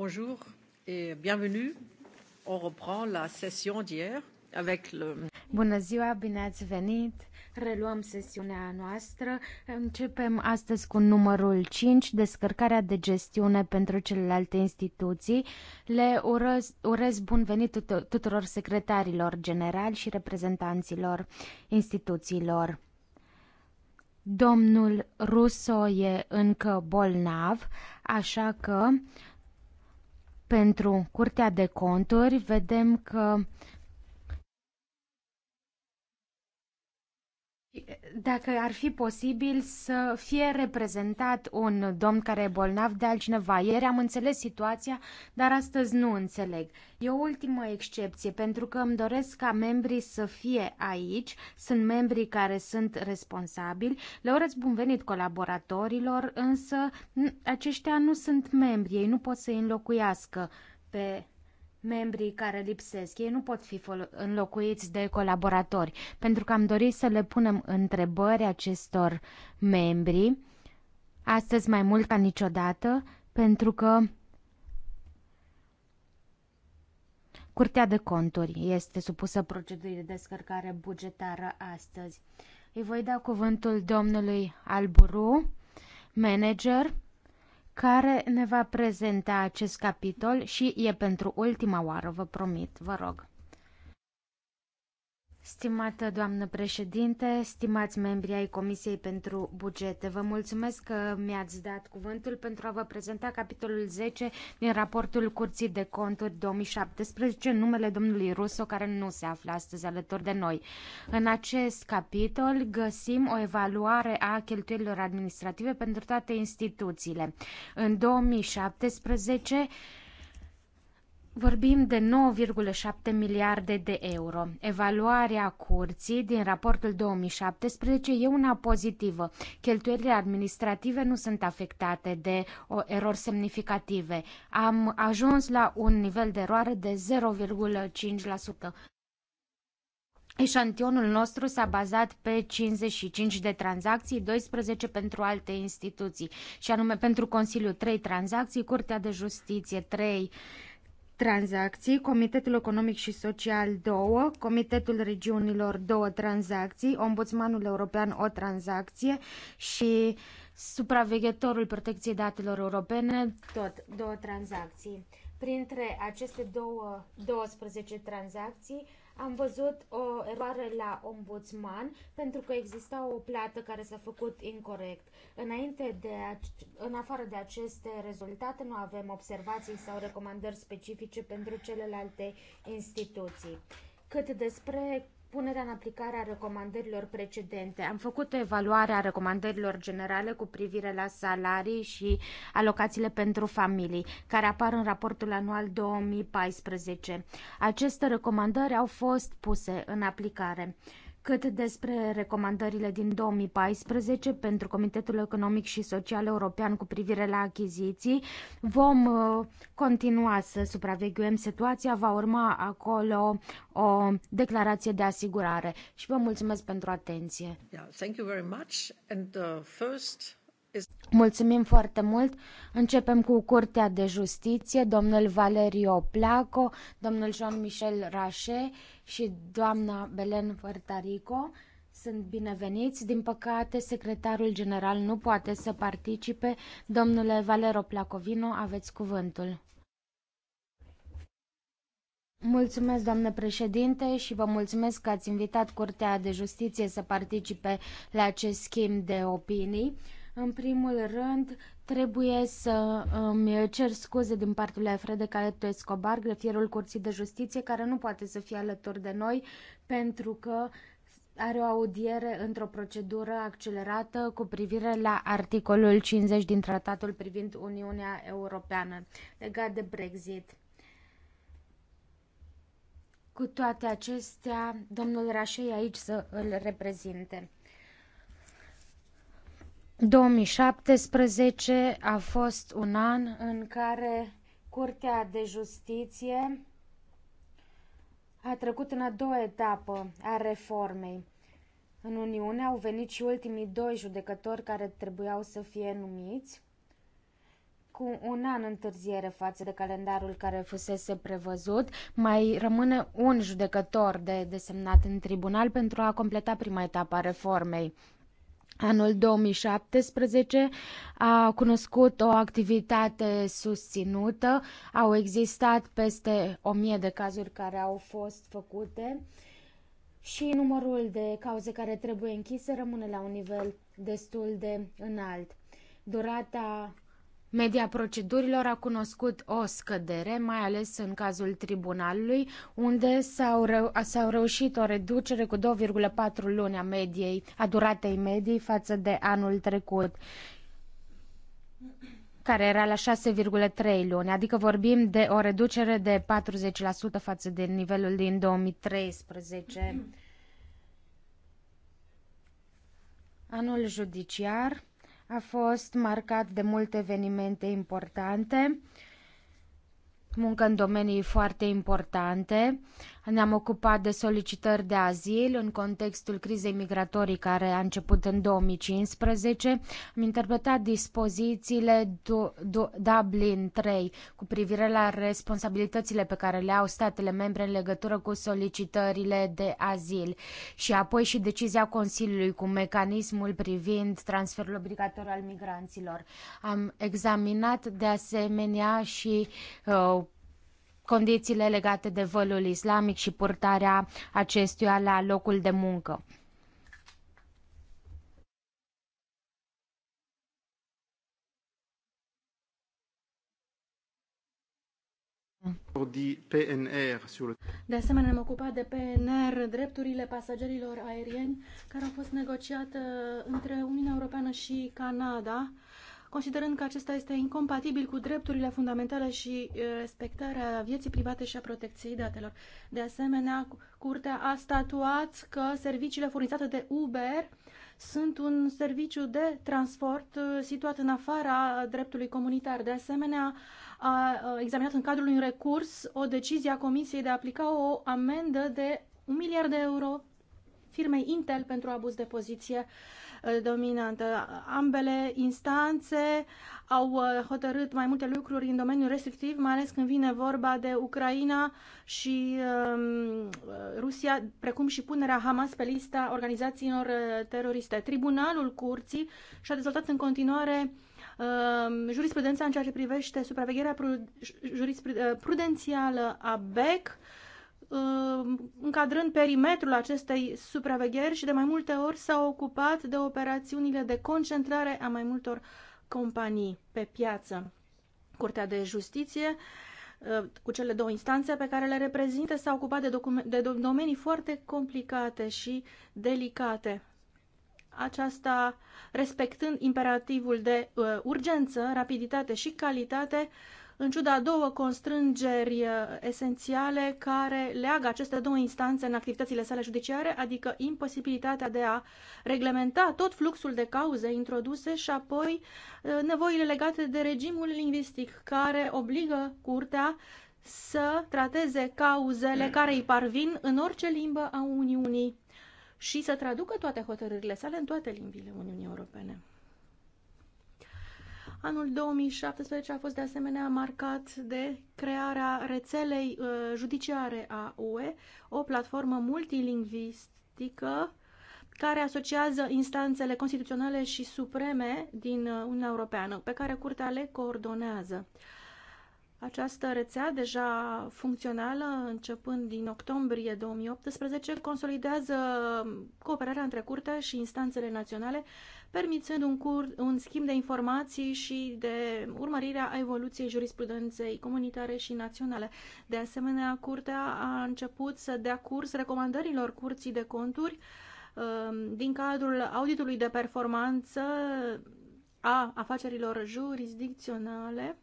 Bonjour et bienvenue. On reprend la session d'hier avec le Bună ziua, bine ați venit! Reluăm sesiunea noastră. Începem astăzi cu numărul 5, descărcarea de gestiune pentru celelalte instituții. Le urez, urez bun venit tuturor secretarilor generali și reprezentanților instituțiilor. Domnul Russo e încă bolnav, așa că uh, pentru Curtea de Conturi vedem că Dacă ar fi posibil să fie reprezentat un domn care e bolnav de altcineva. Ieri am înțeles situația, dar astăzi nu înțeleg. E o ultimă excepție, pentru că îmi doresc ca membrii să fie aici. Sunt membrii care sunt responsabili. Le urez bun venit colaboratorilor, însă aceștia nu sunt membri. Ei nu pot să-i înlocuiască pe membrii care lipsesc. Ei nu pot fi înlocuiți de colaboratori, pentru că am dorit să le punem întrebări acestor membri, astăzi mai mult ca niciodată, pentru că Curtea de conturi este supusă procedurii de descărcare bugetară astăzi. Îi voi da cuvântul domnului Alburu, manager care ne va prezenta acest capitol și e pentru ultima oară, vă promit, vă rog. Stimată doamnă președinte, stimați membri ai Comisiei pentru Bugete, vă mulțumesc că mi-ați dat cuvântul pentru a vă prezenta capitolul 10 din raportul Curții de Conturi 2017, în numele domnului Russo, care nu se află astăzi alături de noi. În acest capitol găsim o evaluare a cheltuielilor administrative pentru toate instituțiile. În 2017, Vorbim de 9,7 miliarde de euro. Evaluarea curții din raportul 2017 e una pozitivă. Cheltuielile administrative nu sunt afectate de o erori semnificative. Am ajuns la un nivel de eroare de 0,5%. Eșantionul nostru s-a bazat pe 55 de tranzacții, 12 pentru alte instituții, și anume pentru Consiliu 3 tranzacții, Curtea de Justiție 3 tranzacții, Comitetul Economic și Social 2, Comitetul Regiunilor 2 tranzacții, Ombudsmanul European o tranzacție și supraveghetorul protecției datelor europene, tot două tranzacții. Printre aceste două, 12 tranzacții, am văzut o eroare la ombudsman pentru că exista o plată care s-a făcut incorrect. Înainte de în afară de aceste rezultate, nu avem observații sau recomandări specifice pentru celelalte instituții. Cât despre punerea în aplicare a recomandărilor precedente. Am făcut o evaluare a recomandărilor generale cu privire la salarii și alocațiile pentru familii, care apar în raportul anual 2014. Aceste recomandări au fost puse în aplicare cât despre recomandările din 2014 pentru Comitetul Economic și Social European cu privire la achiziții. Vom uh, continua să supraveghem situația, va urma acolo o declarație de asigurare. Și vă mulțumesc pentru atenție. Yeah, thank you very much. And, uh, first... Mulțumim foarte mult. Începem cu Curtea de Justiție, domnul Valerio Placo, domnul Jean-Michel Rache și doamna Belen Fărtarico. Sunt bineveniți. Din păcate, secretarul general nu poate să participe. Domnule Valero Placovino, aveți cuvântul. Mulțumesc, doamnă președinte, și vă mulțumesc că ați invitat Curtea de Justiție să participe la acest schimb de opinii. În primul rând, trebuie să îmi cer scuze din partea lui Alfredo Caleto Escobar, grefierul Curții de Justiție, care nu poate să fie alături de noi pentru că are o audiere într-o procedură accelerată cu privire la articolul 50 din tratatul privind Uniunea Europeană legat de Brexit. Cu toate acestea, domnul Rașei aici să îl reprezinte. 2017 a fost un an în care Curtea de Justiție a trecut în a doua etapă a reformei. În Uniune au venit și ultimii doi judecători care trebuiau să fie numiți, cu un an întârziere față de calendarul care fusese prevăzut. Mai rămâne un judecător de desemnat în tribunal pentru a completa prima etapă a reformei. Anul 2017 a cunoscut o activitate susținută, au existat peste 1000 de cazuri care au fost făcute și numărul de cauze care trebuie închise rămâne la un nivel destul de înalt. Durata Media procedurilor a cunoscut o scădere, mai ales în cazul tribunalului, unde s-au, reu- s-au reușit o reducere cu 2,4 luni a mediei, a duratei mediei față de anul trecut care era la 6,3 luni, adică vorbim de o reducere de 40% față de nivelul din 2013. Anul judiciar a fost marcat de multe evenimente importante, muncă în domenii foarte importante. Ne-am ocupat de solicitări de azil în contextul crizei migratorii care a început în 2015. Am interpretat dispozițiile du- du- Dublin 3 cu privire la responsabilitățile pe care le au statele membre în legătură cu solicitările de azil și apoi și decizia Consiliului cu mecanismul privind transferul obligatoriu al migranților. Am examinat de asemenea și uh, condițiile legate de vălul islamic și purtarea acestuia la locul de muncă. De asemenea, ne-am ocupat de PNR, drepturile pasagerilor aerieni, care au fost negociate între Uniunea Europeană și Canada considerând că acesta este incompatibil cu drepturile fundamentale și uh, respectarea vieții private și a protecției datelor. De asemenea, Curtea a statuat că serviciile furnizate de Uber sunt un serviciu de transport uh, situat în afara dreptului comunitar. De asemenea, a uh, examinat în cadrul unui recurs o decizie a Comisiei de a aplica o amendă de un miliard de euro firmei Intel pentru abuz de poziție. Uh, Uh, dominantă. Ambele instanțe au uh, hotărât mai multe lucruri în domeniul restrictiv, mai ales când vine vorba de Ucraina și um, uh, Rusia, precum și punerea Hamas pe lista organizațiilor teroriste. Tribunalul Curții și-a dezvoltat în continuare um, jurisprudența în ceea ce privește supravegherea prudențială a BEC, Uh, încadrând perimetrul acestei supravegheri și de mai multe ori s-a ocupat de operațiunile de concentrare a mai multor companii pe piață. Curtea de Justiție uh, cu cele două instanțe pe care le reprezintă s-a ocupat de, de domenii foarte complicate și delicate. Aceasta respectând imperativul de uh, urgență, rapiditate și calitate uh, în ciuda două constrângeri uh, esențiale care leagă aceste două instanțe în activitățile sale judiciare, adică imposibilitatea de a reglementa tot fluxul de cauze introduse și apoi uh, nevoile legate de regimul lingvistic care obligă curtea să trateze cauzele care îi parvin în orice limbă a Uniunii și să traducă toate hotărârile sale în toate limbile Uniunii Europene. Anul 2017 a fost de asemenea marcat de crearea rețelei uh, judiciare a UE, o platformă multilingvistică care asociază instanțele constituționale și supreme din uh, Uniunea Europeană, pe care Curtea le coordonează. Această rețea, deja funcțională începând din octombrie 2018, consolidează cooperarea între curte și instanțele naționale permițând un, cur, un schimb de informații și de urmărirea evoluției jurisprudenței comunitare și naționale. De asemenea, Curtea a început să dea curs recomandărilor Curții de Conturi um, din cadrul auditului de performanță a afacerilor jurisdicționale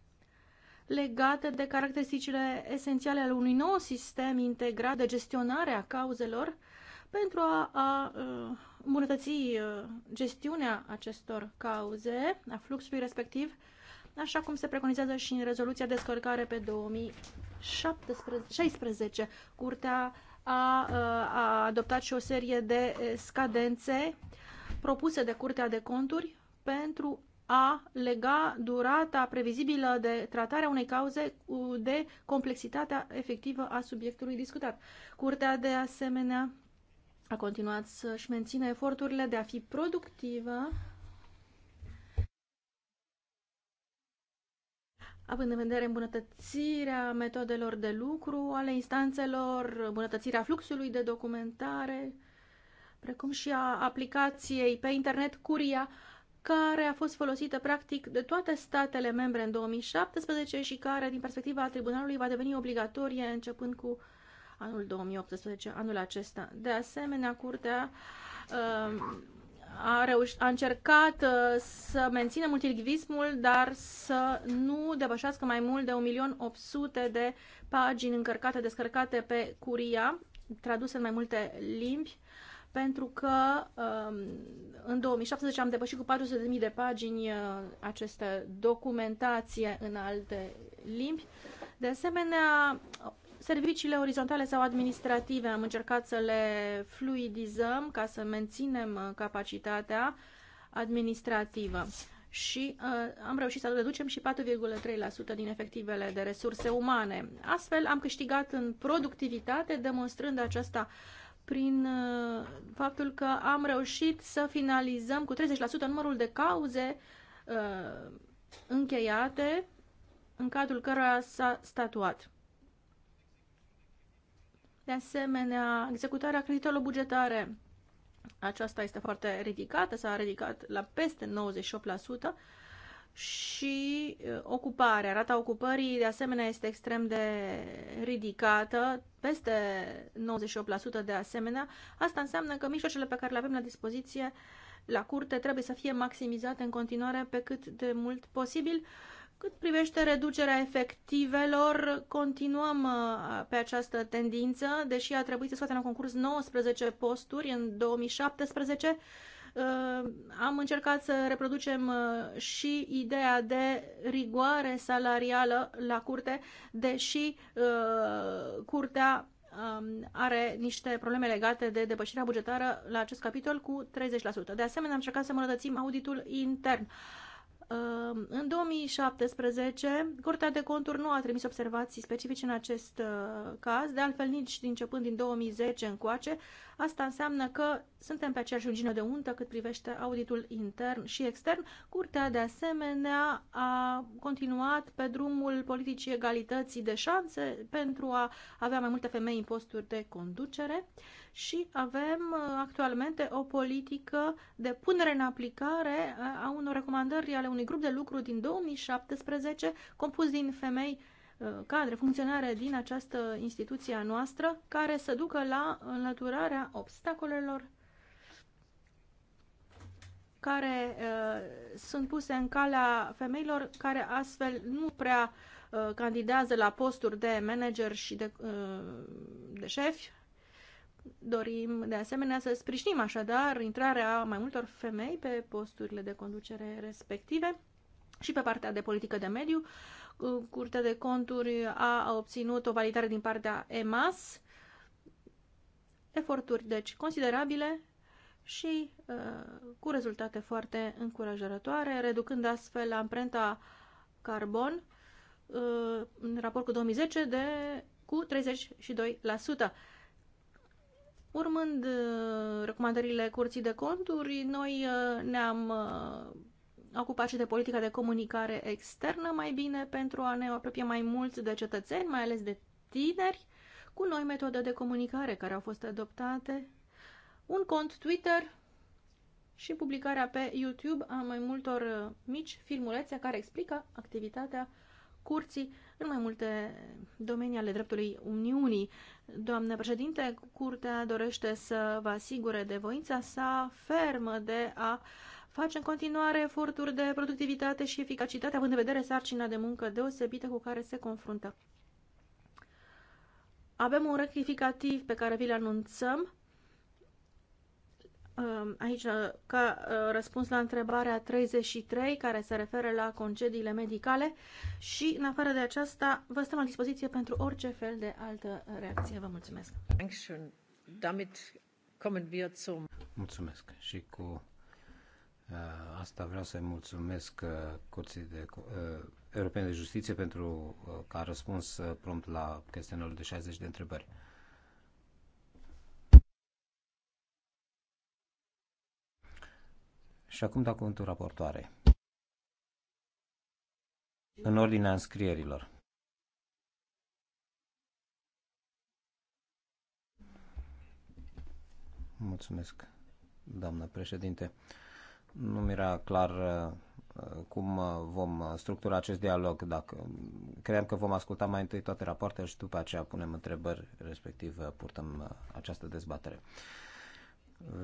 legate de caracteristicile esențiale ale unui nou sistem integrat de gestionare a cauzelor pentru a, a, a îmbunătăți uh, gestiunea acestor cauze, a fluxului respectiv, așa cum se preconizează și în rezoluția descărcare pe 2016. Curtea a, uh, a adoptat și o serie de scadențe propuse de Curtea de Conturi pentru a lega durata previzibilă de tratare a unei cauze de complexitatea efectivă a subiectului discutat. Curtea, de asemenea, a continuat să-și mențină eforturile de a fi productivă, având în vedere îmbunătățirea metodelor de lucru ale instanțelor, îmbunătățirea fluxului de documentare, precum și a aplicației pe internet Curia, care a fost folosită practic de toate statele membre în 2017 și care, din perspectiva tribunalului, va deveni obligatorie începând cu anul 2018, anul acesta. De asemenea, Curtea um, a, reuș- a încercat uh, să mențină multilingvismul, dar să nu depășească mai mult de 1.800.000 de pagini încărcate, descărcate pe curia, traduse în mai multe limbi, pentru că um, în 2017 am depășit cu 400.000 de pagini uh, aceste documentație în alte limbi. De asemenea, Serviciile orizontale sau administrative am încercat să le fluidizăm ca să menținem uh, capacitatea administrativă și uh, am reușit să reducem și 4,3% din efectivele de resurse umane. Astfel am câștigat în productivitate, demonstrând aceasta prin uh, faptul că am reușit să finalizăm cu 30% numărul de cauze uh, încheiate în cadrul cărora s-a statuat. De asemenea, executarea creditelor bugetare, aceasta este foarte ridicată, s-a ridicat la peste 98% și ocuparea, rata ocupării de asemenea este extrem de ridicată, peste 98% de asemenea. Asta înseamnă că mijloacele pe care le avem la dispoziție la curte trebuie să fie maximizate în continuare pe cât de mult posibil. Uh, cât privește reducerea efectivelor, continuăm uh, pe această tendință, deși a trebuit să scoatem la concurs 19 posturi în 2017. Uh, am încercat să reproducem uh, și ideea de rigoare salarială la curte, deși curtea um, are niște probleme legate de depășirea bugetară la acest capitol cu 30%. De asemenea, am încercat să îmbunătățim auditul intern. Ehm, în 2017, Curtea de Conturi nu a trimis observații specifice în acest eh, caz, de altfel nici din începând din 2010 încoace, Asta înseamnă că suntem pe aceeași lungime de untă cât privește auditul intern și extern. Curtea, de asemenea, a continuat pe drumul politicii egalității de șanse pentru a avea mai multe femei în posturi de conducere și avem uh, actualmente o politică de punere în aplicare uh, a unor recomandări ale unui grup de lucru din 2017 compus din femei Uh, cadre funcționare din această instituție a noastră care să ducă la înlăturarea obstacolelor care uh, sunt puse în calea femeilor care astfel nu prea uh, candidează la posturi de manager și de, uh, de șef. Dorim de asemenea să sprijinim așadar intrarea mai multor femei pe posturile de conducere respective și pe partea de politică de mediu. Uh, Uh, Curtea de Conturi a obținut o validare din partea EMAS, eforturi deci considerabile și uh, cu rezultate foarte încurajătoare, reducând astfel amprenta carbon uh, în raport cu 2010 de cu 32%. Urmând recomandările Curții de Conturi, noi ne-am ocupat și de politica de comunicare externă mai bine pentru a ne apropia mai mult de cetățeni, mai ales de tineri, cu noi metode de comunicare care au fost adoptate, un cont Twitter și publicarea pe YouTube a mai multor uh, mici filmulețe care explică activitatea curții în mai multe domenii ale dreptului Uniunii. Doamne președinte, curtea dorește să vă asigure de voința sa fermă de a uh, face în continuare eforturi de productivitate și eficacitate, având în vedere sarcina de muncă deosebită cu care se confruntă. Avem un rectificativ pe care vi-l anunțăm aici uh, ca uh, răspuns la întrebarea 33 care se referă la concediile medicale și în afară de aceasta vă stăm la dispoziție pentru orice fel de altă reacție. Vă mulțumesc! Mulțumesc și cu Uh, asta vreau să-i mulțumesc uh, Curții de, uh, Europene de Justiție pentru că a răspuns prompt la chestionarul de 60 de întrebări. Și acum dau cuvântul raportoare. În ordinea înscrierilor. Mulțumesc, doamnă președinte. Nu mi-era clar uh, cum uh, vom uh, structura acest dialog. Dacă credeam că vom asculta mai întâi toate rapoartele și după aceea punem întrebări, respectiv purtăm această dezbatere.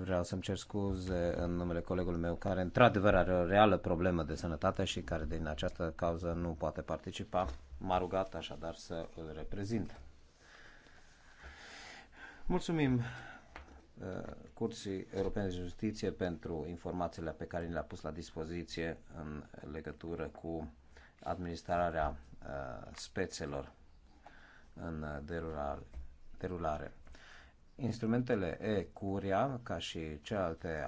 Vreau să-mi cer scuze în numele colegului meu care într-adevăr are o reală problemă de sănătate și care din această cauză nu poate participa. M-a rugat așadar să îl reprezint. Mulțumim Uh, Curții Europene de Justiție pentru informațiile pe care le-a pus la dispoziție în legătură cu administrarea uh, spețelor în derulare. Instrumentele e-Curia, ca și celelalte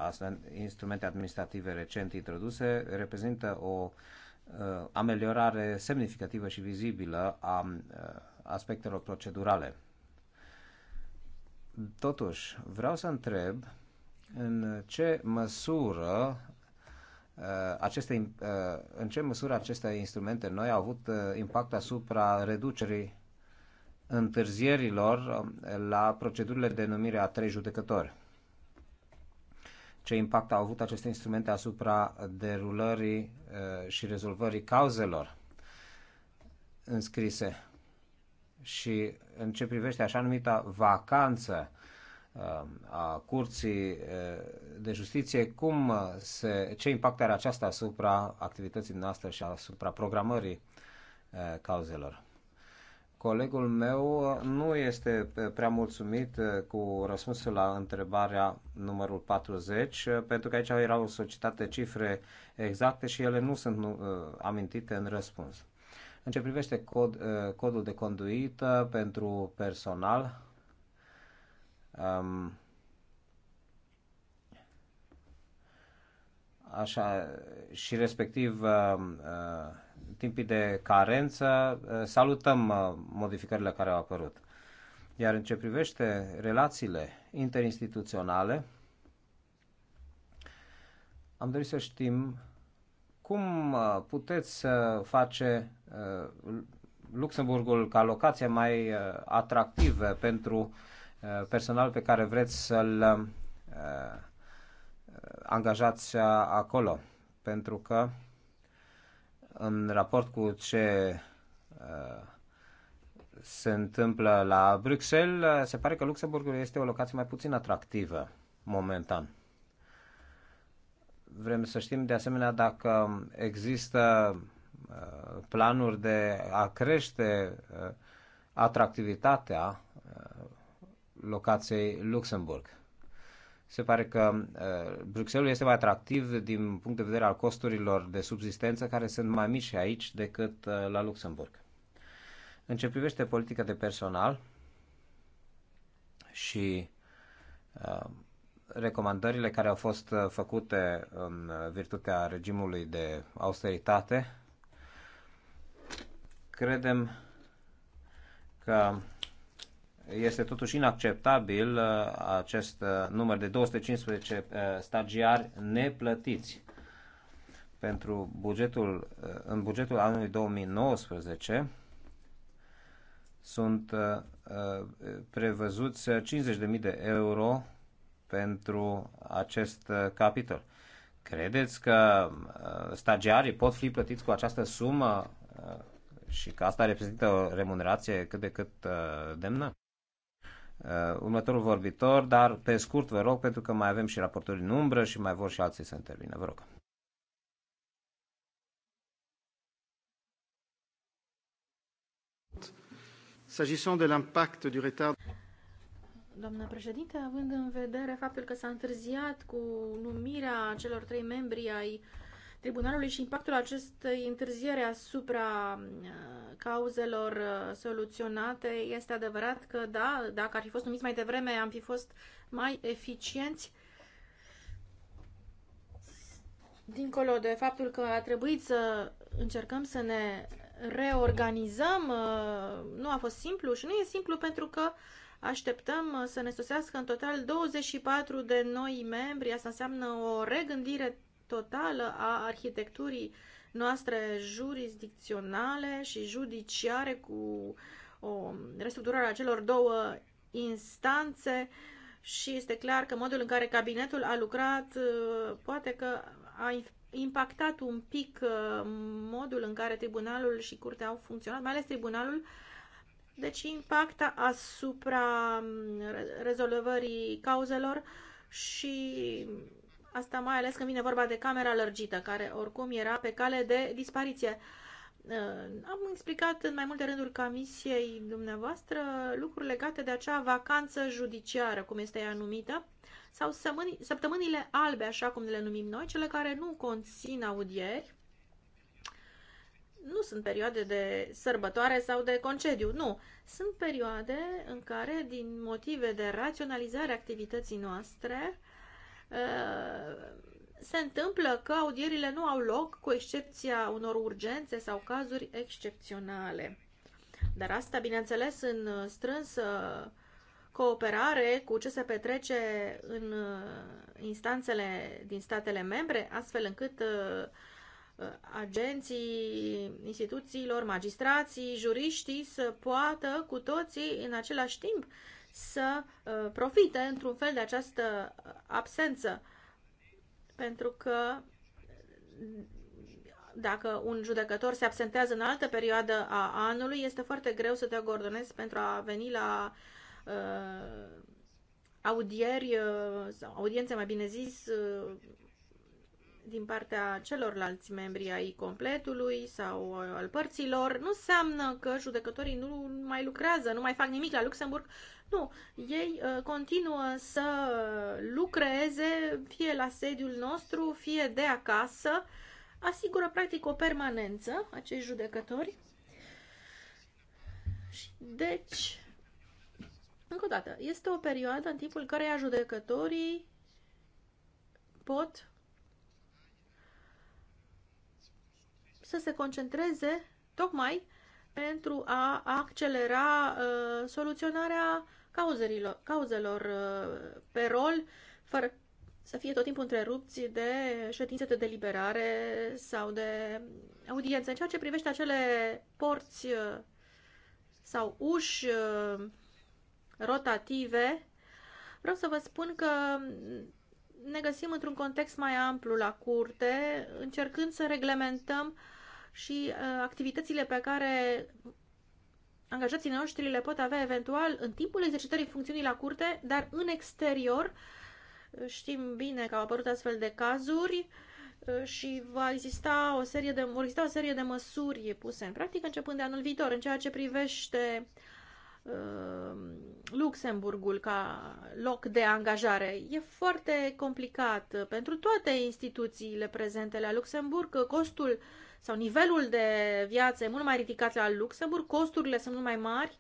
instrumente administrative recent introduse, reprezintă o uh, ameliorare semnificativă și vizibilă a aspectelor procedurale Totuși, vreau să întreb în ce măsură uh, aceste, uh, în ce măsură aceste instrumente noi au avut uh, impact asupra reducerii întârzierilor la procedurile de numire a trei judecători. Ce impact au avut aceste instrumente asupra derulării și rezolvării cauzelor înscrise? și în ce privește așa numita vacanță um, a Curții uh, de Justiție, cum uh, se, ce impact are aceasta asupra activității noastre și asupra programării uh, cauzelor? Colegul meu nu este prea mulțumit cu răspunsul la întrebarea numărul 40, pentru că aici erau solicitate cifre exacte și ele nu sunt amintite în răspuns. În ce privește cod, uh, codul de conduită pentru personal, um, așa, și respectiv uh, uh timpii de carență, uh, salutăm modificările care au apărut. Iar în ce privește relațiile interinstituționale, am dorit să știm cum uh, puteți face uh, Luxemburgul ca locație mai uh, atractivă pentru personal pe care vreți să-l angajați acolo? Pentru că în raport cu ce se întâmplă la Bruxelles, se pare că Luxemburgul este o locație mai puțin atractivă momentan. Vrem să știm de asemenea dacă există uh, planuri de a crește uh, atractivitatea uh, locației Luxemburg. Se pare că Bruxelles este mai atractiv din punct de vedere al costurilor de subsistență care sunt mai mici aici decât la Luxemburg. În ce privește politica de personal și recomandările care au fost uh, făcute în uh, virtutea regimului de austeritate, credem că este totuși inacceptabil uh, acest număr de 215 stagiari neplătiți. Pentru bugetul, în bugetul anului 2019 sunt prevăzuți 50.000 de euro pentru acest uh, capitol. Credeți că uh, stagiarii pot fi plătiți cu această sumă uh, și că asta reprezintă o remunerație cât de cât demnă? Următorul vorbitor, dar pe scurt vă rog, pentru că mai avem și raporturi în umbră și mai vor și alții să intervină. Vă rog. S'agissant de l'impact du retard Doamna președinte, având în vedere faptul că s-a întârziat cu numirea celor trei membri ai tribunalului și impactul acestei întârziere asupra uh, cauzelor uh, soluționate, este adevărat că da, dacă ar fi fost numiți mai devreme, am fi fost mai eficienți. Dincolo de faptul că a trebuit să încercăm să ne reorganizăm, uh, nu a fost simplu și nu e simplu pentru că uh, Așteptăm uh, să ne sosească în total 24 de noi membri. Asta înseamnă o regândire totală a arhitecturii noastre jurisdicționale și judiciare cu o um, restructurare a celor două instanțe și este clar că modul în care cabinetul a lucrat uh, poate că a impactat un pic uh, modul în care tribunalul și curtea au funcționat, mai ales tribunalul deci impacta asupra mm, rezolvării cauzelor și asta mai ales când vine vorba de camera lărgită, care oricum era pe cale de dispariție. Ă, am explicat în mai multe rânduri comisiei dumneavoastră lucruri legate de acea vacanță judiciară, cum este ea numită, sau săptămânile albe, așa cum le numim noi, cele care nu conțin audieri, nu sunt perioade de sărbătoare sau de concediu, nu. Sunt perioade în care, din motive de raționalizare a activității noastre, ă, se întâmplă că audierile nu au loc, cu excepția unor urgențe sau cazuri excepționale. Dar asta, bineînțeles, în strânsă cooperare cu ce se petrece în ă, instanțele din statele membre, astfel încât uh, Uh, agenții instituțiilor, magistrații, juriștii să poată cu toții în același timp să uh, profite într-un fel de această absență. Pentru că dacă un judecător se absentează în altă perioadă a anului, este foarte greu să te coordonezi pentru a veni la uh, audieri uh, sau audiențe, mai bine zis, uh, din partea celorlalți membri ai completului sau al părților nu înseamnă că judecătorii nu mai lucrează, nu mai fac nimic la Luxemburg. Nu, ei uh, continuă să lucreze fie la sediul nostru, fie de acasă, asigură practic o permanență acești judecători. Și deci, încă o dată, este o perioadă în timpul căreia judecătorii pot să se concentreze tocmai pentru a accelera uh, soluționarea cauzelor cauzelor uh, pe rol, fără să fie tot timpul întrerupți de ședințe de deliberare sau de audiențe. În ceea ce privește acele porți uh, sau uși uh, rotative, vreau să vă spun că ne găsim într-un context mai amplu la curte, încercând să reglementăm uh, și uh, activitățile pe care angajații noștri le pot avea eventual în timpul exercitării funcțiunii la curte, dar în exterior știm bine că au apărut astfel de cazuri uh, și va exista o serie de, vor exista o serie de măsuri puse în practică începând de anul viitor în ceea ce privește uh, Luxemburgul ca loc de angajare. E foarte complicat uh, pentru toate instituțiile prezente la Luxemburg. Costul uh, sau nivelul de viață e mult mai ridicat la Luxemburg, costurile sunt mult mai mari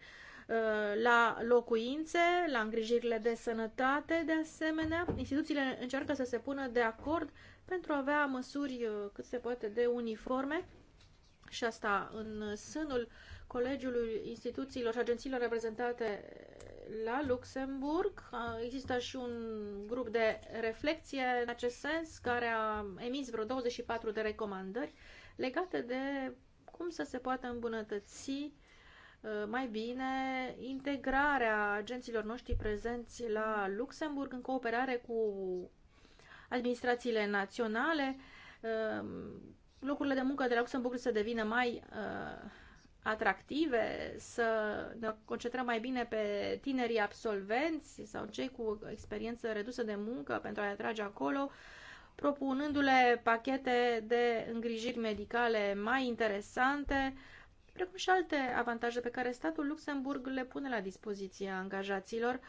uh, la locuințe, la îngrijirile de sănătate, de asemenea. Instituțiile încearcă să se pună de acord pentru a avea măsuri uh, cât se poate de uniforme și asta în sânul Colegiului Instituțiilor și Agențiilor reprezentate la Luxemburg. Există și un grup de reflexie în acest sens care a emis vreo 24 de recomandări legate de cum să se poată îmbunătăți uh, mai bine integrarea agenților noștri prezenți la Luxemburg în cooperare cu administrațiile naționale. Um, locurile de muncă de la Luxemburg să devină mai uh, atractive, să ne concentrăm mai bine pe tinerii absolvenți sau cei cu experiență redusă de muncă pentru a-i atrage acolo propunându-le pachete de îngrijiri medicale mai interesante, precum și alte avantaje pe care statul Luxemburg le pune la dispoziția angajaților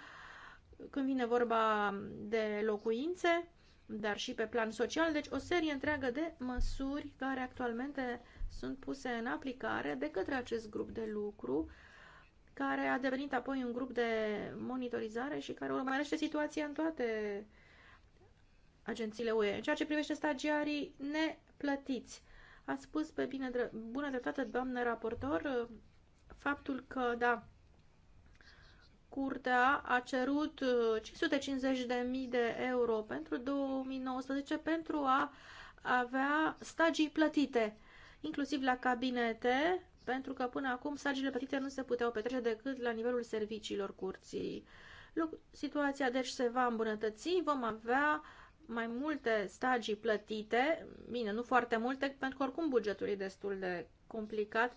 când vine vorba de locuințe, dar și pe plan social, deci o serie întreagă de măsuri care actualmente sunt puse în aplicare de către acest grup de lucru, care a devenit apoi un grup de monitorizare și care urmărește situația în toate agențiile UE. În ceea ce privește stagiarii neplătiți, a spus pe bine, bună dreptate, doamnă raportor, uh, faptul că, da, curtea a cerut 550.000 uh, de euro pentru 2019 pentru a avea stagii plătite, inclusiv la cabinete, pentru că până acum stagiile plătite nu se puteau petrece decât la nivelul serviciilor curții. Situația deci se va îmbunătăți, vom avea mai multe stagii plătite, bine, nu foarte multe, pentru că oricum bugetul e destul de complicat,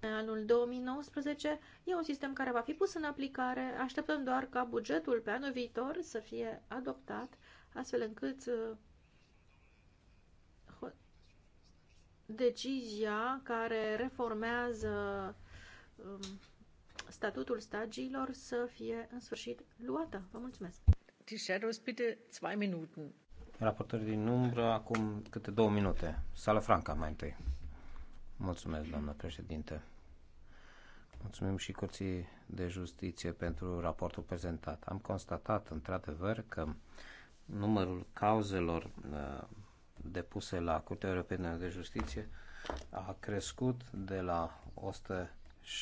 în anul 2019 e un sistem care va fi pus în aplicare. Așteptăm doar ca bugetul pe anul viitor să fie adoptat, astfel încât uh, decizia care reformează um, statutul stagiilor să fie în sfârșit luată. Vă mulțumesc! Die Shadows bitte zwei Minuten. Raportări din umbră, acum câte două minute. Sala Franca mai întâi. Mulțumesc, doamnă președinte. Mulțumim și Curții de Justiție pentru raportul prezentat. Am constatat, într-adevăr, că numărul cauzelor uh, depuse la Curtea Europeană de Justiție a crescut de la 100,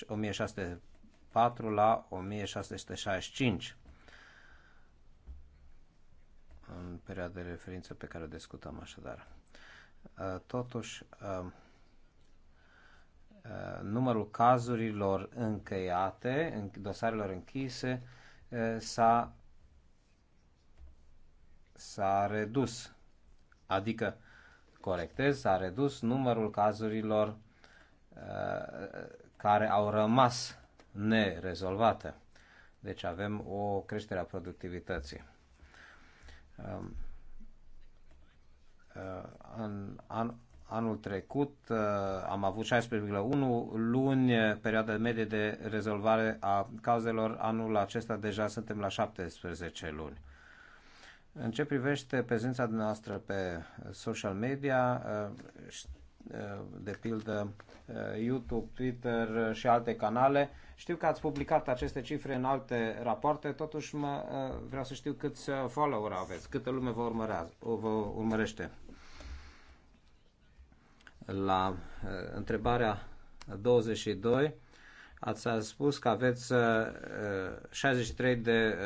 1604 la 1665 în perioada de referință pe care o discutăm așadar. Uh, totuși, uh, uh, numărul cazurilor încheiate, dosarelor închise, s-a, s-a redus. Adică, corectez, s-a redus numărul cazurilor care au rămas nerezolvate. Deci avem o creștere a productivității. Um, uh, în an, anul trecut uh, am avut 16,1 luni uh, perioada medie de rezolvare a cauzelor. Anul acesta deja suntem la 17 luni. în ce privește prezența noastră pe social media, Eh, de pildă eh, YouTube, Twitter eh, și alte canale. Știu că ați publicat aceste cifre în alte rapoarte, totuși mă, vreau să știu câți follower aveți, câtă lume vă, vă urmărește. La întrebarea 22 ați spus că aveți 63 de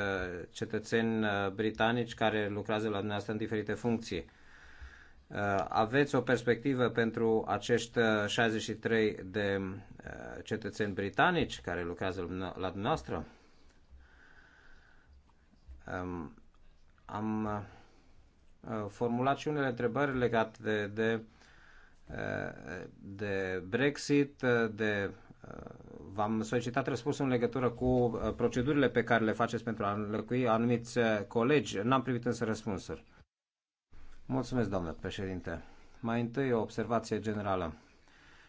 cetățeni britanici care lucrează la dumneavoastră în diferite funcții Uh, aveți o perspectivă pentru acești 63 uh, de uh, cetățeni britanici care lucrează la dumneavoastră? Um, am formulat și unele întrebări legate de, de, de Brexit, de V-am solicitat răspuns în legătură cu procedurile pe care le faceți pentru a înlăcui anumiți colegi. N-am primit însă răspunsuri. Mulțumesc, doamnă președinte. Mai întâi o observație generală.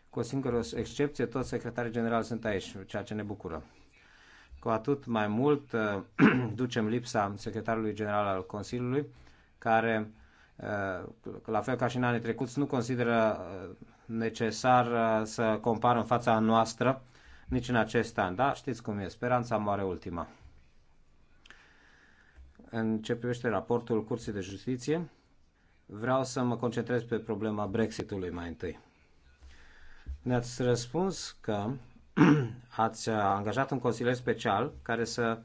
Cu o singură excepție, toți secretarii generali sunt aici, ceea ce ne bucură. Cu atât mai mult ducem lipsa secretarului general al Consiliului, care, eh, la fel ca și în anii trecuți, nu consideră eh, necesar eh, să compară în fața noastră nici în acest an. Da, știți cum e, speranța moare ultima. În ce privește raportul Curții de Justiție, vreau să mă concentrez pe problema Brexitului mai întâi. Ne-ați răspuns că ați uh, angajat un consilier special care să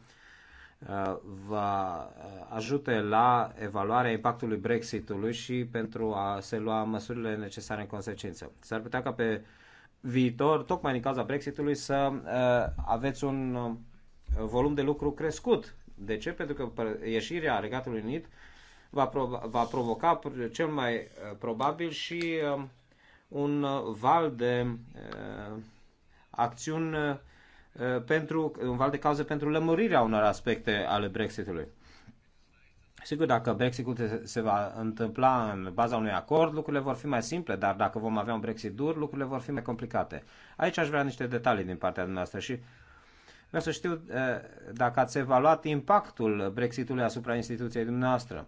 uh, vă uh, ajute la evaluarea impactului Brexitului și pentru a se lua măsurile necesare în consecință. S-ar putea ca pe viitor, tocmai din cauza Brexitului, să aveți un volum de lucru crescut. De ce? Pentru că ieșirea Regatului Unit va, prov- va provoca cel mai uh, probabil și um, un uh, val de uh, acțiuni pentru, un val de cauze pentru lămurirea unor aspecte ale Brexitului. Sigur, dacă Brexitul se va întâmpla în baza unui acord, lucrurile vor fi mai simple, dar dacă vom avea un Brexit dur, lucrurile vor fi mai complicate. Aici aș vrea niște detalii din partea dumneavoastră și vreau să știu dacă ați evaluat impactul Brexitului asupra instituției dumneavoastră.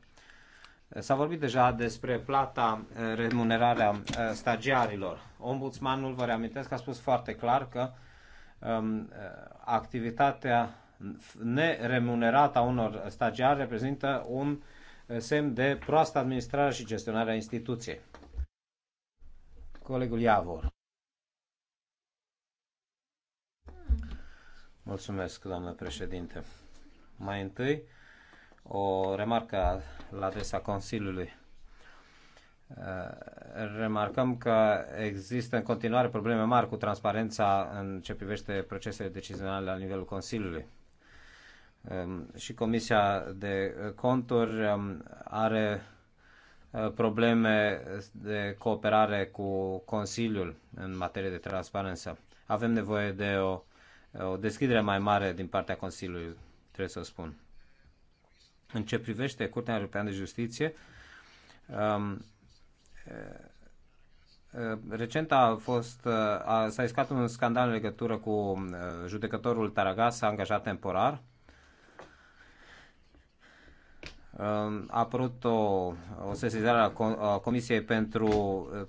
S-a vorbit deja despre plata, remunerarea stagiarilor. Ombudsmanul, vă reamintesc, a spus foarte clar că um, activitatea neremunerată a unor stagiari reprezintă un semn de proastă administrare și gestionare a instituției. Colegul Iavor. Mulțumesc, doamnă președinte. Mai întâi, o remarcă la adresa Consiliului. Uh, remarcăm că există în continuare probleme mari cu transparența în ce privește procesele decizionale la nivelul Consiliului. Um, și Comisia de Conturi um, are uh, probleme de cooperare cu Consiliul în materie de transparență. Avem nevoie de o, o deschidere mai mare din partea Consiliului, trebuie să o spun. În ce privește Curtea Europeană de Justiție, um, uh, uh, Recent a fost, uh, a, s-a iscat un scandal în legătură cu judecătorul Taragas, angajat temporar. Um, a apărut o, o sesizare a Comisiei pentru,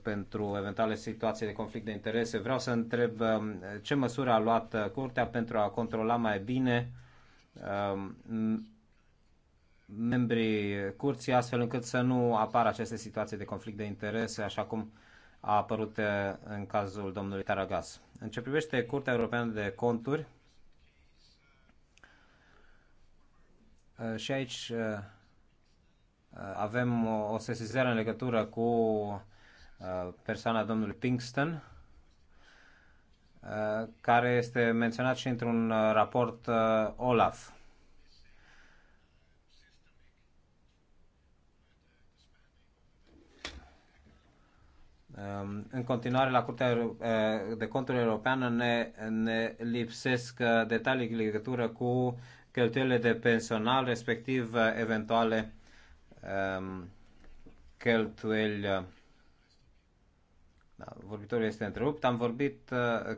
pentru eventuale situații de conflict de interese. Vreau să întreb um, ce măsură a luat Curtea pentru a controla mai bine membrii curții, astfel încât să nu apară aceste situații de conflict de interese, așa cum a apărut eh, în cazul domnului Taragas. În ce privește Curtea Europeană de Conturi, eh, și aici eh, avem o sesizare în legătură cu persoana domnului Pinkston, care este menționat și într-un raport OLAF. Ehm, în continuare, la Curtea de Conturi Europeană ne, ne lipsesc detalii în legătură cu cheltuielile de pensional, respectiv eventuale um, cheltuieli. Da, vorbitorul este întrerupt. Am vorbit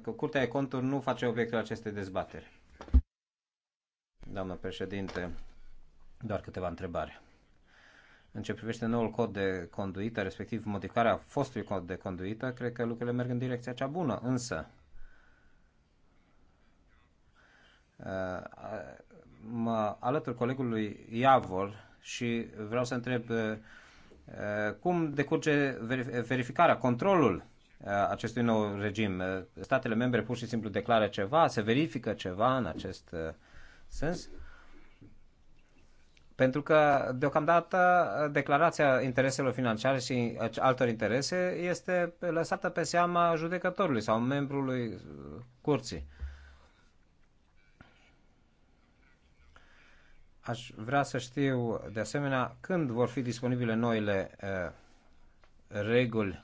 că Curtea de Conturi nu face obiectul acestei dezbateri. Doamnă președinte, doar câteva întrebări în ce privește noul cod de conduită, respectiv modificarea fostului cod de conduită, cred că lucrurile merg în direcția cea bună, însă uh, mă alătur colegului Iavor și vreau să întreb uh, cum decurge verificarea, controlul uh, acestui nou regim. Statele membre pur și simplu declară ceva, se verifică ceva în acest sens. Pentru că, deocamdată, declarația intereselor financiare și uh, altor interese este lăsată pe seama judecătorului sau membrului uh, curții. Aș vrea să știu, de asemenea, când vor fi disponibile noile uh, reguli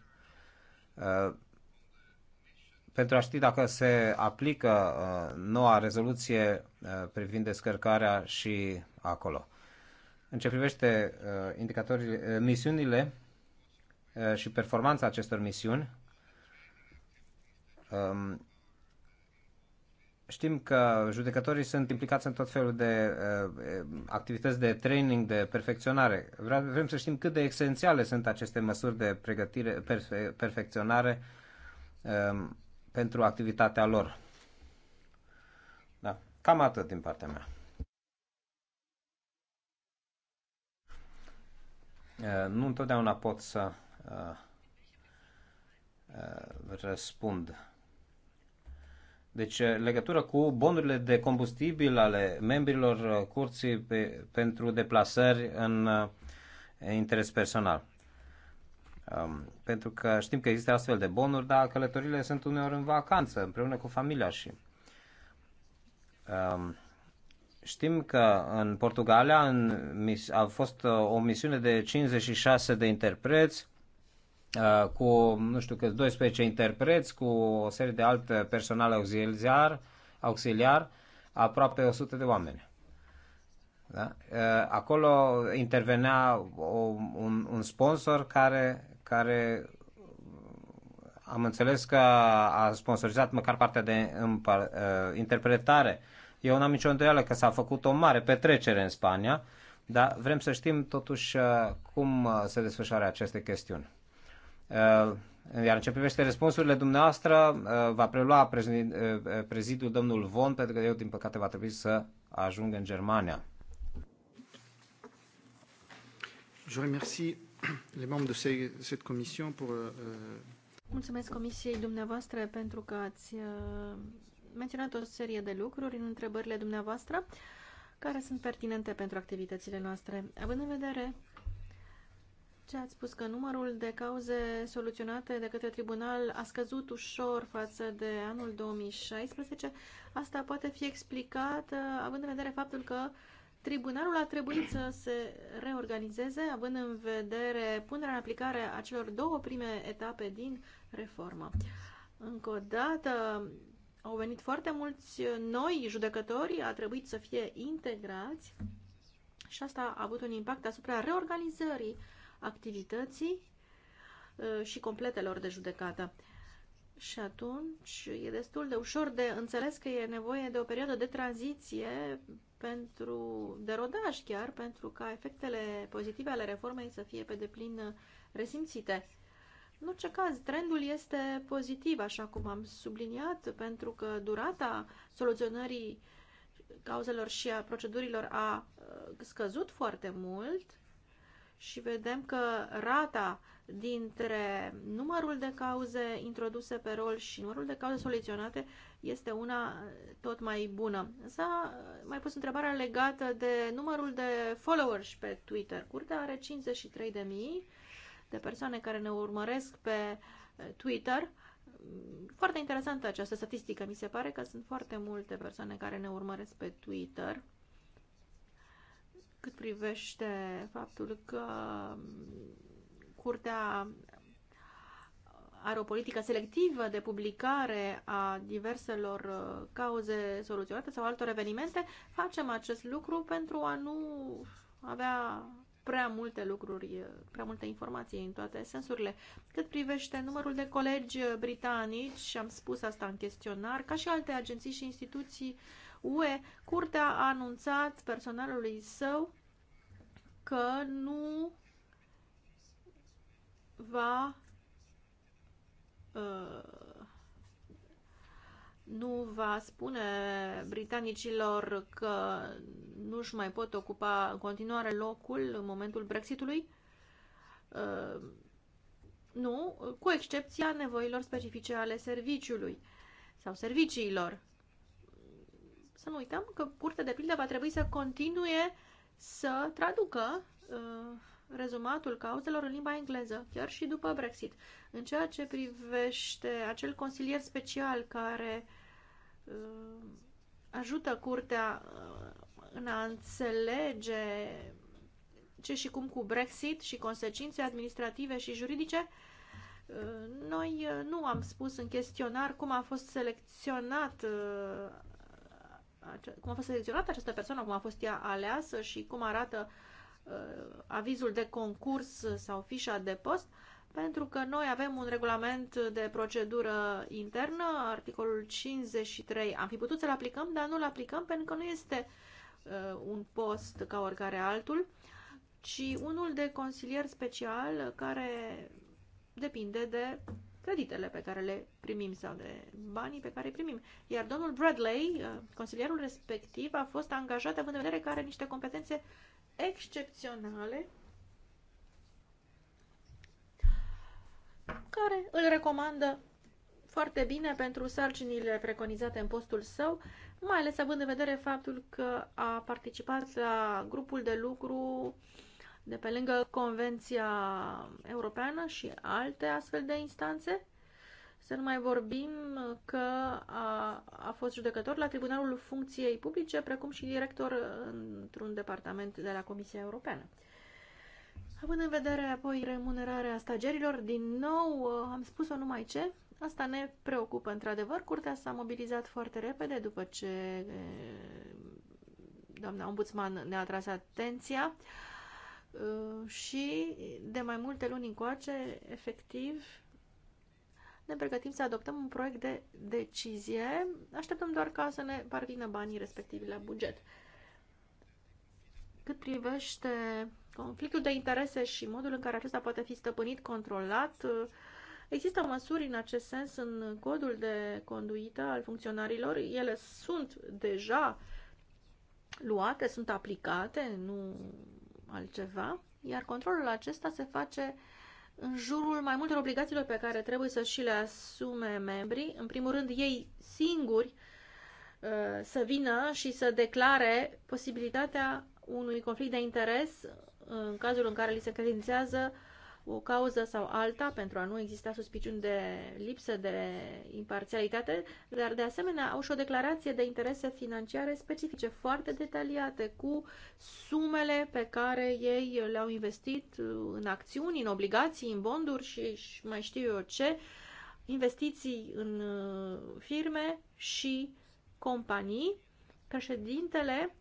uh, pentru a ști dacă se aplică uh, noua rezoluție uh, privind descărcarea și acolo. În ce privește uh, indicatorii, uh, misiunile uh, și performanța acestor misiuni, um, știm că judecătorii sunt implicați în tot felul de uh, activități de training, de perfecționare. Vre- vrem să știm cât de esențiale sunt aceste măsuri de pregătire, perfe- perfecționare um, pentru activitatea lor. Da, cam atât din partea mea. Eh, nu întotdeauna pot să eh, eh, răspund. Deci, legătură cu bonurile de combustibil ale membrilor curții pe, pentru deplasări în interes personal. Ehm, pentru că știm că există astfel de bonuri, dar călătorile sunt uneori în vacanță, împreună cu familia și. Um, Știm că în Portugalia în, a fost uh, o misiune de 56 de interpreți uh, cu, nu știu câți, 12 interpreți, cu o serie de alte personal auxiliar, auxiliar aproape 100 de oameni. Da? Uh, acolo intervenea o, un, un sponsor care, care am înțeles că a sponsorizat măcar partea de interpretare eu n-am nicio îndoială că s-a făcut o mare petrecere în Spania, dar vrem să știm totuși uh, cum uh, se desfășoară aceste chestiuni. Uh, iar în ce privește răspunsurile dumneavoastră, va prelua prezidiul domnul Von, pentru că eu, din păcate, va trebui să ajung în Germania. Je remercie les membres de cette commission pour. Euh, euh, Mulțumesc comisiei dumneavoastră pentru că ați menționat o serie de lucruri în întrebările dumneavoastră care sunt pertinente pentru activitățile noastre. Având în vedere ce ați spus că numărul de cauze soluționate de către tribunal a scăzut ușor față de anul 2016, asta poate fi explicat uh, având în vedere faptul că tribunalul a trebuit să se reorganizeze, având în vedere punerea în aplicare a celor două prime etape din reformă. Încă o dată, au venit foarte mulți uh, noi judecători, a trebuit să fie integrați și asta a avut un impact asupra reorganizării activității uh, și completelor de judecată. Și atunci e destul de ușor de înțeles că e nevoie de o perioadă de tranziție pentru de rodaj chiar, pentru ca efectele pozitive ale reformei să fie pe deplin resimțite. În orice caz, trendul este pozitiv, așa cum am subliniat, pentru că durata soluționării cauzelor și a procedurilor a uh, scăzut foarte mult și vedem că rata dintre numărul de cauze introduse pe rol și numărul de cauze soluționate este una uh, tot mai bună. S-a uh, mai pus întrebarea legată de numărul de followers pe Twitter. Curtea are 53.000 de persoane care ne urmăresc pe eh, Twitter. Foarte interesantă această statistică. Mi se pare că sunt foarte multe persoane care ne urmăresc pe Twitter cât privește faptul că mm, Curtea are o politică selectivă de publicare a diverselor eh, cauze soluționate sau altor evenimente, facem acest lucru pentru a nu avea prea multe lucruri, prea multe informații în toate sensurile. Cât privește numărul de colegi britanici, și am spus asta în chestionar, ca și alte agenții și instituții UE, Curtea a anunțat personalului său că nu va uh, nu va spune britanicilor că nu își mai pot ocupa în continuare locul în momentul Brexitului? Uh, nu, cu excepția nevoilor specifice ale serviciului sau serviciilor. Să nu uităm că curtea de pildă va trebui să continue să traducă uh, rezumatul cauzelor în limba engleză, chiar și după Brexit. În ceea ce privește acel consilier special care Uh, ajută curtea uh, în a înțelege ce și cum cu Brexit și consecințe administrative și juridice. Uh, noi nu am spus în chestionar cum a fost selecționat cum a fost selecționată această persoană, cum a fost ea aleasă și cum arată avizul de concurs sau fișa de post pentru că noi avem un regulament de procedură internă, articolul 53. Am fi putut să-l aplicăm, dar nu-l aplicăm pentru că nu este uh, un post ca oricare altul, ci unul de consilier special care depinde de creditele pe care le primim sau de banii pe care îi primim. Iar domnul Bradley, uh, consilierul respectiv, a fost angajat având în vedere că are niște competențe excepționale care îl recomandă foarte bine pentru sarcinile preconizate în postul său, mai ales având în vedere faptul că a participat la grupul de lucru de pe lângă Convenția Europeană și alte astfel de instanțe. Să nu mai vorbim că a, a fost judecător la Tribunalul Funcției Publice, precum și director într-un departament de la Comisia Europeană. Având în vedere apoi remunerarea stagerilor, din nou uh, am spus-o numai ce, asta ne preocupă într-adevăr. Curtea s-a mobilizat foarte repede după ce uh, doamna ombudsman ne-a tras atenția uh, și de mai multe luni încoace, efectiv, ne pregătim să adoptăm un proiect de decizie. Așteptăm doar ca să ne parvină banii respectivi la buget. Cât privește conflictul de interese și modul în care acesta poate fi stăpânit, controlat. Există măsuri în acest sens în codul de conduită al funcționarilor. Ele sunt deja luate, sunt aplicate, nu altceva, iar controlul acesta se face în jurul mai multor obligațiilor pe care trebuie să și le asume membrii. În primul rând, ei singuri uh, să vină și să declare posibilitatea unui conflict de interes în cazul în care li se credințează o cauză sau alta pentru a nu exista suspiciuni de lipsă de imparțialitate, dar de asemenea au și o declarație de interese financiare specifice, foarte detaliate, cu sumele pe care ei le-au investit în acțiuni, în obligații, în bonduri și mai știu eu ce, investiții în uh, firme și companii. Președintele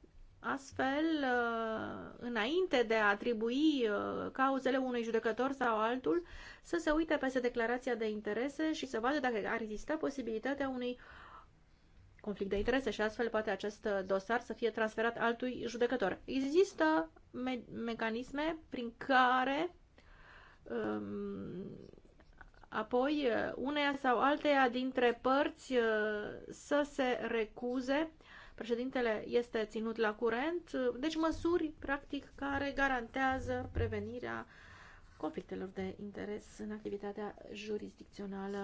Astfel, uh, înainte de a atribui uh, cauzele unui judecător sau altul, să se uite peste declarația de interese și să vadă dacă ar exista posibilitatea unui conflict de interese și astfel poate acest uh, dosar să fie transferat altui judecător. Există me- mecanisme prin care um, apoi uneia sau alteia dintre părți să se recuze uh, Președintele este ținut la curent, deci măsuri, practic, care garantează prevenirea conflictelor de interes în activitatea jurisdicțională.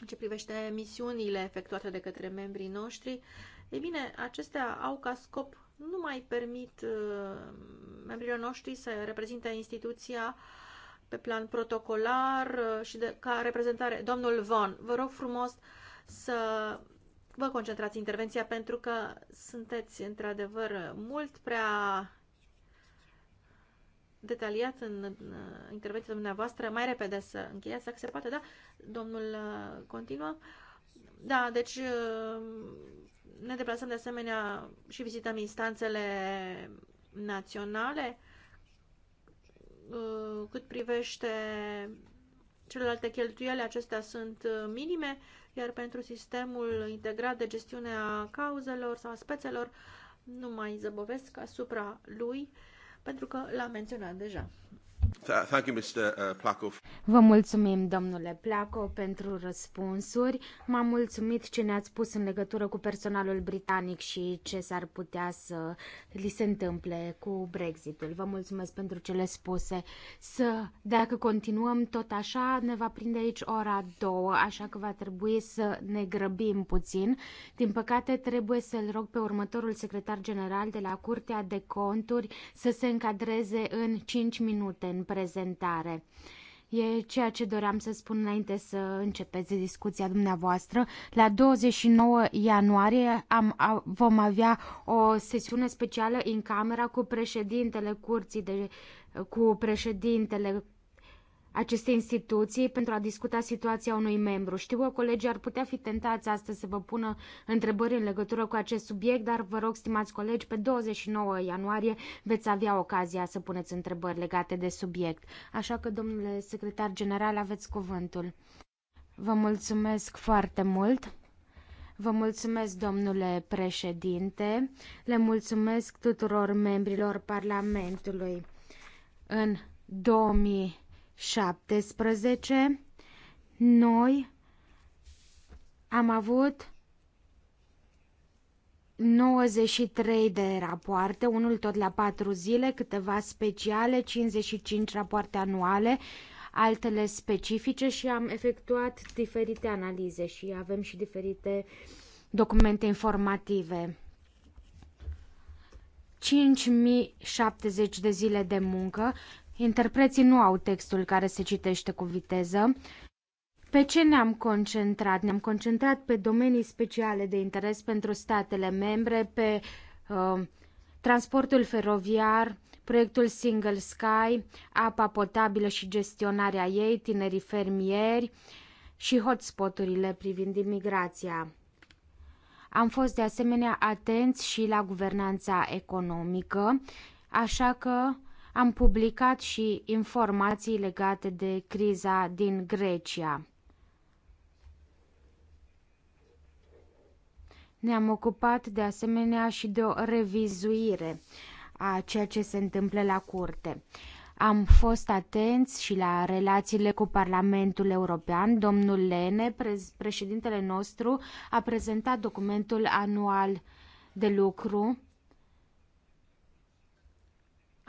În ce privește misiunile efectuate de către membrii noștri, ei bine, acestea au ca scop nu mai permit uh, membrilor noștri să reprezinte instituția pe plan protocolar uh, și de, ca reprezentare. Domnul Von, vă rog frumos să vă concentrați intervenția pentru că sunteți într-adevăr mult prea detaliat în intervenția dumneavoastră, mai repede să încheiați, dacă se poate, da? Domnul uh, continuă. Da, deci uh, ne deplasăm de asemenea și vizităm instanțele naționale uh, cât privește celelalte cheltuieli, acestea sunt minime iar pentru sistemul integrat de gestiune a cauzelor sau a spețelor nu mai zăbovesc asupra lui, pentru că l-am menționat deja Uh, Vă mulțumim, domnule Placo, pentru răspunsuri. M-am mulțumit ce ne-ați spus în legătură cu personalul britanic și ce s-ar putea să li se întâmple cu Brexitul. Vă mulțumesc pentru cele spuse. Să, dacă continuăm tot așa, ne va prinde aici ora două, așa că va trebui să ne grăbim puțin. Din păcate, trebuie să-l rog pe următorul secretar general de la Curtea de Conturi să se încadreze în 5 minute în prezentare. E ceea ce doream să spun înainte să începeți discuția dumneavoastră. La 29 ianuarie am, a, vom avea o sesiune specială în camera cu președintele curții de, cu președintele aceste instituții pentru a discuta situația unui membru. Știu că colegii ar putea fi tentați astăzi să vă pună întrebări în legătură cu acest subiect, dar vă rog, stimați colegi, pe 29 ianuarie veți avea ocazia să puneți întrebări legate de subiect. Așa că, domnule secretar general, aveți cuvântul. Vă mulțumesc foarte mult. Vă mulțumesc, domnule președinte. Le mulțumesc tuturor membrilor Parlamentului. În 2000 17, noi am avut 93 de rapoarte, unul tot la 4 zile, câteva speciale, 55 rapoarte anuale, altele specifice și am efectuat diferite analize și avem și diferite documente informative. 5070 de zile de muncă, Interpreții nu au textul care se citește cu viteză. Pe ce ne-am concentrat? Ne-am concentrat pe domenii speciale de interes pentru statele membre, pe uh, transportul feroviar, proiectul Single Sky, apa potabilă și gestionarea ei, tinerii fermieri și hotspoturile privind imigrația. Am fost de asemenea atenți și la guvernanța economică, așa că am publicat și informații legate de criza din Grecia. Ne-am ocupat de asemenea și de o revizuire a ceea ce se întâmplă la curte. Am fost atenți și la relațiile cu Parlamentul European. Domnul Lene, președintele nostru, a prezentat documentul anual de lucru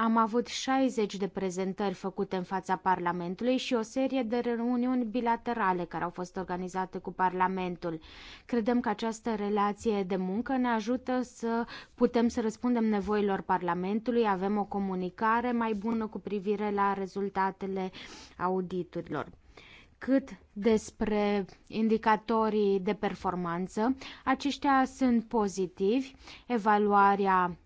am avut 60 de prezentări făcute în fața Parlamentului și o serie de reuniuni bilaterale care au fost organizate cu Parlamentul. Credem că această relație de muncă ne ajută să putem să răspundem nevoilor Parlamentului, avem o comunicare mai bună cu privire la rezultatele auditurilor cât despre indicatorii de performanță. Aceștia sunt pozitivi. Evaluarea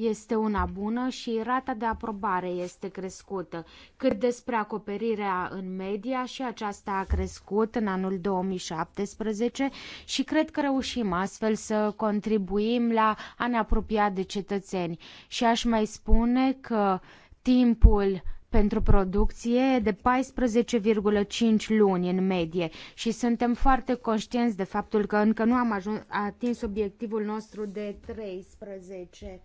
este una bună și rata de aprobare este crescută. Cât despre acoperirea în media și aceasta a crescut în anul 2017 și cred că reușim astfel să contribuim la a ne apropia de cetățeni. Și aș mai spune că timpul pentru producție de 14,5 luni în medie și suntem foarte conștienți de faptul că încă nu am ajuns, atins obiectivul nostru de 13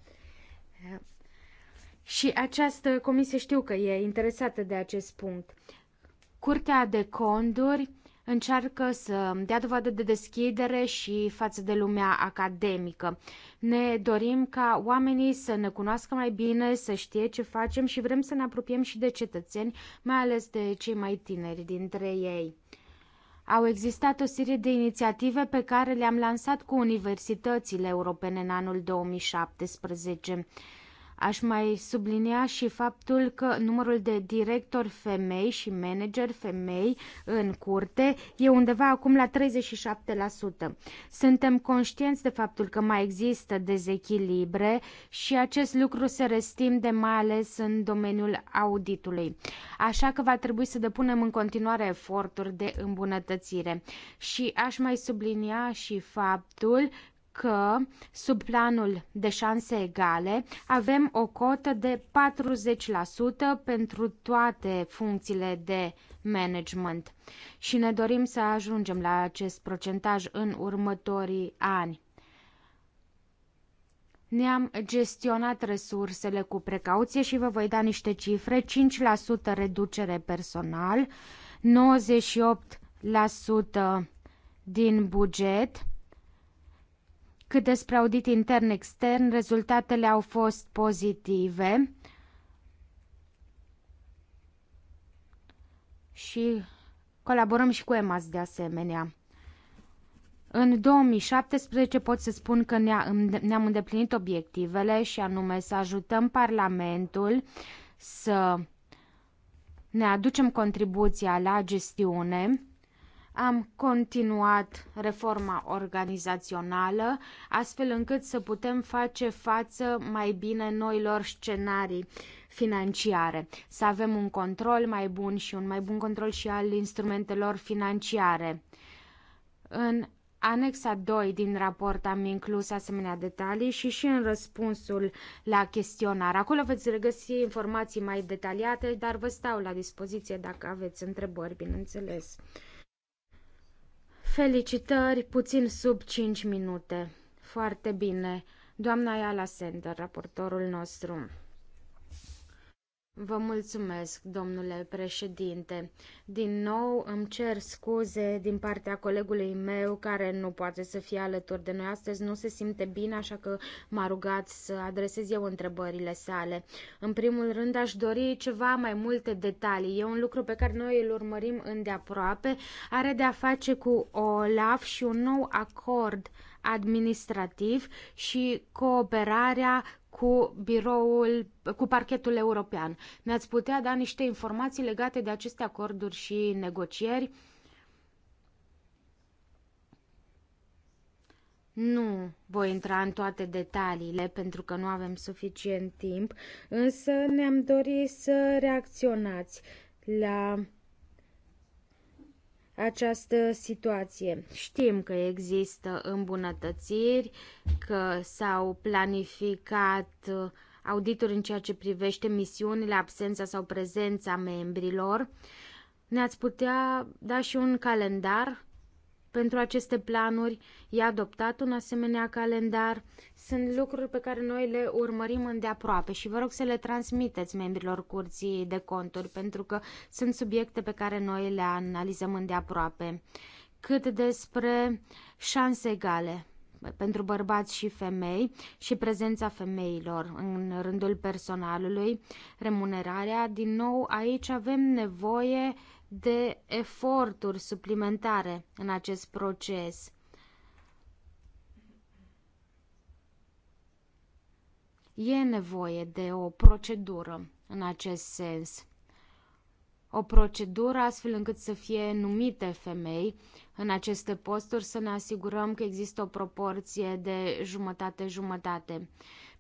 și această comisie știu că e interesată de acest punct. Curtea de Conduri încearcă să dea dovadă de deschidere și față de lumea academică. Ne dorim ca oamenii să ne cunoască mai bine, să știe ce facem și vrem să ne apropiem și de cetățeni, mai ales de cei mai tineri dintre ei. Au existat o serie de inițiative pe care le-am lansat cu universitățile europene în anul 2017. Aș mai sublinia și faptul că numărul de directori femei și manageri femei în curte e undeva acum la 37%. Suntem conștienți de faptul că mai există dezechilibre și acest lucru se restinde mai ales în domeniul auditului. Așa că va trebui să depunem în continuare eforturi de îmbunătățire. Și aș mai sublinia și faptul că sub planul de șanse egale avem o cotă de 40% pentru toate funcțiile de management și ne dorim să ajungem la acest procentaj în următorii ani. Ne-am gestionat resursele cu precauție și vă voi da niște cifre. 5% reducere personal, 98% din buget, cât despre audit intern-extern, rezultatele au fost pozitive. Și colaborăm și cu EMAS de asemenea. În 2017 pot să spun că ne-am îndeplinit obiectivele și anume să ajutăm Parlamentul să ne aducem contribuția la gestiune am continuat reforma organizațională, astfel încât să putem face față mai bine noilor scenarii financiare, să avem un control mai bun și un mai bun control și al instrumentelor financiare. În anexa 2 din raport am inclus asemenea detalii și și în răspunsul la chestionar. Acolo veți regăsi informații mai detaliate, dar vă stau la dispoziție dacă aveți întrebări, bineînțeles. Felicitări, puțin sub 5 minute. Foarte bine. Doamna Iala Sender, raportorul nostru. Vă mulțumesc, domnule președinte. Din nou îmi cer scuze din partea colegului meu care nu poate să fie alături de noi astăzi, nu se simte bine, așa că m-a rugat să adresez eu întrebările sale. În primul rând aș dori ceva mai multe detalii. E un lucru pe care noi îl urmărim îndeaproape. Are de a face cu OLAF și un nou acord administrativ și cooperarea cu biroul, cu parchetul european. Ne-ați putea da niște informații legate de aceste acorduri și negocieri? Nu voi intra în toate detaliile pentru că nu avem suficient timp, însă ne-am dorit să reacționați la această situație. Știm că există îmbunătățiri, că s-au planificat uh, auditori în ceea ce privește misiunile, absența sau prezența membrilor. Ne-ați putea da și un calendar pentru aceste planuri, e adoptat un asemenea calendar. Sunt lucruri pe care noi le urmărim îndeaproape și vă rog să le transmiteți membrilor curții de conturi, pentru că sunt subiecte pe care noi le analizăm îndeaproape. Cât despre șanse egale pentru bărbați și femei și prezența femeilor în rândul personalului, remunerarea, din nou aici avem nevoie de eforturi suplimentare în acest proces. E nevoie de o procedură în acest sens. O procedură astfel încât să fie numite femei în aceste posturi, să ne asigurăm că există o proporție de jumătate-jumătate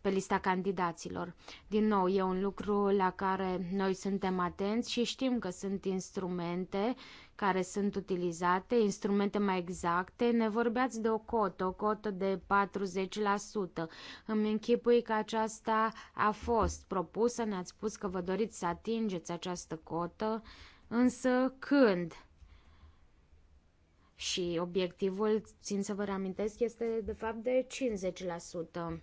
pe lista candidaților. Din nou, e un lucru la care noi suntem atenți și știm că sunt instrumente care sunt utilizate, instrumente mai exacte. Ne vorbeați de o cotă, o cotă de 40%. Îmi închipui că aceasta a fost propusă, ne-ați spus că vă doriți să atingeți această cotă, însă când? Și obiectivul, țin să vă reamintesc, este de fapt de 50%.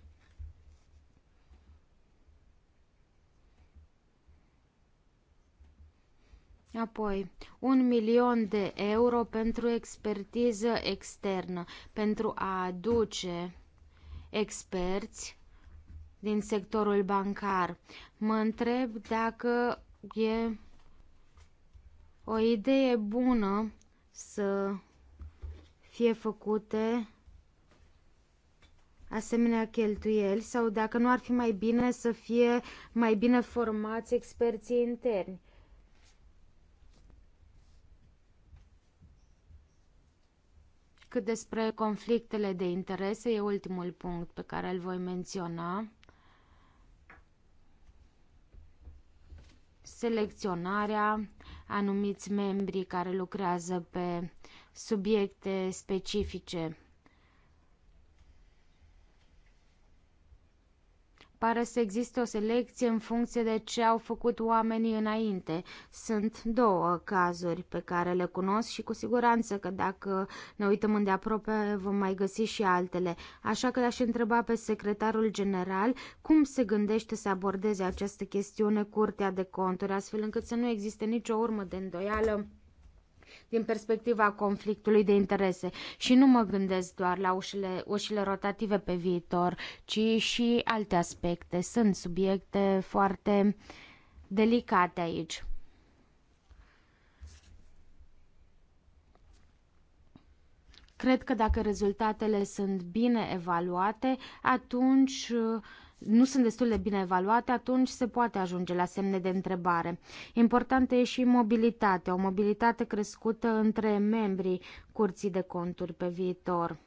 Apoi, un milion de euro pentru expertiză externă, pentru a aduce experți din sectorul bancar. Mă întreb dacă e o idee bună să fie făcute asemenea cheltuieli sau dacă nu ar fi mai bine să fie mai bine formați experții interni cât despre conflictele de interese, e ultimul punct pe care îl voi menționa. Selecționarea, anumiți membri care lucrează pe subiecte specifice Pare să existe o selecție în funcție de ce au făcut oamenii înainte. Sunt două cazuri pe care le cunosc și cu siguranță că dacă ne uităm îndeaproape vom mai găsi și altele. Așa că l-aș întreba pe secretarul general cum se gândește să abordeze această chestiune Curtea de Conturi, astfel încât să nu existe nicio urmă de îndoială din perspectiva conflictului de interese. Și nu mă gândesc doar la ușile, ușile rotative pe viitor, ci și alte aspecte. Sunt subiecte foarte delicate aici. Cred că dacă rezultatele sunt bine evaluate, atunci uh, nu sunt destul de bine evaluate, atunci se poate ajunge la semne de întrebare. Importantă e și mobilitatea, o mobilitate crescută între membrii curții de conturi pe viitor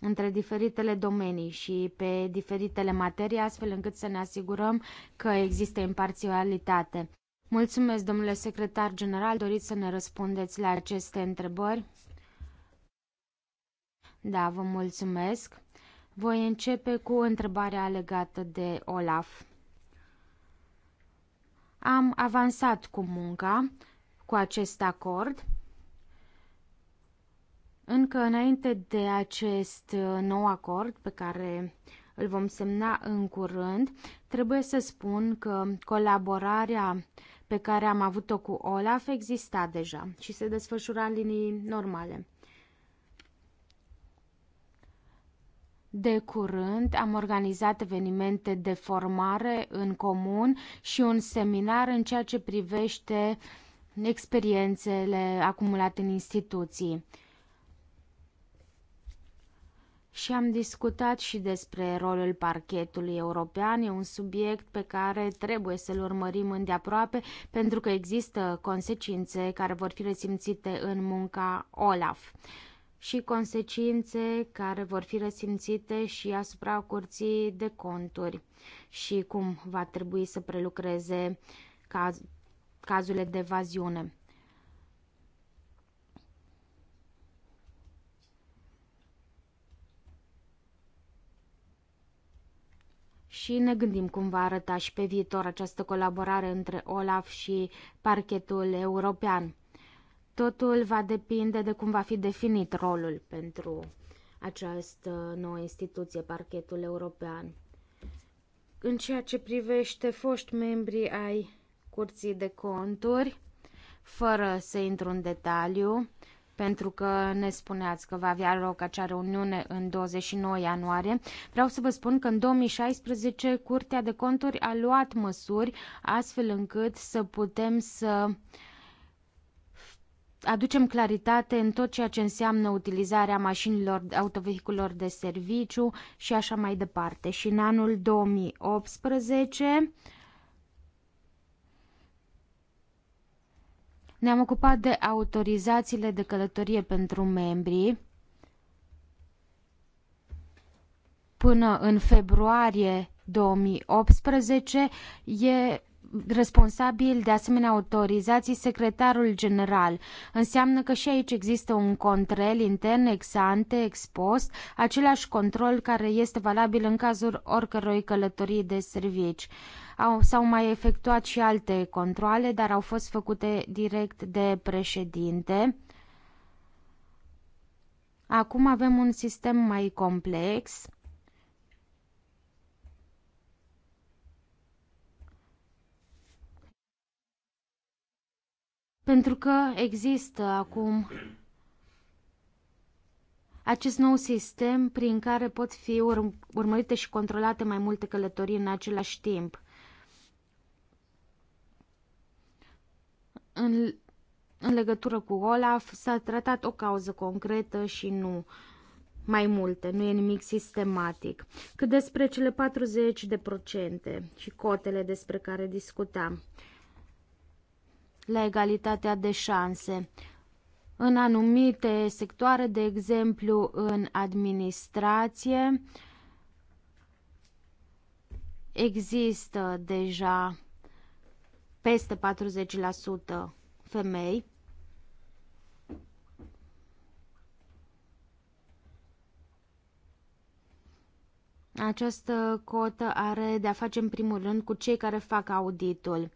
între diferitele domenii și pe diferitele materii, astfel încât să ne asigurăm că există imparțialitate. Mulțumesc, domnule secretar general, doriți să ne răspundeți la aceste întrebări? Da, vă mulțumesc. Voi începe cu întrebarea legată de Olaf. Am avansat cu munca, cu acest acord. Încă înainte de acest uh, nou acord pe care îl vom semna în curând, trebuie să spun că colaborarea pe care am avut-o cu Olaf exista deja și se desfășura în linii normale. De curând am organizat evenimente de formare în comun și un seminar în ceea ce privește experiențele acumulate în instituții. Și am discutat și despre rolul parchetului european. E un subiect pe care trebuie să-l urmărim îndeaproape pentru că există consecințe care vor fi resimțite în munca OLAF și consecințe care vor fi resimțite și asupra curții de conturi și cum va trebui să prelucreze caz, cazurile de evaziune. și ne gândim cum va arăta și pe viitor această colaborare între OLAF și parchetul european. Totul va depinde de cum va fi definit rolul pentru această nouă instituție, parchetul european. În ceea ce privește foști membri ai Curții de Conturi, fără să intru în detaliu, pentru că ne spuneați că va avea loc acea reuniune în 29 ianuarie. Vreau să vă spun că în 2016 Curtea de Conturi a luat măsuri astfel încât să putem să uh, aducem claritate în tot ceea ce înseamnă utilizarea mașinilor, autovehiculor de serviciu și așa mai departe. Și în anul 2018 ne-am ocupat de autorizațiile de călătorie pentru membrii. Până în februarie 2018 e responsabil de asemenea autorizații secretarul general. Înseamnă că și aici există un control intern, ex ante, ex post, același control care este valabil în cazul oricărui călătorii de servici. Au, s-au mai efectuat și alte controle, dar au fost făcute direct de președinte. Acum avem un sistem mai complex Pentru că există acum acest nou sistem prin care pot fi ur urmărite și controlate mai multe călătorii în același timp. În, în legătură cu Olaf s-a tratat o cauză concretă și nu mai multe, nu e nimic sistematic. Cât despre cele 40% de procente și cotele despre care discutam la egalitatea de șanse. În anumite sectoare, de exemplu în administrație, există deja peste 40% femei. Această cotă are de a face în primul rând cu cei care fac auditul.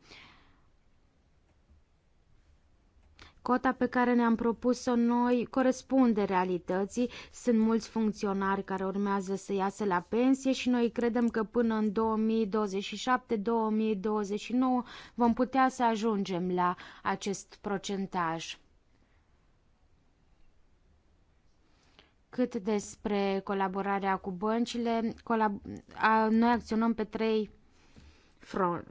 Cota pe care ne-am propus-o noi corespunde realității. Sunt mulți funcționari care urmează să iasă la pensie și noi credem că până în 2027-2029 vom putea să ajungem la acest procentaj. Cât despre colaborarea cu băncile, colab- a, noi acționăm pe trei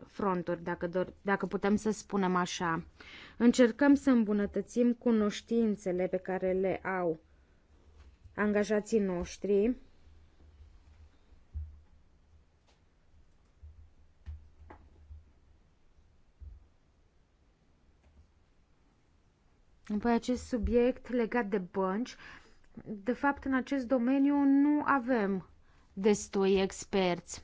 fronturi, dacă, dor, dacă putem să spunem așa. Încercăm să îmbunătățim cunoștințele pe care le au angajații noștri. Pe păi acest subiect legat de bănci, de fapt în acest domeniu nu avem destui experți.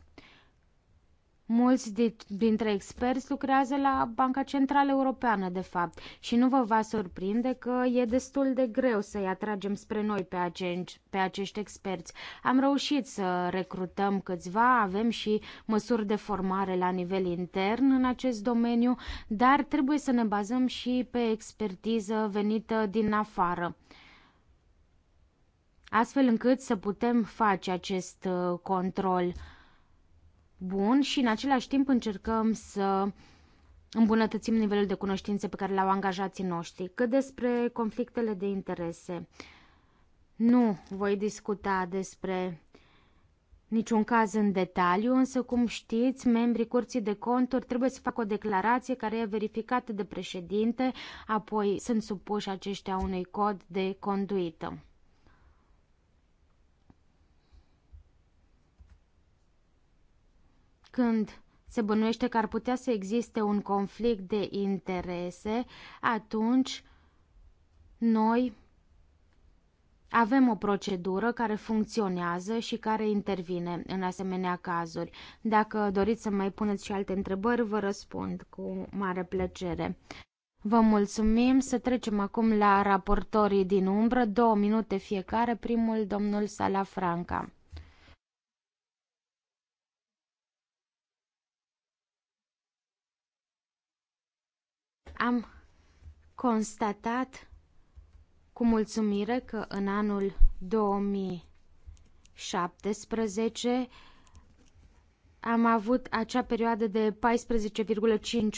Mulți dintre experți lucrează la Banca Centrală Europeană, de fapt, și nu vă va surprinde că e destul de greu să-i atragem spre noi pe, ace- pe acești experți. Am reușit să recrutăm câțiva, avem și măsuri de formare la nivel intern în acest domeniu, dar trebuie să ne bazăm și pe expertiză venită din afară astfel încât să putem face acest uh, control bun și în același timp încercăm să îmbunătățim nivelul de cunoștințe pe care le-au angajații noștri. Cât despre conflictele de interese, nu voi discuta despre niciun caz în detaliu, însă, cum știți, membrii Curții de Conturi trebuie să facă o declarație care e verificată de președinte, apoi sunt supuși aceștia unui cod de conduită. când se bănuiește că ar putea să existe un conflict de interese, atunci noi avem o procedură care funcționează și care intervine în asemenea cazuri. Dacă doriți să mai puneți și alte întrebări, vă răspund cu mare plăcere. Vă mulțumim. Să trecem acum la raportorii din umbră, două minute fiecare, primul domnul Salafranca. Am constatat cu mulțumire că în anul 2017 am avut acea perioadă de 14,5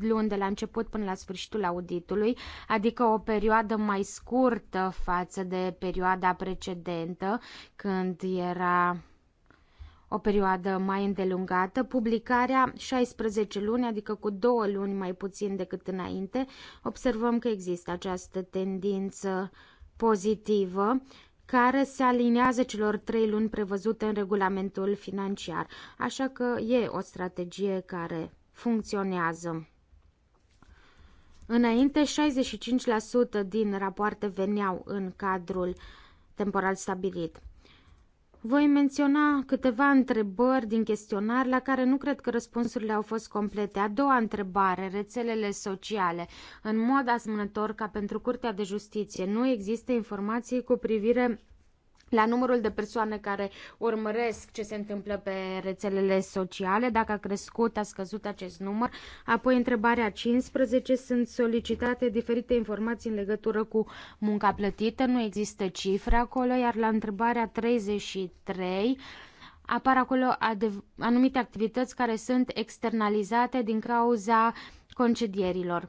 luni de la început până la sfârșitul auditului, adică o perioadă mai scurtă față de perioada precedentă, când era o perioadă mai îndelungată, publicarea 16 luni, adică cu două luni mai puțin decât înainte, observăm că există această tendință pozitivă care se aliniază celor trei luni prevăzute în regulamentul financiar. Așa că e o strategie care funcționează. Înainte, 65% din rapoarte veneau în cadrul temporal stabilit. Voi menționa câteva întrebări din chestionar la care nu cred că răspunsurile au fost complete. A doua întrebare, rețelele sociale. În mod asemănător ca pentru Curtea de Justiție, nu există informații cu privire la numărul de persoane care urmăresc ce se întâmplă pe rețelele sociale, dacă a crescut, a scăzut acest număr. Apoi, întrebarea 15, sunt solicitate diferite informații în legătură cu munca plătită, nu există cifre acolo, iar la întrebarea 33, apar acolo anumite activități care sunt externalizate din cauza concedierilor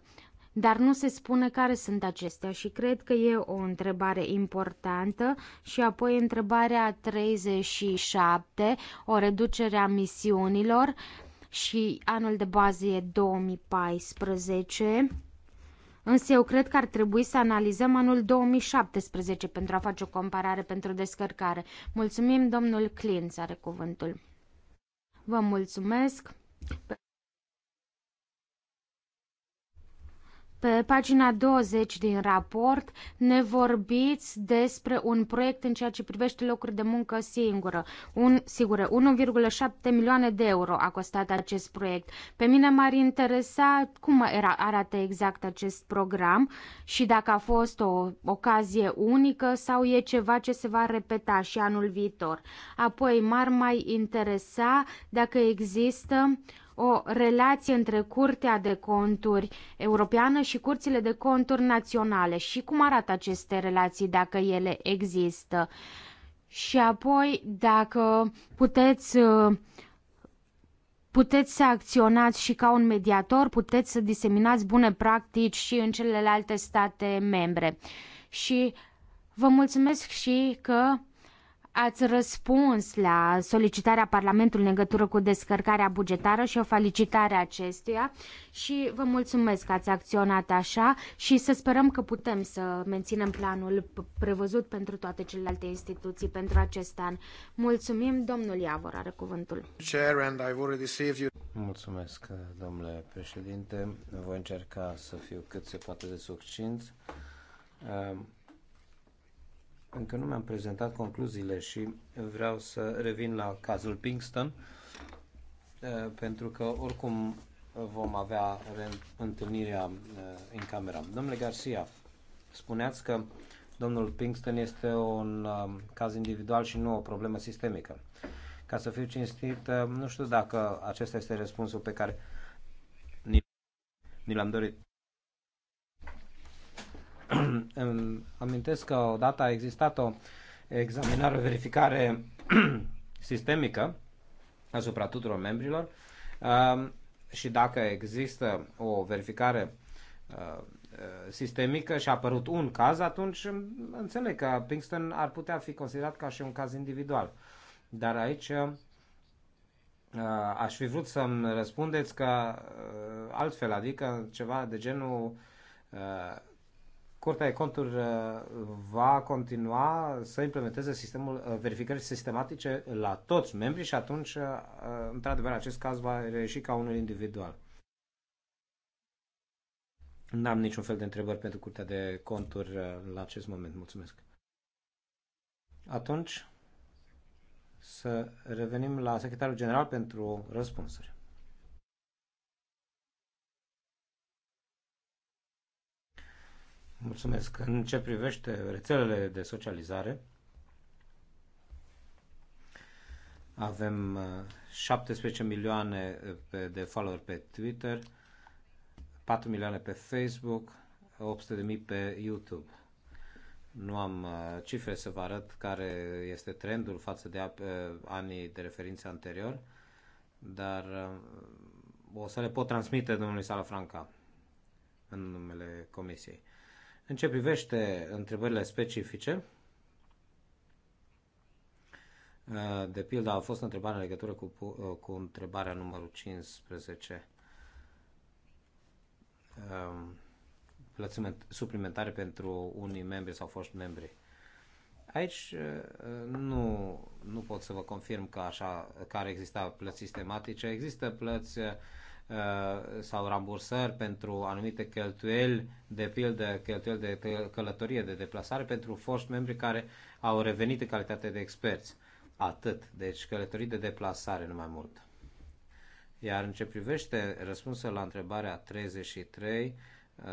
dar nu se spune care sunt acestea și cred că e o întrebare importantă și apoi întrebarea 37, o reducere a misiunilor și anul de bază e 2014. Însă eu cred că ar trebui să analizăm anul 2017 pentru a face o comparare pentru descărcare. Mulțumim, domnul Clint are cuvântul. Vă mulțumesc. Pe pagina 20 din raport ne vorbiți despre un proiect în ceea ce privește locuri de muncă singură. Un, sigură, 1,7 milioane de euro a costat acest proiect. Pe mine m-ar interesa cum era, arată exact acest program și dacă a fost o ocazie unică sau e ceva ce se va repeta și anul viitor. Apoi m-ar mai interesa dacă există o relație între Curtea de Conturi Europeană și Curțile de Conturi Naționale și cum arată aceste relații dacă ele există. Și apoi dacă puteți uh, puteți să acționați și ca un mediator, puteți să diseminați bune practici și în celelalte state membre. Și vă mulțumesc și că Ați răspuns la solicitarea Parlamentului în legătură cu descărcarea bugetară și o felicitare acestuia și vă mulțumesc că ați acționat așa și să sperăm că putem să menținem planul prevăzut pentru toate celelalte instituții pentru acest an. Mulțumim, domnul Iavor are cuvântul. Mulțumesc, domnule președinte. Voi încerca să fiu cât se poate de succint încă nu mi-am prezentat concluziile și vreau să revin la cazul Pinkston, eh, pentru că oricum vom avea întâlnirea eh, în camera. Domnule Garcia, spuneați că domnul Pinkston este un eh, caz individual și nu o problemă sistemică. Ca să fiu cinstit, nu știu dacă acesta este răspunsul pe care ni l-am dorit. Îmi amintesc că odată a existat o examinare, o verificare sistemică asupra tuturor membrilor um, și dacă există o verificare uh, sistemică și a apărut un caz, atunci înțeleg că Pinkston ar putea fi considerat ca și un caz individual. Dar aici uh, aș fi vrut să-mi răspundeți că uh, altfel, adică ceva de genul Curtea de Conturi uh, va continua să implementeze sistemul uh, verificării sistematice la toți membrii și atunci, uh, într-adevăr, acest caz va reieși ca unul individual. N-am niciun fel de întrebări pentru Curtea de Conturi la acest moment. Mulțumesc. Atunci, să revenim la secretarul general pentru răspunsuri. Mulțumesc. În ce privește rețelele de socializare, avem 17 uh, milioane uh, de follower pe Twitter, 4 milioane pe Facebook, 800 de mii pe YouTube. Nu am uh, cifre să vă arăt care este trendul față de anii de referință anterior, dar o să le pot transmite domnului Salafranca în numele comisiei. În ce privește întrebările specifice, uh, de pildă a fost întrebare în legătură cu, uh, cu întrebarea numărul 15 um, plățiment suplimentare pentru unii membri sau foști membri. Aici uh, nu, nu pot să vă confirm că așa, care exista plăți sistematice. Există plăți Uh, sau rambursări pentru anumite cheltuieli, de pildă cheltuieli de călătorie, de deplasare pentru foști membri care au revenit în calitate de experți. Atât. Deci călătorii de deplasare, nu mai mult. Iar în ce privește răspunsul la întrebarea 33, uh,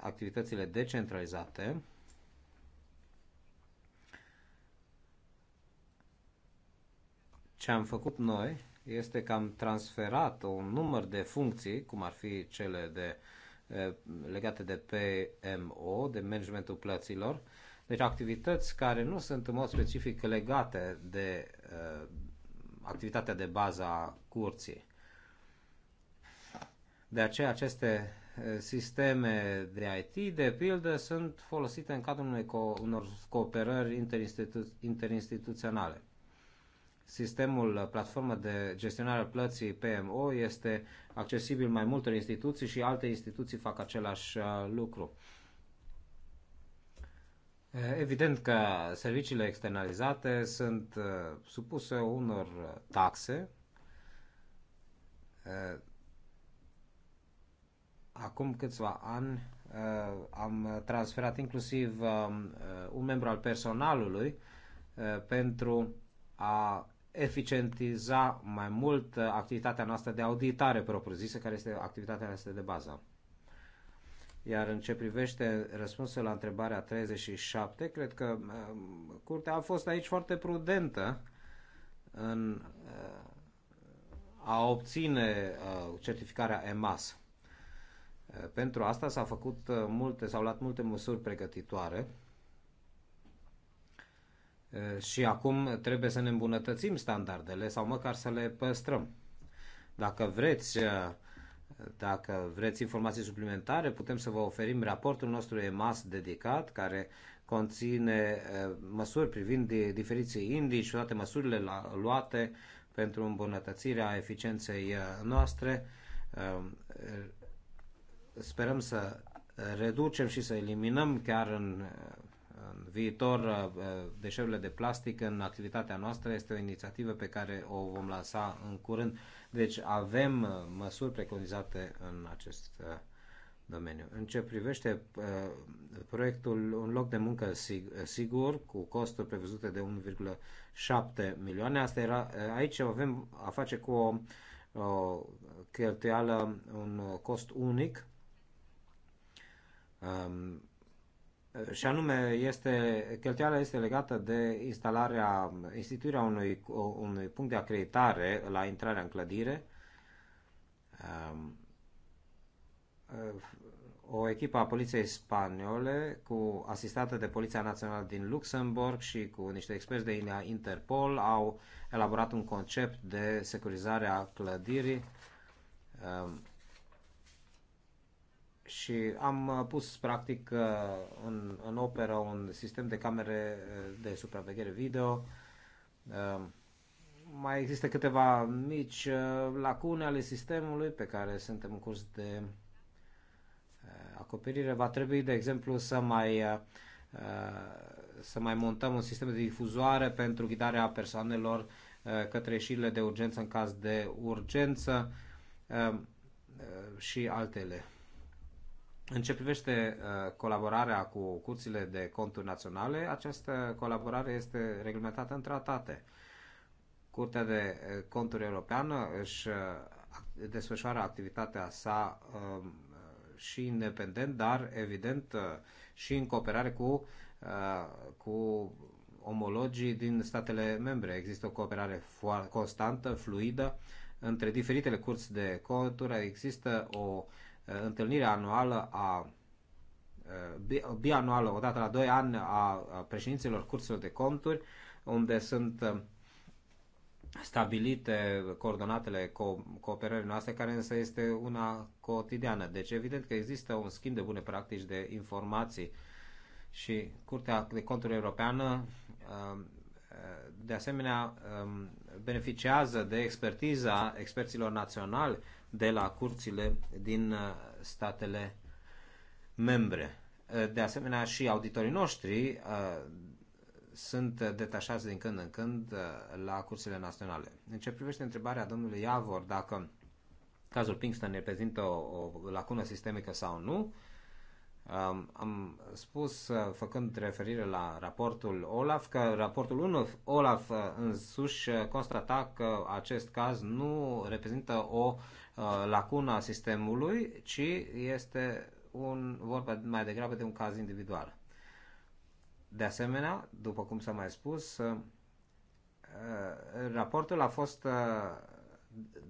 activitățile decentralizate, ce am făcut noi este că am transferat un număr de funcții, cum ar fi cele de, legate de PMO, de managementul plăților, deci activități care nu sunt în mod specific legate de uh, activitatea de bază a curții. De aceea aceste sisteme de IT, de pildă, sunt folosite în cadrul unei co- unor cooperări interinstitu- interinstituționale. Sistemul, uh, platformă de gestionare a plății PMO este accesibil mai multor instituții și alte instituții fac același uh, lucru. Uh, evident că serviciile externalizate sunt supuse unor taxe. Acum câțiva ani am transferat inclusiv um, un membru al personalului pentru a eficientiza mai mult uh, activitatea noastră de auditare propriu-zisă, care este activitatea noastră de bază. Iar în ce privește răspunsul la întrebarea 37, cred că uh, curtea a fost aici foarte prudentă în uh, a obține certificarea EMAS. Pentru asta s-a făcut multe, s-au luat multe măsuri pregătitoare Eh, și acum trebuie să ne îmbunătățim standardele sau măcar să le păstrăm. Dacă vreți, eh, dacă vreți informații suplimentare, putem să vă oferim raportul nostru EMAS dedicat, care conține eh, măsuri privind diferiții indici și toate măsurile luate pentru îmbunătățirea eficienței noastre. Sperăm să reducem și să eliminăm chiar în în viitor uh, deșeurile de plastic în activitatea noastră este o inițiativă pe care o vom lansa în curând. Deci avem uh, măsuri preconizate în acest uh, domeniu. În ce privește proiectul Un loc de muncă sigur, cu costuri prevăzute de 1,7 milioane, asta era, aici avem a face cu o, o cheltuială, un cost unic um, și anume este, cheltuiala este legată de instalarea, instituirea unui, unui punct de acreditare la intrarea în clădire. Um, uh, o echipă a Poliției Spaniole, cu asistată de Poliția Națională din Luxemburg și cu niște experți de Interpol, au elaborat un concept de securizare a clădirii um, și am uh, pus practic uh, în, în opera un sistem de camere uh, de supraveghere video. Mai există câteva mici lacune ale sistemului pe care suntem în curs de acoperire. Va trebui, de exemplu, să mai să mai montăm un sistem de difuzoare pentru ghidarea persoanelor către ieșirile de urgență în caz de urgență și altele. În ce privește uh, colaborarea cu curțile de conturi naționale, această colaborare este reglementată în tratate. Curtea de uh, Conturi Europeană își uh, desfășoară activitatea sa um, și independent, dar evident și în cooperare cu, cu omologii din statele membre. Există o cooperare constantă, fluidă, între diferitele curți de conturi. Există o uh, întâlnirea anuală a bianuală, dată la 2 ani, a președinților curselor de conturi, unde sunt uh, stabilite coordonatele co- cooperării noastre, care însă este una cotidiană. Deci, evident că există un schimb de bune practici de informații și Curtea de Conturi Europeană um, de asemenea um, beneficiază de expertiza experților naționali de la curțile din uh, statele membre. Uh, de asemenea, și auditorii noștri uh, sunt detașați din când în când la cursurile naționale. În ce privește întrebarea domnului Iavor dacă cazul Pinkston reprezintă o, o lacună sistemică sau nu, um, am spus, făcând referire la raportul Olaf, că raportul 1 Olaf însuși constata că acest caz nu reprezintă o Uh, lacuna sistemului, ci este un, vorba mai degrabă de un caz individual. De asemenea, după cum s-a mai spus, uh, raportul a fost uh,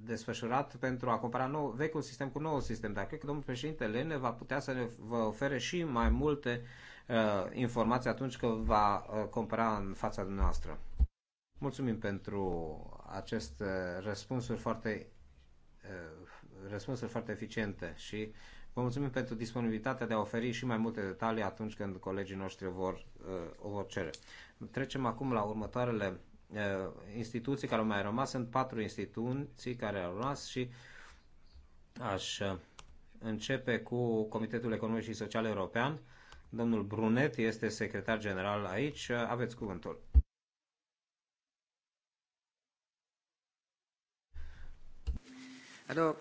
desfășurat pentru a compara nou, vechiul sistem cu noul sistem, dar cred că domnul președinte Lene va putea să ne, vă ofere și mai multe uh, informații atunci când va uh, compara în fața dumneavoastră. Mulțumim pentru acest uh, răspunsuri foarte Uh, răspunsuri foarte eficiente și vă mulțumim pentru disponibilitatea de a oferi și mai multe detalii atunci când colegii noștri vor, uh, o vor cere. Trecem acum la următoarele uh, instituții care au mai rămas. Sunt patru instituții care au rămas și aș începe cu Comitetul Economic și Social European. Domnul Brunet este secretar general aici. Aveți cuvântul. Alors,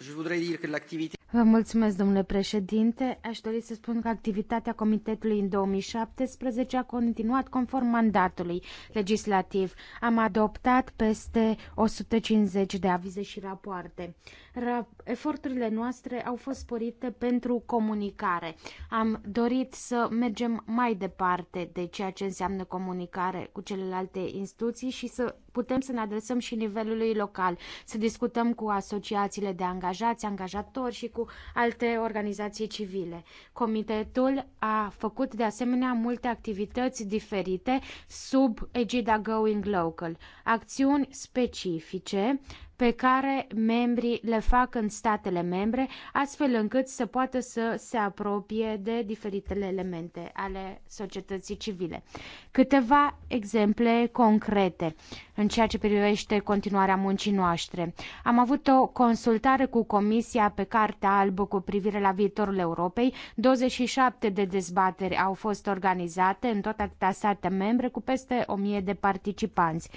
je voudrais dire que l'activité... Vă mulțumesc, domnule președinte. Aș dori să spun că activitatea comitetului în 2017 a continuat conform mandatului legislativ. Am adoptat peste 150 de avize și rapoarte. Ra- eforturile noastre au fost sporite pentru comunicare. Am dorit să mergem mai departe de ceea ce înseamnă comunicare cu celelalte instituții și să putem să ne adresăm și nivelului local, să discutăm cu asociațiile de angajați, angajatori și cu cu alte organizații civile. Comitetul a făcut de asemenea multe activități diferite sub egida Going Local, acțiuni specifice pe care membrii le fac în statele membre, astfel încât să poată să se apropie de diferitele elemente ale societății civile. Câteva exemple concrete în ceea ce privește continuarea muncii noastre. Am avut o consultare cu Comisia pe Cartea Albă cu privire la viitorul Europei. 27 de dezbateri au fost organizate în toate statele state membre cu peste 1000 de participanți.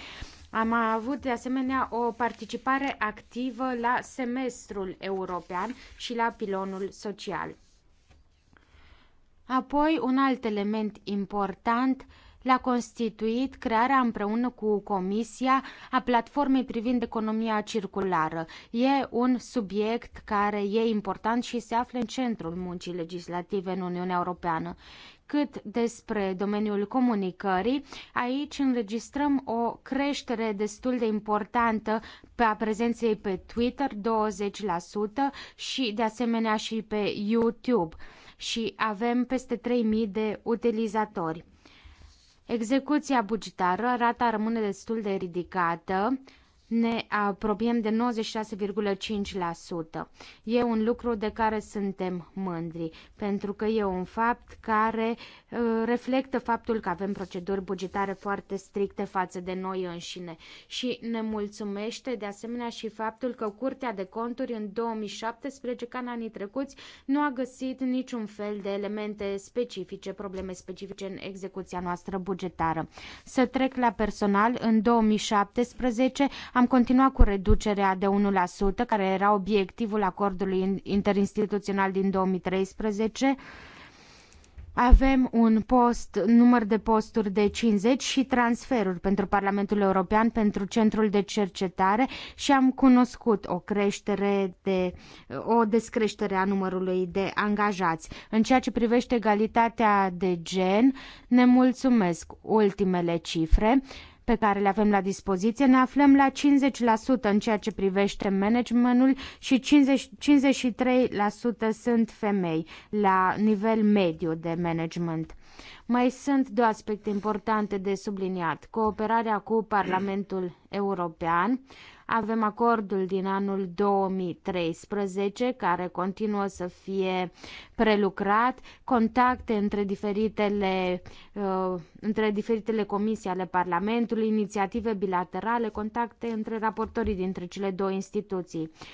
Am avut de asemenea o participare activă la semestrul european și la pilonul social. Apoi, un alt element important l-a constituit crearea împreună cu Comisia a platformei privind economia circulară. E un subiect care e important și se află în centrul muncii legislative în Uniunea Europeană. Cât despre domeniul comunicării, aici înregistrăm o creștere destul de importantă pe a prezenței pe Twitter, 20% și de asemenea și pe YouTube și avem peste 3000 de utilizatori. Execuția bugetară, rata rămâne destul de ridicată, ne apropiem de 96,5%. E un lucru de care suntem mândri, pentru că e un fapt care uh, reflectă faptul că avem proceduri bugetare foarte stricte față de noi înșine și ne mulțumește de asemenea și faptul că Curtea de Conturi în 2017, ca în anii trecuți, nu a găsit niciun fel de elemente specifice, probleme specifice în execuția noastră bugetară. Să trec la personal, în 2017 am continuat cu reducerea de 1%, care era obiectivul acordului interinstituțional din 2013. Avem un post, număr de posturi de 50 și transferuri pentru Parlamentul European, pentru Centrul de Cercetare și am cunoscut o creștere de, o descreștere a numărului de angajați. În ceea ce privește egalitatea de gen, ne mulțumesc ultimele cifre pe care le avem la dispoziție, ne aflăm la 50% în ceea ce privește managementul și 50, 53% sunt femei la nivel mediu de management. Mai sunt două aspecte importante de subliniat. Cooperarea cu Parlamentul European. Avem acordul din anul 2013 care continuă să fie prelucrat, contacte între diferitele, uh, între diferitele comisii ale Parlamentului, inițiative bilaterale, contacte între raportorii dintre cele două instituții. Uh,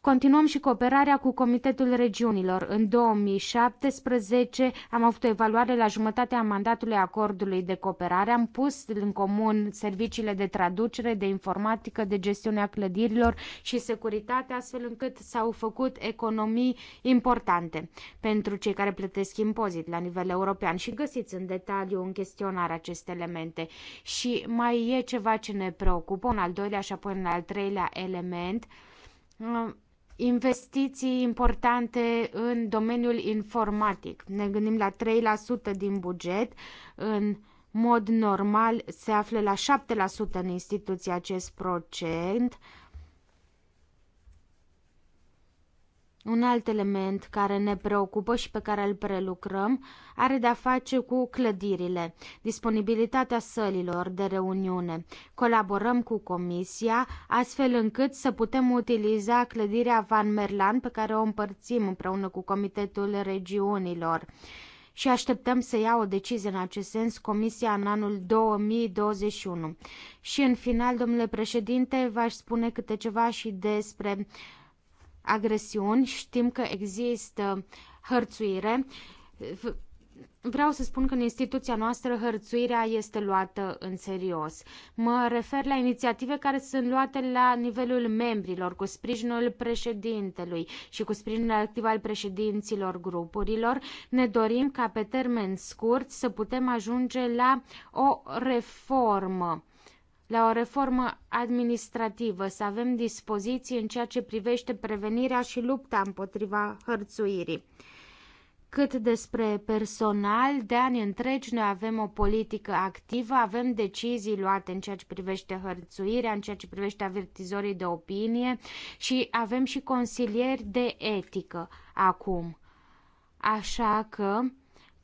Continuăm și cooperarea cu Comitetul Regiunilor. În 2017 am avut o evaluare la jumătatea mandatului acordului de cooperare. Am pus în comun serviciile de traducere, de informatică, de gestiunea clădirilor și securitate, astfel încât s-au făcut economii importante pentru cei care plătesc impozit la nivel european. Și găsiți în detaliu în chestionar aceste elemente. Și mai e ceva ce ne preocupă, un al doilea și apoi un al treilea element. Uh, investiții importante în domeniul informatic. Ne gândim la 3% din buget, în mod normal se află la 7% în instituție acest procent, Un alt element care ne preocupă și pe care îl prelucrăm are de-a face cu clădirile, disponibilitatea sălilor de reuniune. Colaborăm cu Comisia astfel încât să putem utiliza clădirea Van Merlan pe care o împărțim împreună cu Comitetul Regiunilor și așteptăm să ia o decizie în acest sens Comisia în anul 2021. Și în final, domnule președinte, v-aș spune câte ceva și despre uh, agresiuni, știm că există hărțuire. Vreau să spun că în instituția noastră hărțuirea este luată în serios. Mă refer la inițiative care sunt luate la nivelul membrilor, cu sprijinul președintelui și cu sprijinul activ al președinților grupurilor. Ne dorim ca pe termen scurt să putem ajunge la o reformă la o reformă administrativă, să avem dispoziții în ceea ce privește prevenirea și lupta împotriva hărțuirii. Cât despre personal, de ani întregi noi avem o politică activă, avem decizii luate în ceea ce privește hărțuirea, în ceea ce privește avertizorii de opinie și avem și consilieri de etică acum. Așa că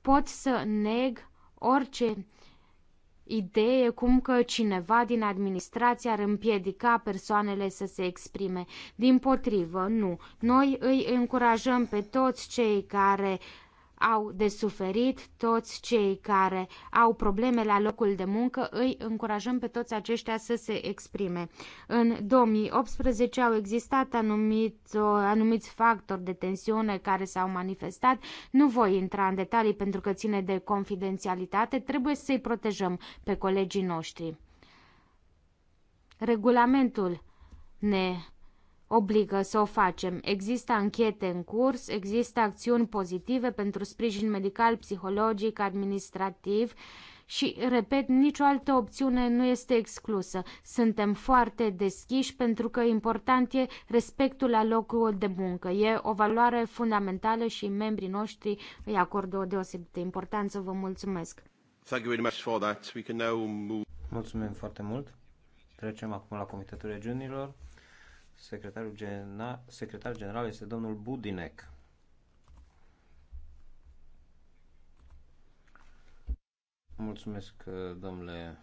pot să neg orice idee cum că cineva din administrație ar împiedica persoanele să se exprime. Din potrivă, nu. Noi îi încurajăm pe toți cei care au de suferit toți cei care au probleme la locul de muncă, îi încurajăm pe toți aceștia să se exprime. În 2018 au existat anumiți, anumiți factori de tensiune care s-au manifestat. Nu voi intra în detalii pentru că ține de confidențialitate, trebuie să-i protejăm pe colegii noștri. Regulamentul ne obligă să o facem. Există anchete în curs, există acțiuni pozitive pentru sprijin medical, psihologic, administrativ și, repet, nicio altă opțiune nu este exclusă. Suntem foarte deschiși pentru că important e respectul la locul de muncă. E o valoare fundamentală și membrii noștri îi acordă o deosebită importanță. Vă mulțumesc! Thank you very much for that. We can now move... Mulțumim foarte mult! Trecem acum la Comitetul Regiunilor. Secretarul, Gena, secretar general este domnul Budinec. Mulțumesc, domnule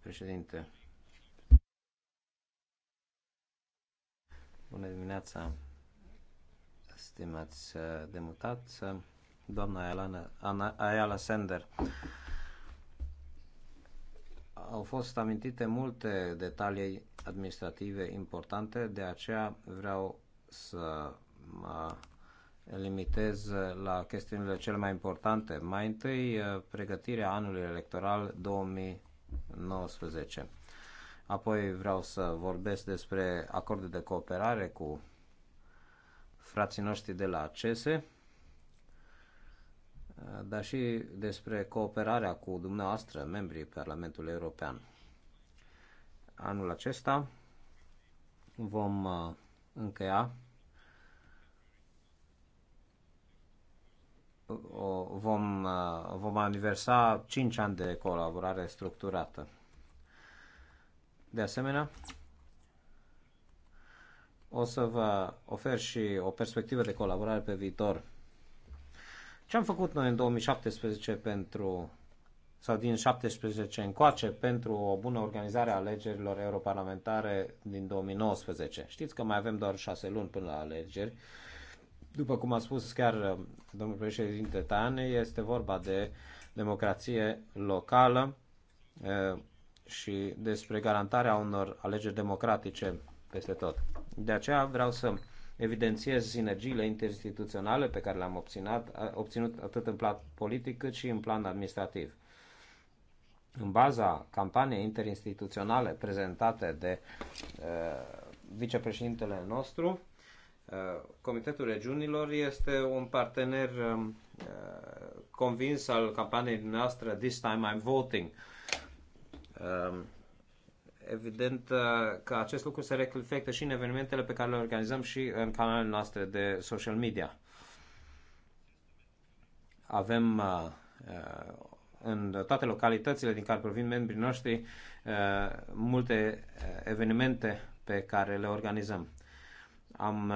președinte. Bună dimineața, stimați deputați. Doamna Ayala Sender, au fost amintite multe detalii administrative importante, de aceea vreau să mă limitez la chestiunile cele mai importante. Mai întâi, pregătirea anului electoral 2019. Apoi vreau să vorbesc despre acordul de cooperare cu frații noștri de la CESE dar și despre cooperarea cu dumneavoastră, membrii Parlamentului European. Anul acesta vom uh, încheia o, vom, uh, vom aniversa 5 ani de colaborare structurată. De asemenea, o să vă ofer și o perspectivă de colaborare pe viitor ce am făcut noi în 2017 pentru sau din 17 încoace pentru o bună organizare a alegerilor europarlamentare din 2019. Știți că mai avem doar șase luni până la alegeri. După cum a spus chiar uh, domnul președinte Tane, este vorba de democrație locală uh, și despre garantarea unor alegeri democratice peste tot. De aceea vreau să evidențiez sinergiile interinstituționale pe care le-am obținut atât în plan politic cât și în plan administrativ. În baza campaniei interinstituționale prezentate de uh, vicepreședintele nostru, uh, Comitetul Regiunilor este un partener um, uh, convins al campaniei noastre This Time I'm Voting. Uh, evident uh, că acest lucru se reflectă și în evenimentele pe care le organizăm și în canalele noastre de social media. Avem uh, uh, în toate localitățile din care provin membrii noștri multe evenimente pe care le organizăm. Am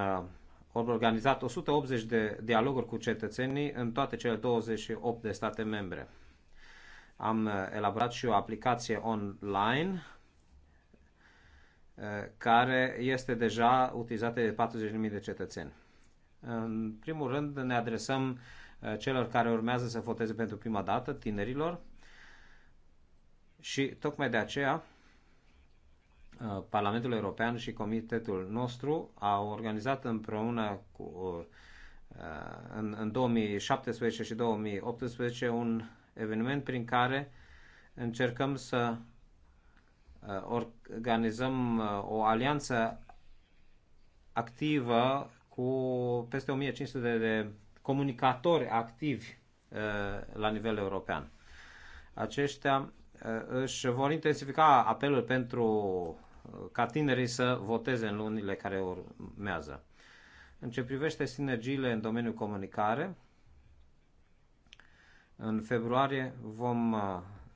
organizat 180 de dialoguri cu cetățenii în toate cele 28 de state membre. Am elaborat și o aplicație online care este deja utilizată de 40.000 de cetățeni. În primul rând ne adresăm uh, celor care urmează să voteze pentru prima dată, tinerilor, și tocmai de aceea uh, Parlamentul European și Comitetul nostru au organizat împreună cu, uh, în, în 2017 și 2018 un eveniment prin care încercăm să Uh, organizăm uh, o alianță activă cu peste 1500 de comunicatori activi uh, la nivel european. Aceștia își vor intensifica apelul pentru ca tinerii să voteze în lunile care urmează. În ce privește sinergiile în domeniul comunicare, în februarie vom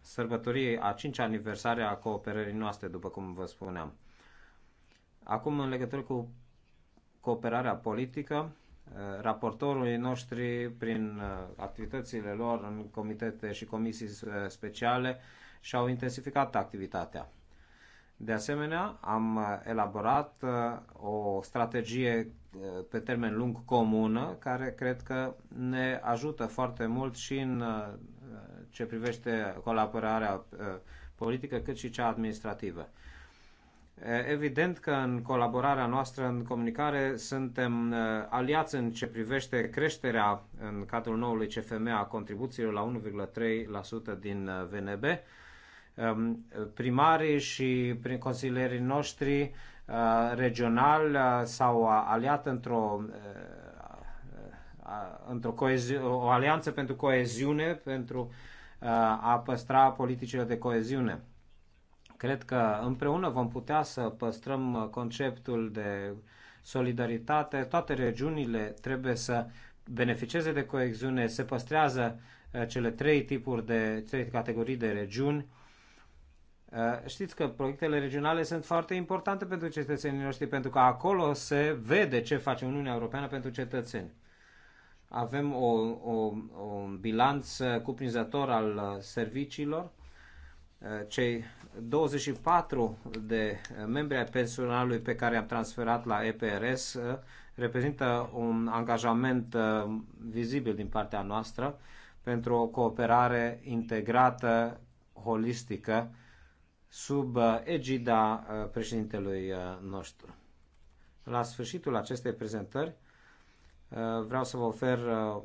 sărbătoriei a 5 aniversare a cooperării noastre, după cum vă spuneam. Acum, în legătură cu cooperarea politică, eh, raportorii noștri, prin eh, activitățile lor în comitete și comisii eh, speciale, și-au intensificat activitatea. De asemenea, am elaborat o strategie pe termen lung comună, care cred că ne ajută foarte mult și în ce privește colaborarea uh, politică, cât și cea administrativă. Evident că în colaborarea noastră, în comunicare, suntem uh, aliați în ce privește creșterea în cadrul noului CFM a contribuțiilor la 1,3% din uh, VNB. Um, primarii și prin consilierii noștri regional s-au aliat într-o într-o coezi- o alianță pentru coeziune, pentru uh, a păstra politicile de coeziune. Cred că împreună vom putea să păstrăm conceptul de solidaritate. Toate regiunile trebuie să beneficieze de coeziune, se păstrează uh, cele trei tipuri de trei categorii de regiuni. Uh, știți că proiectele regionale sunt foarte importante pentru cetățenii noștri, pentru că acolo se vede ce face Uniunea Europeană pentru cetățeni avem o, o, un bilanț cuprinzător al uh, serviciilor. Uh, cei 24 de membri ai personalului pe care am transferat la EPRS uh, reprezintă un angajament vizibil din partea noastră pentru o cooperare integrată, holistică, sub egida președintelui nostru. La sfârșitul acestei prezentări, Eh, vreau să vă ofer eh,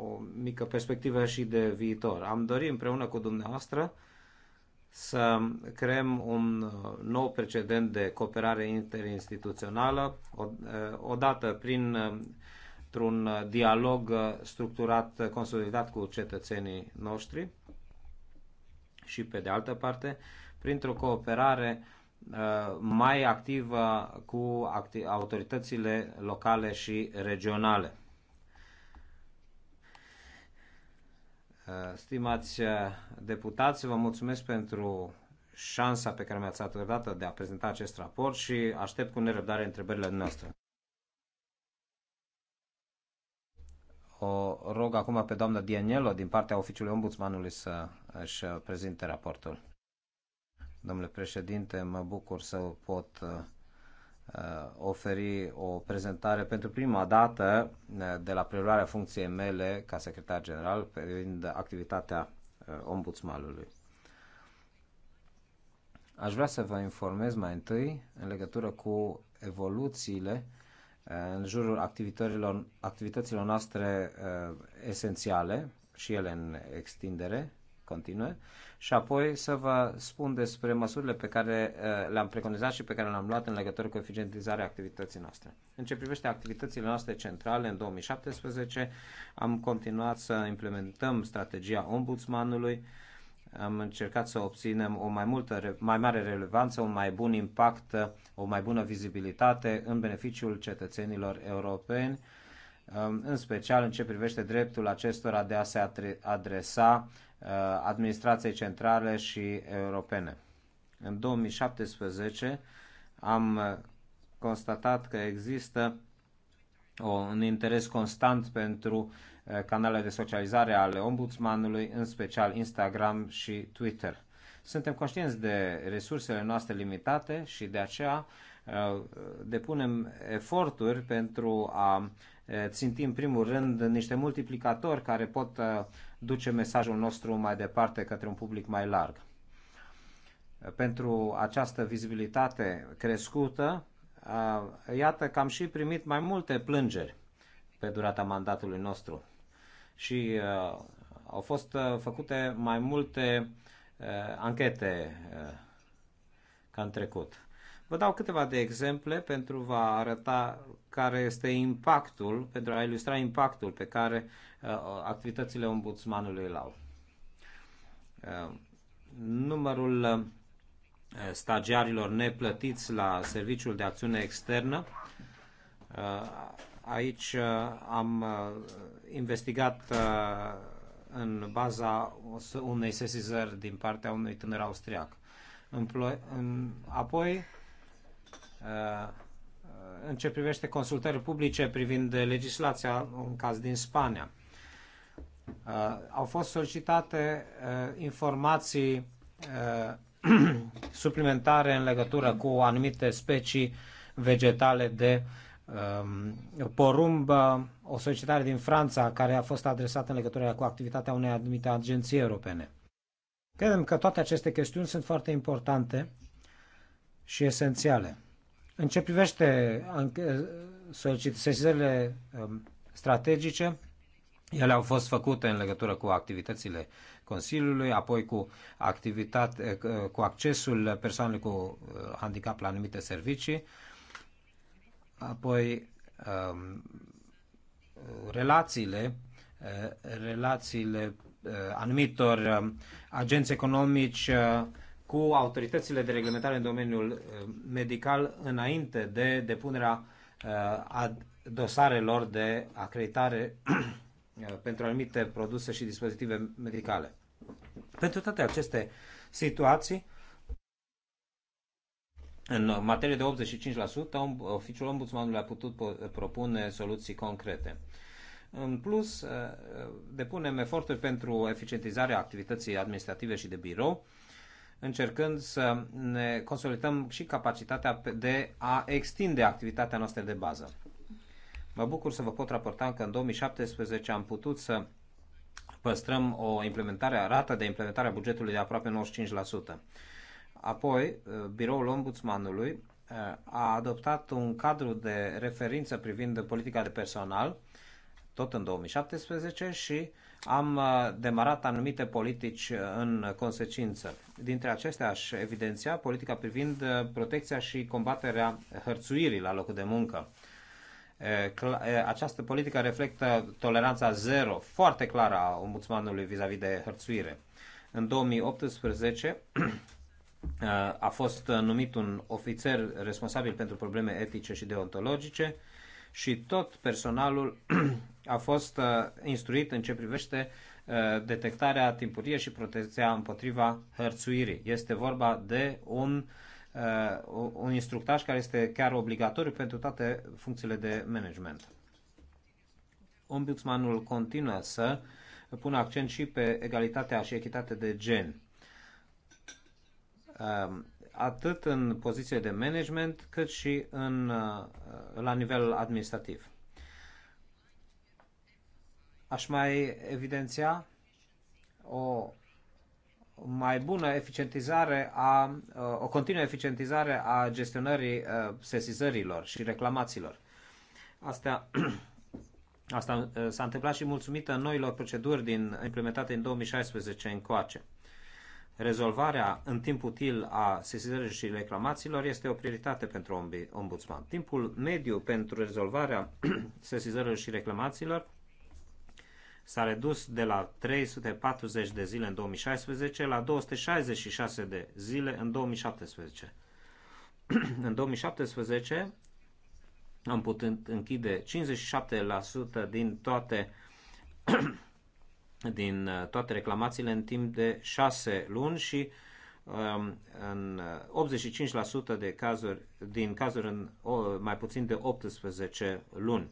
o mică perspectivă și de viitor. Am dorit împreună cu dumneavoastră să creăm un eh, nou precedent de cooperare interinstituțională, odată prin un dialog structurat, consolidat cu cetățenii noștri și, pe de altă parte, printr-o cooperare uh, Uh, mai activă cu autoritățile locale și regionale. Uh, stimați uh, deputați, vă mulțumesc pentru șansa pe care mi-ați acordat de a prezenta acest raport și aștept cu nerăbdare întrebările noastre. O rog acum pe doamna Dianiello din partea Oficiului Ombudsmanului să își prezinte raportul. Domnule președinte, mă bucur să pot uh, uh, oferi o prezentare pentru prima dată uh, de la preluarea funcției mele ca secretar general privind activitatea ombudsmanului. Aș vrea să vă informez mai întâi în legătură cu evoluțiile în jurul activităților, activităților noastre esențiale și ele în extindere continue și apoi să vă spun despre măsurile pe care eh, le-am preconizat și pe care le-am luat în legătură cu eficientizarea activității noastre. În ce privește activitățile noastre centrale, în 2017 am continuat să implementăm strategia ombudsmanului, am încercat să obținem o mai, multă, mai mare relevanță, un mai bun impact, o mai bună vizibilitate în beneficiul cetățenilor europeni, eh, în special în ce privește dreptul acestora de a se adresa Uh, administrației centrale și europene. În 2017 am uh, constatat că există un interes constant pentru uh, canalele de socializare ale ombudsmanului, în special Instagram și Twitter. Suntem conștienți de resursele noastre limitate și de aceea depunem eforturi pentru a ținti în primul rând niște multiplicatori care pot duce mesajul nostru mai departe către un public mai larg. Pentru această vizibilitate crescută, iată că am și primit mai multe plângeri pe durata mandatului nostru și au fost făcute mai multe anchete ca în trecut. Vă dau câteva de exemple pentru a arăta care este impactul, pentru a ilustra impactul pe care uh, activitățile ombudsmanului îl au. Uh, numărul uh, stagiarilor neplătiți la Serviciul de Acțiune Externă. Uh, aici uh, am uh, investigat uh, în baza unei sesizări din partea unui tânăr austriac. În, apoi în ce privește consultări publice privind legislația în caz din Spania. Uh, au fost solicitate uh, informații uh, suplimentare în legătură cu anumite specii vegetale de um, porumb, o solicitare din Franța care a fost adresată în legătură cu activitatea unei anumite agenții europene. Credem că toate aceste chestiuni sunt foarte importante și esențiale. În ce privește sesizările strategice, ele au fost făcute în legătură cu activitățile Consiliului, apoi cu, activitate, cu accesul persoanelor cu handicap la anumite servicii, apoi relațiile, relațiile anumitor agenți economici cu autoritățile de reglementare în domeniul uh, medical înainte de depunerea uh, a dosarelor de acreditare uh, pentru anumite produse și dispozitive medicale. Pentru toate aceste situații, în materie de 85%, oficiul ombudsmanului a putut propune soluții concrete. În plus, depunem eforturi pentru eficientizarea activității administrative și de birou, încercând să ne consolidăm și capacitatea de a extinde activitatea noastră de bază. Mă bucur să vă pot raporta că în 2017 am putut să păstrăm o implementare, rată de implementare a bugetului de aproape 95%. Apoi, uh, biroul ombudsmanului uh, a adoptat un cadru de referință privind politica de personal, tot în 2017, și am uh, demarat anumite politici uh, în consecință. Dintre acestea aș evidenția politica privind uh, protecția și combaterea hărțuirii la locul de muncă. Această politică reflectă toleranța zero foarte clară a ombudsmanului vis-a-vis -vis de hărțuire. În 2018 a fost numit un ofițer responsabil pentru probleme etice și deontologice și tot personalul a fost uh, instruit în ce privește uh, detectarea timpurie și protecția împotriva hărțuirii. Este vorba de un, uh, un instructaj care este chiar obligatoriu pentru toate funcțiile de management. Ombudsmanul continuă să pună accent și pe egalitatea și echitatea de gen um, atât în poziție de management, cât și în, uh, la nivel administrativ. Aș mai evidenția o mai bună eficientizare a, uh, o continuă eficientizare a gestionării uh, sesizărilor și reclamațiilor. Asta, asta s-a întâmplat și mulțumită noilor proceduri din, implementate în 2016 încoace. Rezolvarea în timp util a sesizării și reclamațiilor este o prioritate pentru ombudsman. Timpul mediu pentru rezolvarea sesizărilor și reclamațiilor s-a redus de la 340 de zile în 2016 la 266 de zile în 2017. în 2017 am putut închide 57% din toate din uh, toate reclamațiile în timp de 6 luni și um, în 85% uh, de cazuri, din cazuri în mai puțin de 18 luni.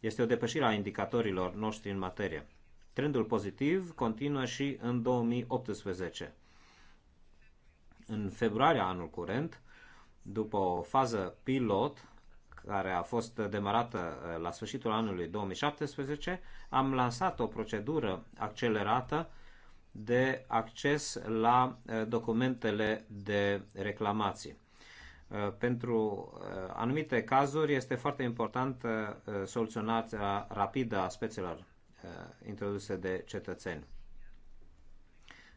Este o depășire a indicatorilor noștri în materie. Trendul pozitiv continuă și în 2018. În februarie anul curent, după o fază pilot, care a fost demarată uh, la sfârșitul anului 2017, am lansat o procedură accelerată de acces la uh, documentele de reclamații. Uh, pentru anumite cazuri este foarte important soluționarea rapidă a spețelor introduse de cetățeni.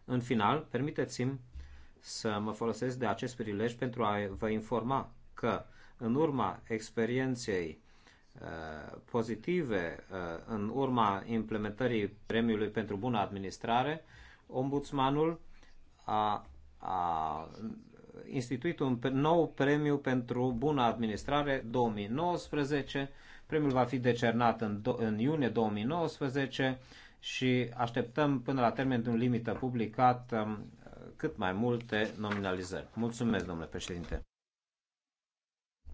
În final, permiteți-mi să mă folosesc de acest prilej pentru a vă informa că în urma experienței uh, pozitive, uh, în urma implementării premiului pentru bună administrare, ombudsmanul a, a instituit un nou premiu pentru bună administrare 2019. Premiul va fi decernat în, în iunie 2019 și așteptăm până la termenul limită publicat um, cât mai multe nominalizări. Mulțumesc, domnule președinte.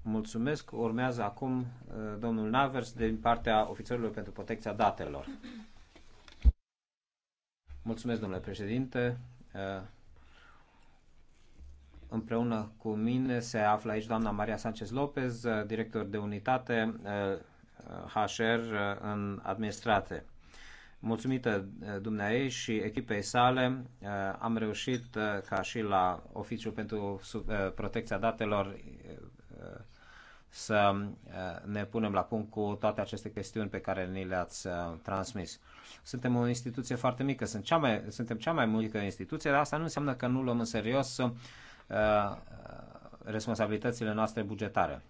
Mulțumesc. Urmează acum uh, domnul Navers din partea ofițerilor pentru protecția datelor. Mulțumesc, domnule președinte. Uh, împreună cu mine se află aici doamna Maria Sanchez Lopez, uh, director de unitate HR în administrate. Mulțumită dumneai și echipei sale, am reușit ca și la Oficiul pentru Protecția Datelor să eh, ne punem la punct cu toate aceste chestiuni pe care ni le-ați eh, transmis. Suntem o instituție foarte mică, sunt cea mai, suntem cea mai mică instituție, dar asta nu înseamnă că nu luăm în serios eh, responsabilitățile noastre bugetare.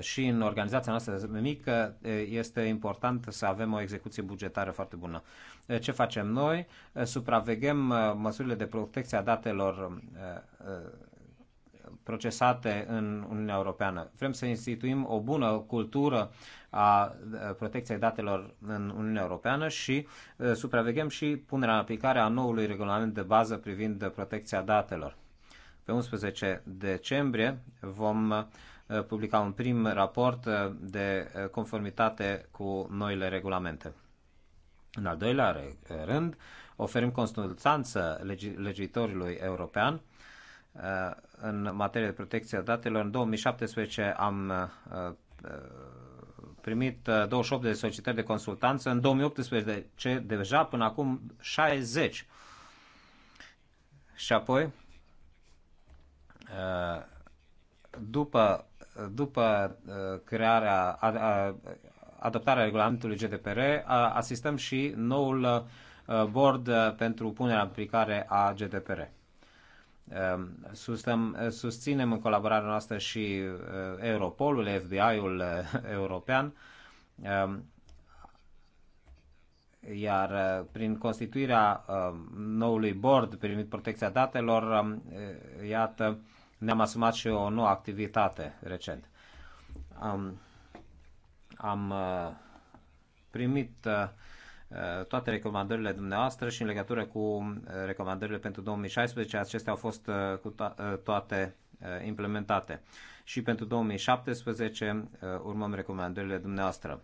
și în organizația noastră mică este important să avem o execuție bugetară foarte bună. Ce facem noi? Supraveghem măsurile de protecție a datelor procesate în Uniunea Europeană. Vrem să instituim o bună cultură a protecției datelor în Uniunea Europeană și supraveghem și punerea în aplicare a noului regulament de bază privind protecția datelor. Pe 11 decembrie vom publica un prim raport de conformitate cu noile regulamente. În al doilea rând, oferim consultanță legiuitorului european Uh, în materie de protecție a datelor. În 2017 am uh, uh, primit 28 de solicitări de consultanță, în 2018 deja până acum 60. Și apoi, după, după crearea, adoptarea regulamentului GDPR, asistăm și noul board pentru punerea în aplicare a GDPR. Ehm, susținem în colaborarea noastră și eh, Europolul, FBI-ul eh, european, ehm, iar eh, prin constituirea ehm, noului board privind protecția datelor, iată, ne-am asumat și o nouă activitate recent. Am, am primit toate recomandările dumneavoastră și în legătură cu uh, recomandările pentru 2016, acestea au fost uh, cu uh, toate implementate. Și pentru 2017 urmăm recomandările dumneavoastră.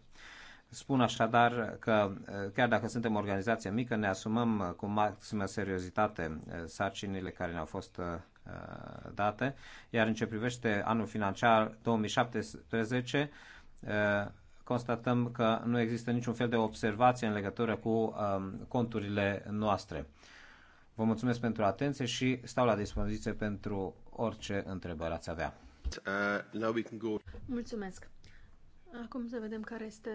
Spun așadar că chiar dacă suntem o organizație mică, ne asumăm cu maximă seriozitate sarcinile care ne-au fost date, iar în ce privește anul financiar 2017, constatăm că nu există niciun fel de observație în legătură cu um, conturile noastre. Vă mulțumesc pentru atenție și stau la dispoziție pentru orice întrebări ați avea. Uh, mulțumesc. Acum să vedem care este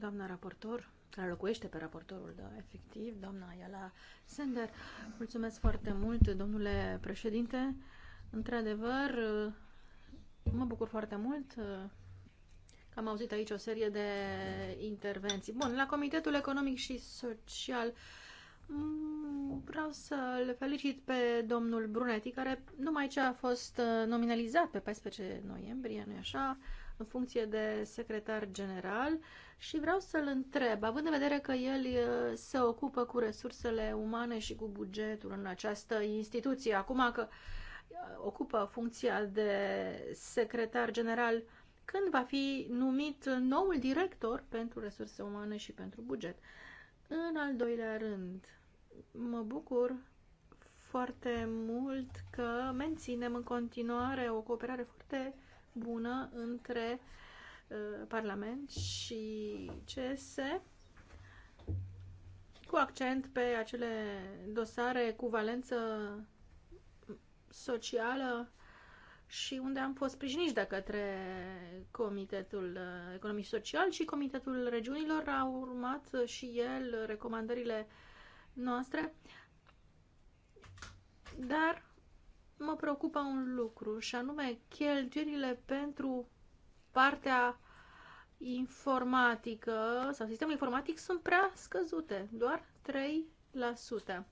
doamna raportor, care locuiește pe raportorul, da, efectiv, doamna Iala Sender. Mulțumesc foarte mult, domnule președinte. Într-adevăr, mă bucur foarte mult am auzit aici o serie de intervenții. Bun, la Comitetul Economic și Social mm, vreau să-l felicit pe domnul Brunetti, care numai ce a fost uh, nominalizat pe 14 noiembrie, nu așa, în funcție de secretar general și vreau să-l întreb, având în vedere că el uh, se ocupă cu resursele umane și cu bugetul în această instituție, acum că uh, ocupă funcția de secretar general, uh, când va fi numit noul director pentru resurse umane și pentru buget. În al doilea rând, mă bucur foarte mult că menținem în continuare o cooperare foarte bună între uh, Parlament și CS cu accent pe acele dosare cu valență socială și unde am fost sprijiniți de către Comitetul uh, Economic Social și Comitetul Regiunilor a urmat și el recomandările noastre. Dar mă preocupă un lucru și anume cheltuielile pentru partea informatică sau sistemul informatic sunt prea scăzute, doar 3%.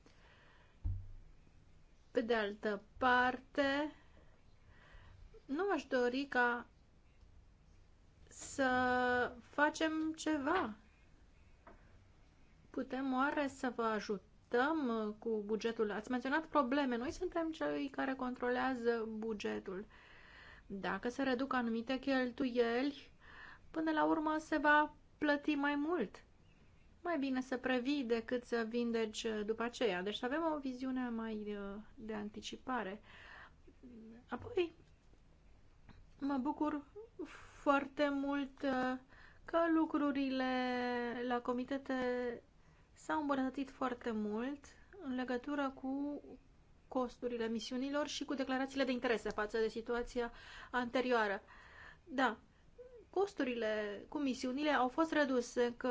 Pe de altă parte, nu aș dori ca să facem ceva. Putem oare să vă ajutăm uh, cu bugetul? Ați menționat probleme. Noi suntem cei care controlează bugetul. Dacă se reduc anumite cheltuieli, până la urmă se va plăti mai mult. Mai bine să previi decât să vindeci uh, după aceea. Deci avem o viziune mai uh, de anticipare. Apoi, Mă bucur foarte mult uh, că lucrurile la comitete s-au îmbunătățit foarte mult în legătură cu costurile misiunilor și cu declarațiile de interese față de situația anterioară. Da, costurile cu misiunile au fost reduse că,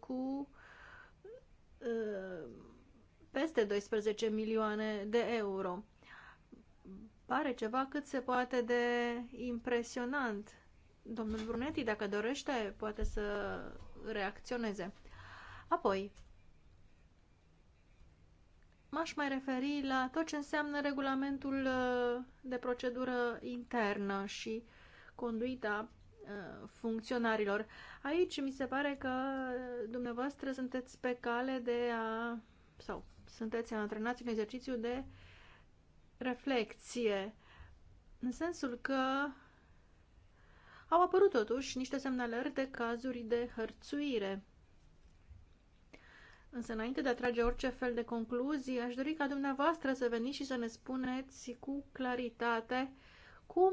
cu uh, peste 12 milioane de euro pare ceva cât se poate de impresionant. Domnul Brunetti, dacă dorește, poate să reacționeze. Apoi, m-aș mai referi la tot ce înseamnă regulamentul uh, de procedură internă și conduita uh, funcționarilor. Aici mi se pare că dumneavoastră sunteți pe cale de a sau sunteți antrenați în exercițiu de reflexie, în sensul că au apărut totuși niște semnalări de cazuri de hărțuire. Însă, înainte de a trage orice fel de concluzii, aș dori ca dumneavoastră să veniți și să ne spuneți cu claritate cum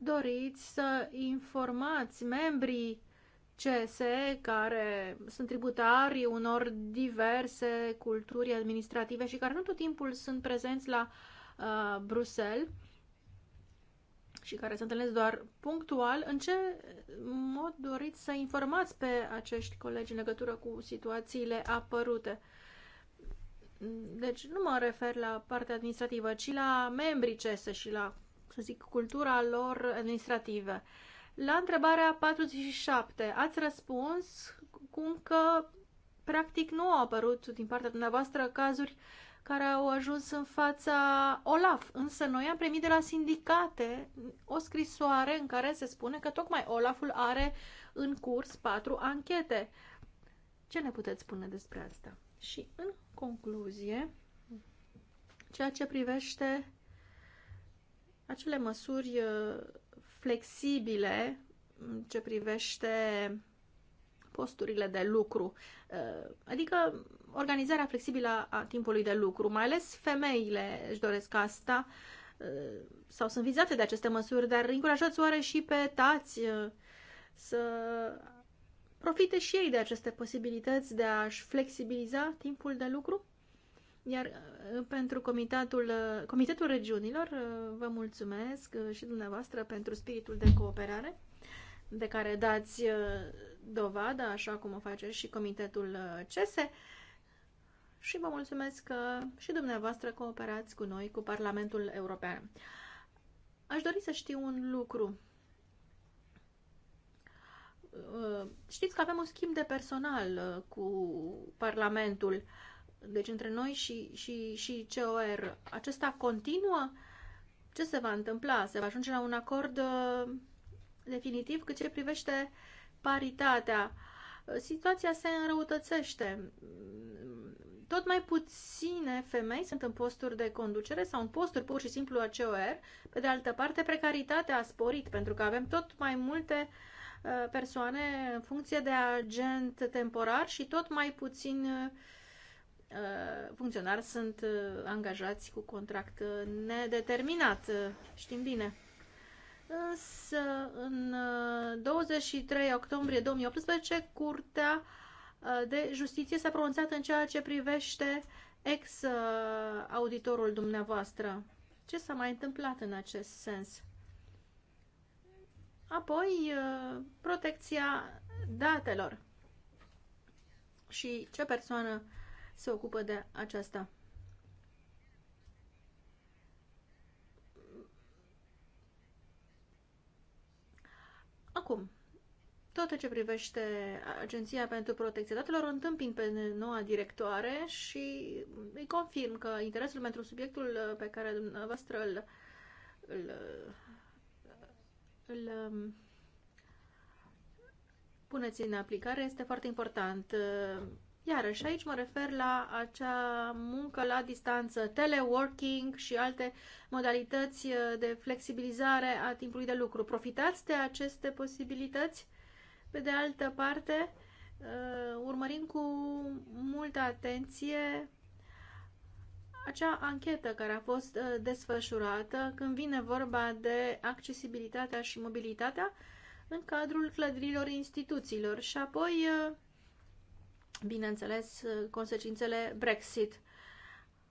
doriți să informați membrii CSE care sunt tributari unor diverse culturi administrative și care nu tot timpul sunt prezenți la uh, Bruxelles și care se întâlnesc doar punctual, în ce mod doriți să informați pe acești colegi în legătură cu situațiile apărute? Deci nu mă refer la partea administrativă, ci la membrii CSE și la, să zic, cultura lor administrativă. Uh, la întrebarea 47, ați răspuns cum că practic nu au apărut din partea dumneavoastră cazuri care au ajuns în fața Olaf. Însă noi am primit de la sindicate o scrisoare în care se spune că tocmai Olaful are în curs patru anchete. Ce ne puteți spune despre asta? Și în concluzie, ceea ce privește acele măsuri uh, flexibile în ce privește posturile de lucru, eh, adică organizarea flexibilă a timpului de lucru. Mai ales femeile își doresc asta eh, sau sunt vizate de aceste măsuri, dar încurajați oare și pe tați eh, să profite și ei de aceste posibilități de a-și flexibiliza timpul de lucru? Iar uh, pentru comitatul, uh, Comitetul Regiunilor, uh, vă mulțumesc și dumneavoastră pentru spiritul de cooperare de care dați dovadă, așa cum o face și Comitetul CESE. Și vă mulțumesc că și dumneavoastră cooperați cu noi, cu Parlamentul European. Aș dori să știu un lucru. Știți că avem un schimb de personal cu Parlamentul deci între noi și, și, și COR, acesta continuă? Ce se va întâmpla? Se va ajunge la un acord uh, definitiv cât ce privește paritatea? Uh, situația se înrăutățește. Tot mai puține femei sunt în posturi de conducere sau în posturi pur și simplu a COR. Pe de altă parte, precaritatea a sporit pentru că avem tot mai multe uh, persoane în funcție de agent temporar și tot mai puțin uh, Uh, funcționari sunt uh, angajați cu contract uh, nedeterminat, știm bine. Însă, în 23 octombrie 2018, Curtea de Justiție s-a pronunțat în ceea ce privește ex-auditorul dumneavoastră. Ce s-a mai întâmplat în acest sens? Apoi, protecția datelor și ce persoană se ocupă de aceasta. Acum, tot ce privește Agenția pentru Protecția Datelor, o întâmpin pe noua directoare și îi confirm că interesul pentru subiectul pe care dumneavoastră îl, îl, îl um, puneți în aplicare este foarte important. Iarăși, aici mă refer la acea muncă la distanță, teleworking și alte modalități uh, de flexibilizare a timpului de lucru. Profitați de aceste posibilități? Pe de altă parte, uh, urmărim cu multă atenție acea anchetă care a fost uh, desfășurată când vine vorba de accesibilitatea și mobilitatea în cadrul clădirilor instituțiilor și apoi bineînțeles, consecințele Brexit.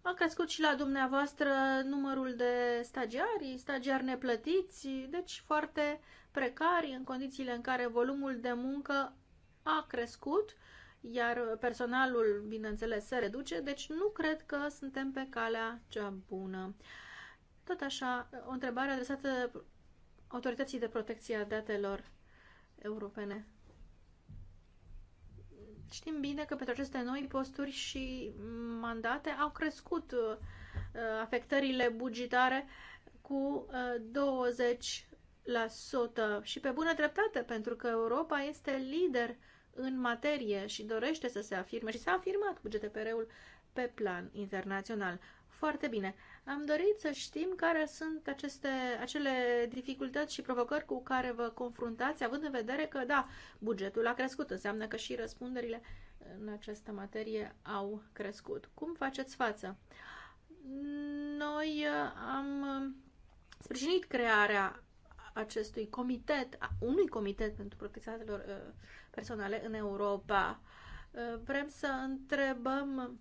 A crescut și la dumneavoastră numărul de stagiari, stagiari neplătiți, deci foarte precari în condițiile în care volumul de muncă a crescut, iar personalul, bineînțeles, se reduce, deci nu cred că suntem pe calea cea bună. Tot așa, o întrebare adresată Autorității de Protecție a Datelor Europene. Știm bine că pentru aceste noi posturi și mandate au crescut uh, afectările bugetare cu 20% uh, și pe bună dreptate, pentru că Europa este lider în materie și dorește să se afirme și s-a afirmat bugetul pe plan internațional. Foarte bine. Am dorit să știm care sunt aceste, acele dificultăți și provocări cu care vă confruntați, având în vedere că, da, bugetul a crescut, înseamnă că și răspunderile în această materie au crescut. Cum faceți față? Noi uh, am uh, sprijinit crearea acestui comitet, unui comitet pentru protecția datelor uh, personale în Europa. Vrem să întrebăm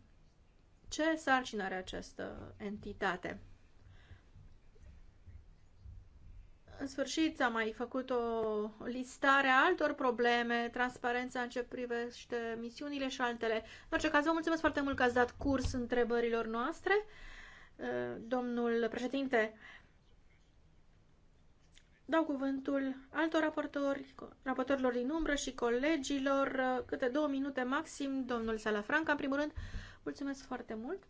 ce sarcină are această entitate? În sfârșit, Am mai făcut o listare a altor probleme, transparența în ce privește misiunile și altele. În orice caz, vă mulțumesc foarte mult că ați dat curs întrebărilor noastre. Domnul președinte, dau cuvântul altor raportori, raportorilor din umbră și colegilor, câte două minute maxim, domnul Salafranca, în primul rând, Mulțumesc foarte mult,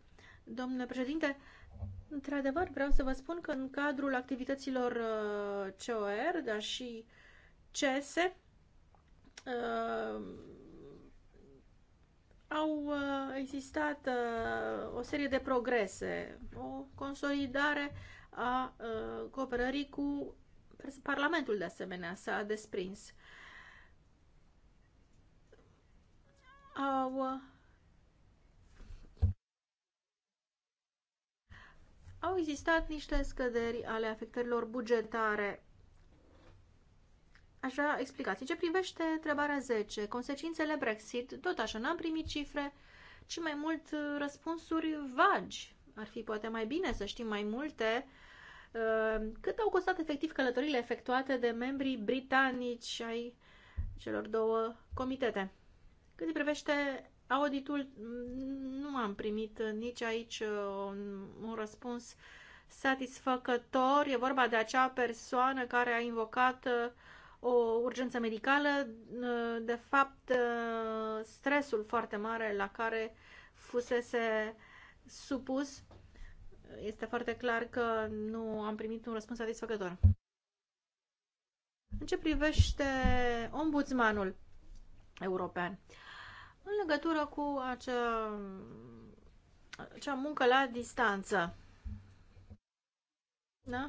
domnule președinte. Într-adevăr, vreau să vă spun că în cadrul activităților uh, COR, dar și CS, uh, au uh, existat o serie de progrese, o consolidare a cooperării cu Parlamentul de asemenea s-a desprins. Au au existat niște scăderi ale afectărilor bugetare. Aș vrea explicații. Ce privește întrebarea 10, consecințele Brexit, tot așa n-am primit cifre, ci mai mult uh, răspunsuri vagi. Ar fi poate mai bine să știm mai multe uh, cât au costat efectiv călătorile efectuate de membrii britanici ai celor două comitete. Cât privește auditul mm, nu am primit nici aici uh, un răspuns satisfăcător. E vorba de acea persoană care a invocat uh, o urgență medicală, uh, de fapt stresul foarte mare la care fusese supus. Este foarte clar că nu am primit un răspuns satisfăcător. În ce privește ombudsmanul european, în legătură cu acea, acea muncă la distanță. Da?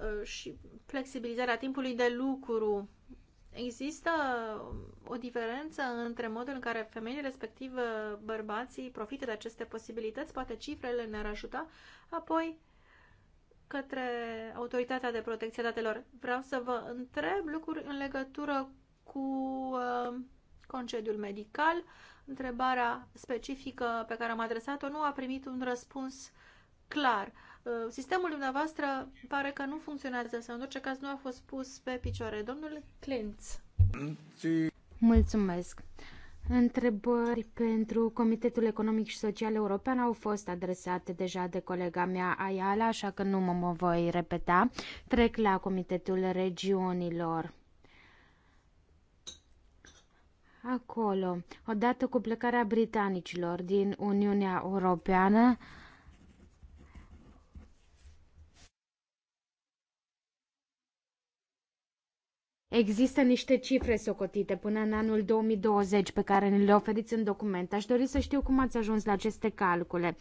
Uh, și flexibilizarea timpului de lucru. Există o diferență între modul în care femeile respectiv uh, bărbații profită de aceste posibilități, poate cifrele ne-ar ajuta, apoi către Autoritatea de Protecție a Datelor. Vreau să vă întreb lucruri în legătură cu uh, concediul medical. Întrebarea specifică pe care am adresat-o nu a primit un răspuns clar. Uh, sistemul dumneavoastră pare că nu funcționează sau în orice caz nu a fost pus pe picioare. Domnul Clintz. Mulțumesc. Întrebări pentru Comitetul Economic și Social European au fost adresate deja de colega mea Ayala, așa că nu mă, mă voi repeta. Trec la Comitetul Regiunilor acolo, odată cu plecarea britanicilor din Uniunea Europeană, Există niște cifre socotite până în anul 2020 pe care ne le oferiți în document. Aș dori să știu cum ați ajuns la aceste calcule.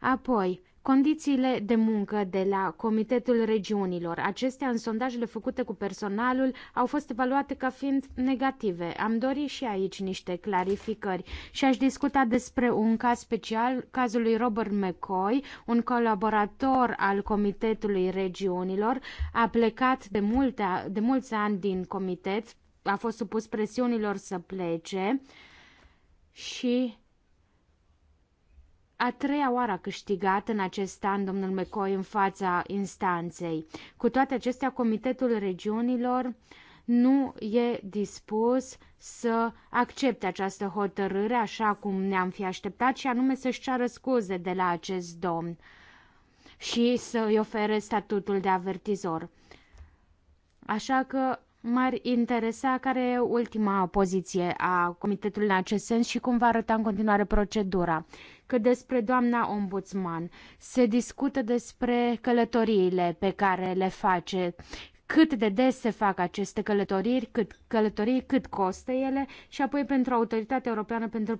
Apoi, Condițiile de muncă de la Comitetul Regiunilor, acestea în sondajele făcute cu personalul, au fost evaluate ca fiind negative. Am dorit și aici niște clarificări și aș discuta despre un caz special, cazul lui Robert McCoy, un colaborator al Comitetului Regiunilor, a plecat de, multe, de mulți ani din comitet, a fost supus presiunilor să plece și a treia oară a câștigat în acest an domnul McCoy în fața instanței. Cu toate acestea, Comitetul Regiunilor nu e dispus să accepte această hotărâre așa cum ne-am fi așteptat și anume să-și ceară scuze de la acest domn și să îi ofere statutul de avertizor. Așa că m-ar interesa care e ultima poziție a comitetului în acest sens și cum va arăta în continuare procedura cât despre doamna ombudsman. Se discută despre călătoriile pe care le face, cât de des se fac aceste călătoriri, cât călătorii, cât costă ele și apoi pentru Autoritatea Europeană pentru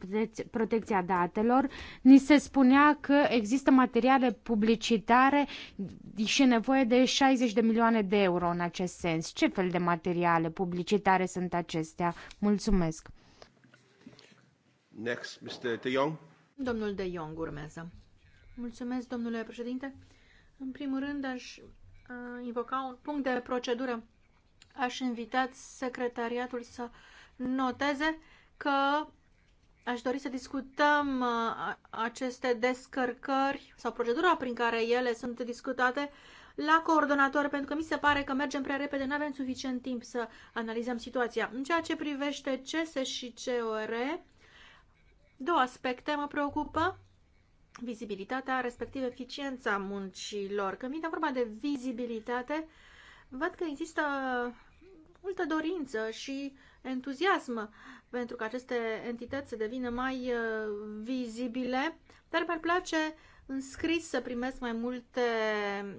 Protecția Datelor ni se spunea că există materiale publicitare și e nevoie de 60 de milioane de euro în acest sens. Ce fel de materiale publicitare sunt acestea? Mulțumesc! Next, Mr. De Jong. Domnul De Jong urmează. Mulțumesc, domnule președinte. În primul rând, aș invoca un punct de procedură. Aș invita secretariatul să noteze că aș dori să discutăm aceste descărcări sau procedura prin care ele sunt discutate la coordonator, pentru că mi se pare că mergem prea repede, nu avem suficient timp să analizăm situația. În ceea ce privește CESE și COR, Două aspecte mă preocupă. Vizibilitatea, respectiv eficiența muncilor. Când vine vorba de vizibilitate, văd că există multă dorință și entuziasm pentru că aceste entități să devină mai uh, vizibile, dar mi-ar place în scris să primesc mai multe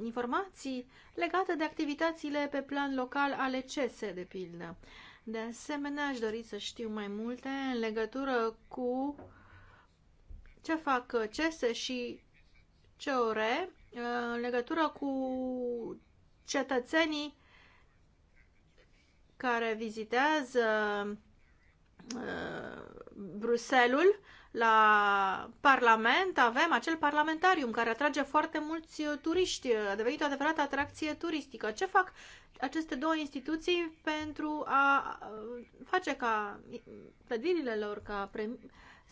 informații legate de activitățile pe plan local ale CESE, de pildă. De asemenea, aș dori să știu mai multe în legătură cu ce fac CESE și COR uh, în legătură cu cetățenii care vizitează uh, Bruselul la Parlament avem acel parlamentarium care atrage foarte mulți uh, turiști, a devenit o adevărată atracție turistică. Ce fac aceste două instituții pentru a uh, face ca clădirile lor ca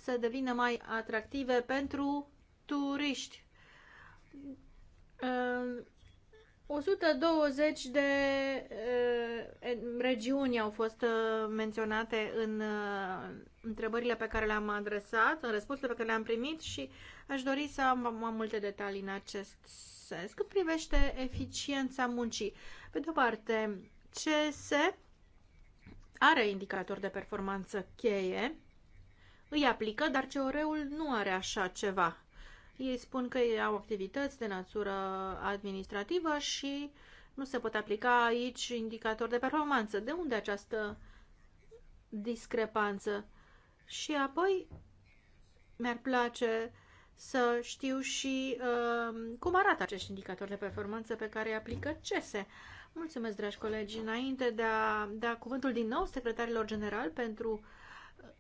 să devină mai atractive pentru turiști? Uh, 120 de uh, regiuni au fost uh, menționate în uh, întrebările pe care le-am adresat, în răspunsurile pe care le-am primit și aș dori să am mai multe detalii în acest sens. Cât privește eficiența muncii, pe de-o parte, CS are indicator de performanță cheie, îi aplică, dar ce ul nu are așa ceva. Ei spun că au activități de natură administrativă și nu se pot aplica aici indicatori de performanță. De unde această discrepanță? Și apoi mi-ar place să știu și uh, cum arată acești indicatori de performanță pe care îi aplică CESE. Mulțumesc, dragi colegi. Înainte de a da cuvântul din nou secretarilor general pentru uh,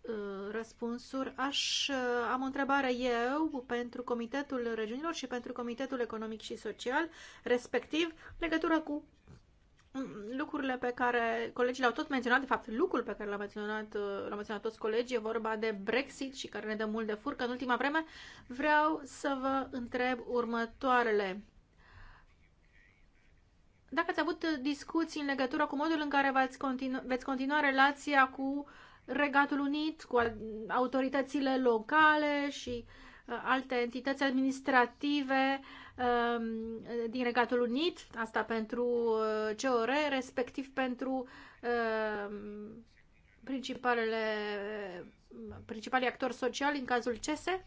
Uh, răspunsuri. Aș, uh, am o întrebare eu pentru Comitetul Regiunilor și pentru Comitetul Economic și Social, respectiv legătură cu mm, lucrurile pe care colegii le-au tot menționat, de fapt lucrul pe care l-au menționat, uh, l-au menționat toți colegii, e vorba de Brexit și care ne dă mult de furcă în ultima vreme, vreau să vă întreb următoarele. Dacă ați avut discuții în legătură cu modul în care continu- veți continua relația cu uh, Regatul Unit, cu autoritățile locale și uh, alte entități administrative um, din Regatul Unit, asta pentru uh, COR, respectiv pentru um, principalele, principalii actori sociali în cazul CESE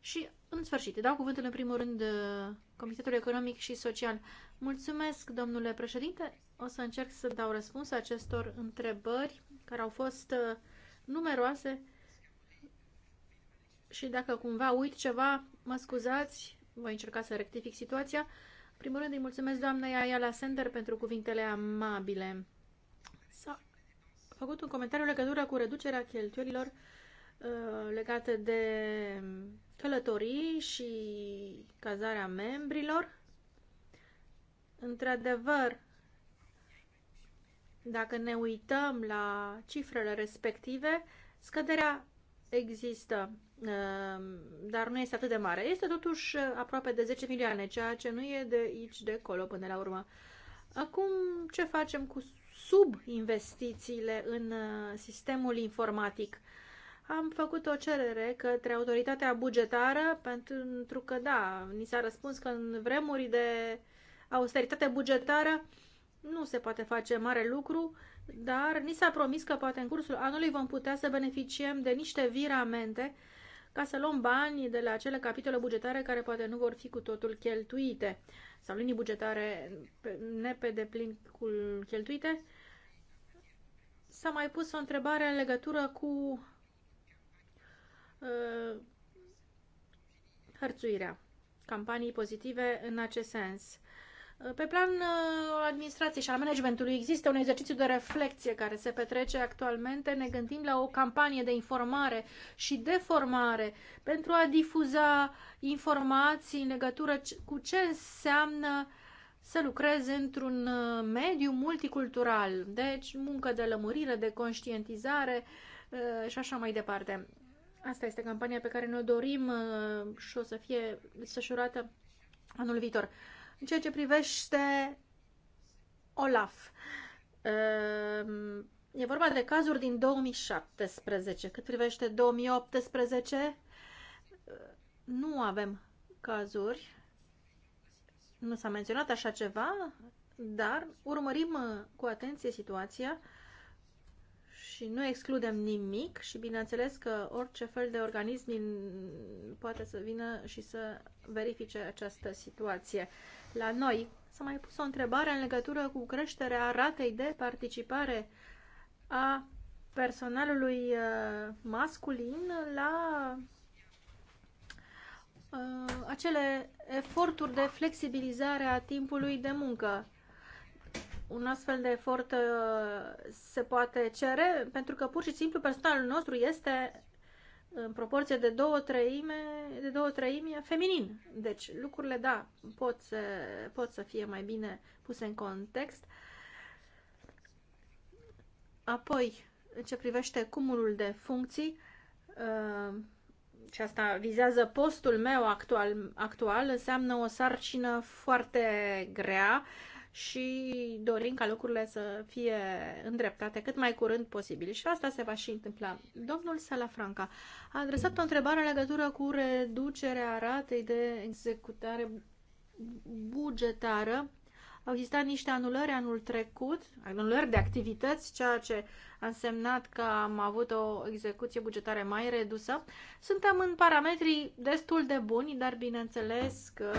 și, în sfârșit, dau cuvântul în primul rând uh, Comitetul Economic și Social. Mulțumesc, domnule președinte! O să încerc să dau răspuns acestor întrebări care au fost uh, numeroase și dacă cumva uit ceva, mă scuzați, voi încerca să rectific situația. În primul rând îi mulțumesc doamnei Ayala Sender pentru cuvintele amabile. S-a făcut un comentariu legătură cu reducerea cheltuielilor uh, legate de călătorii și cazarea membrilor. Într-adevăr, dacă ne uităm la cifrele respective, scăderea există, um, dar nu este atât de mare. Este totuși uh, aproape de 10 milioane, ceea ce nu e de aici, de acolo, până la urmă. Acum, ce facem cu subinvestițiile în uh, sistemul informatic? Am făcut o cerere către autoritatea bugetară pentru că, da, ni s-a răspuns că în vremuri de austeritate bugetară nu se poate face mare lucru, dar ni s-a promis că poate în cursul anului vom putea să beneficiem de niște viramente ca să luăm bani de la acele capitole bugetare care poate nu vor fi cu totul cheltuite sau linii bugetare nepedeplin cu cheltuite. S-a mai pus o întrebare în legătură cu uh, hărțuirea, campanii pozitive în acest sens. Pe plan uh, administrației și al managementului există un exercițiu de reflexie care se petrece actualmente. Ne gândim la o campanie de informare și de formare pentru a difuza informații în legătură cu ce înseamnă să lucreze într-un uh, mediu multicultural. Deci, muncă de lămurire, de conștientizare uh, și așa mai departe. Asta este campania pe care ne-o dorim și o să fie desfășurată anul viitor. În ceea ce privește Olaf, ehm, e vorba de cazuri din 2017. Cât privește 2018, nu avem cazuri. Nu s-a menționat așa ceva, dar urmărim uh, cu atenție situația și nu excludem nimic și bineînțeles că orice fel de organism poate să vină și să verifice această situație. La noi s-a mai pus o întrebare în legătură cu creșterea ratei de participare a personalului uh, masculin la uh, acele eforturi de flexibilizare a timpului de muncă un astfel de efort uh, se poate cere, pentru că pur și simplu personalul nostru este în proporție de două treime, de două treime feminin. Deci lucrurile, da, pot să, pot să fie mai bine puse în context. Apoi, în ce privește cumulul de funcții, uh, și asta vizează postul meu actual, actual înseamnă o sarcină foarte grea, și dorim ca lucrurile să fie îndreptate cât mai curând posibil. Și asta se va și întâmpla. Domnul Salafranca a adresat o întrebare în legătură cu reducerea ratei de executare bugetară. Au existat niște anulări anul trecut, anulări de activități, ceea ce a însemnat că am avut o execuție bugetară mai redusă. Suntem în parametrii destul de buni, dar bineînțeles că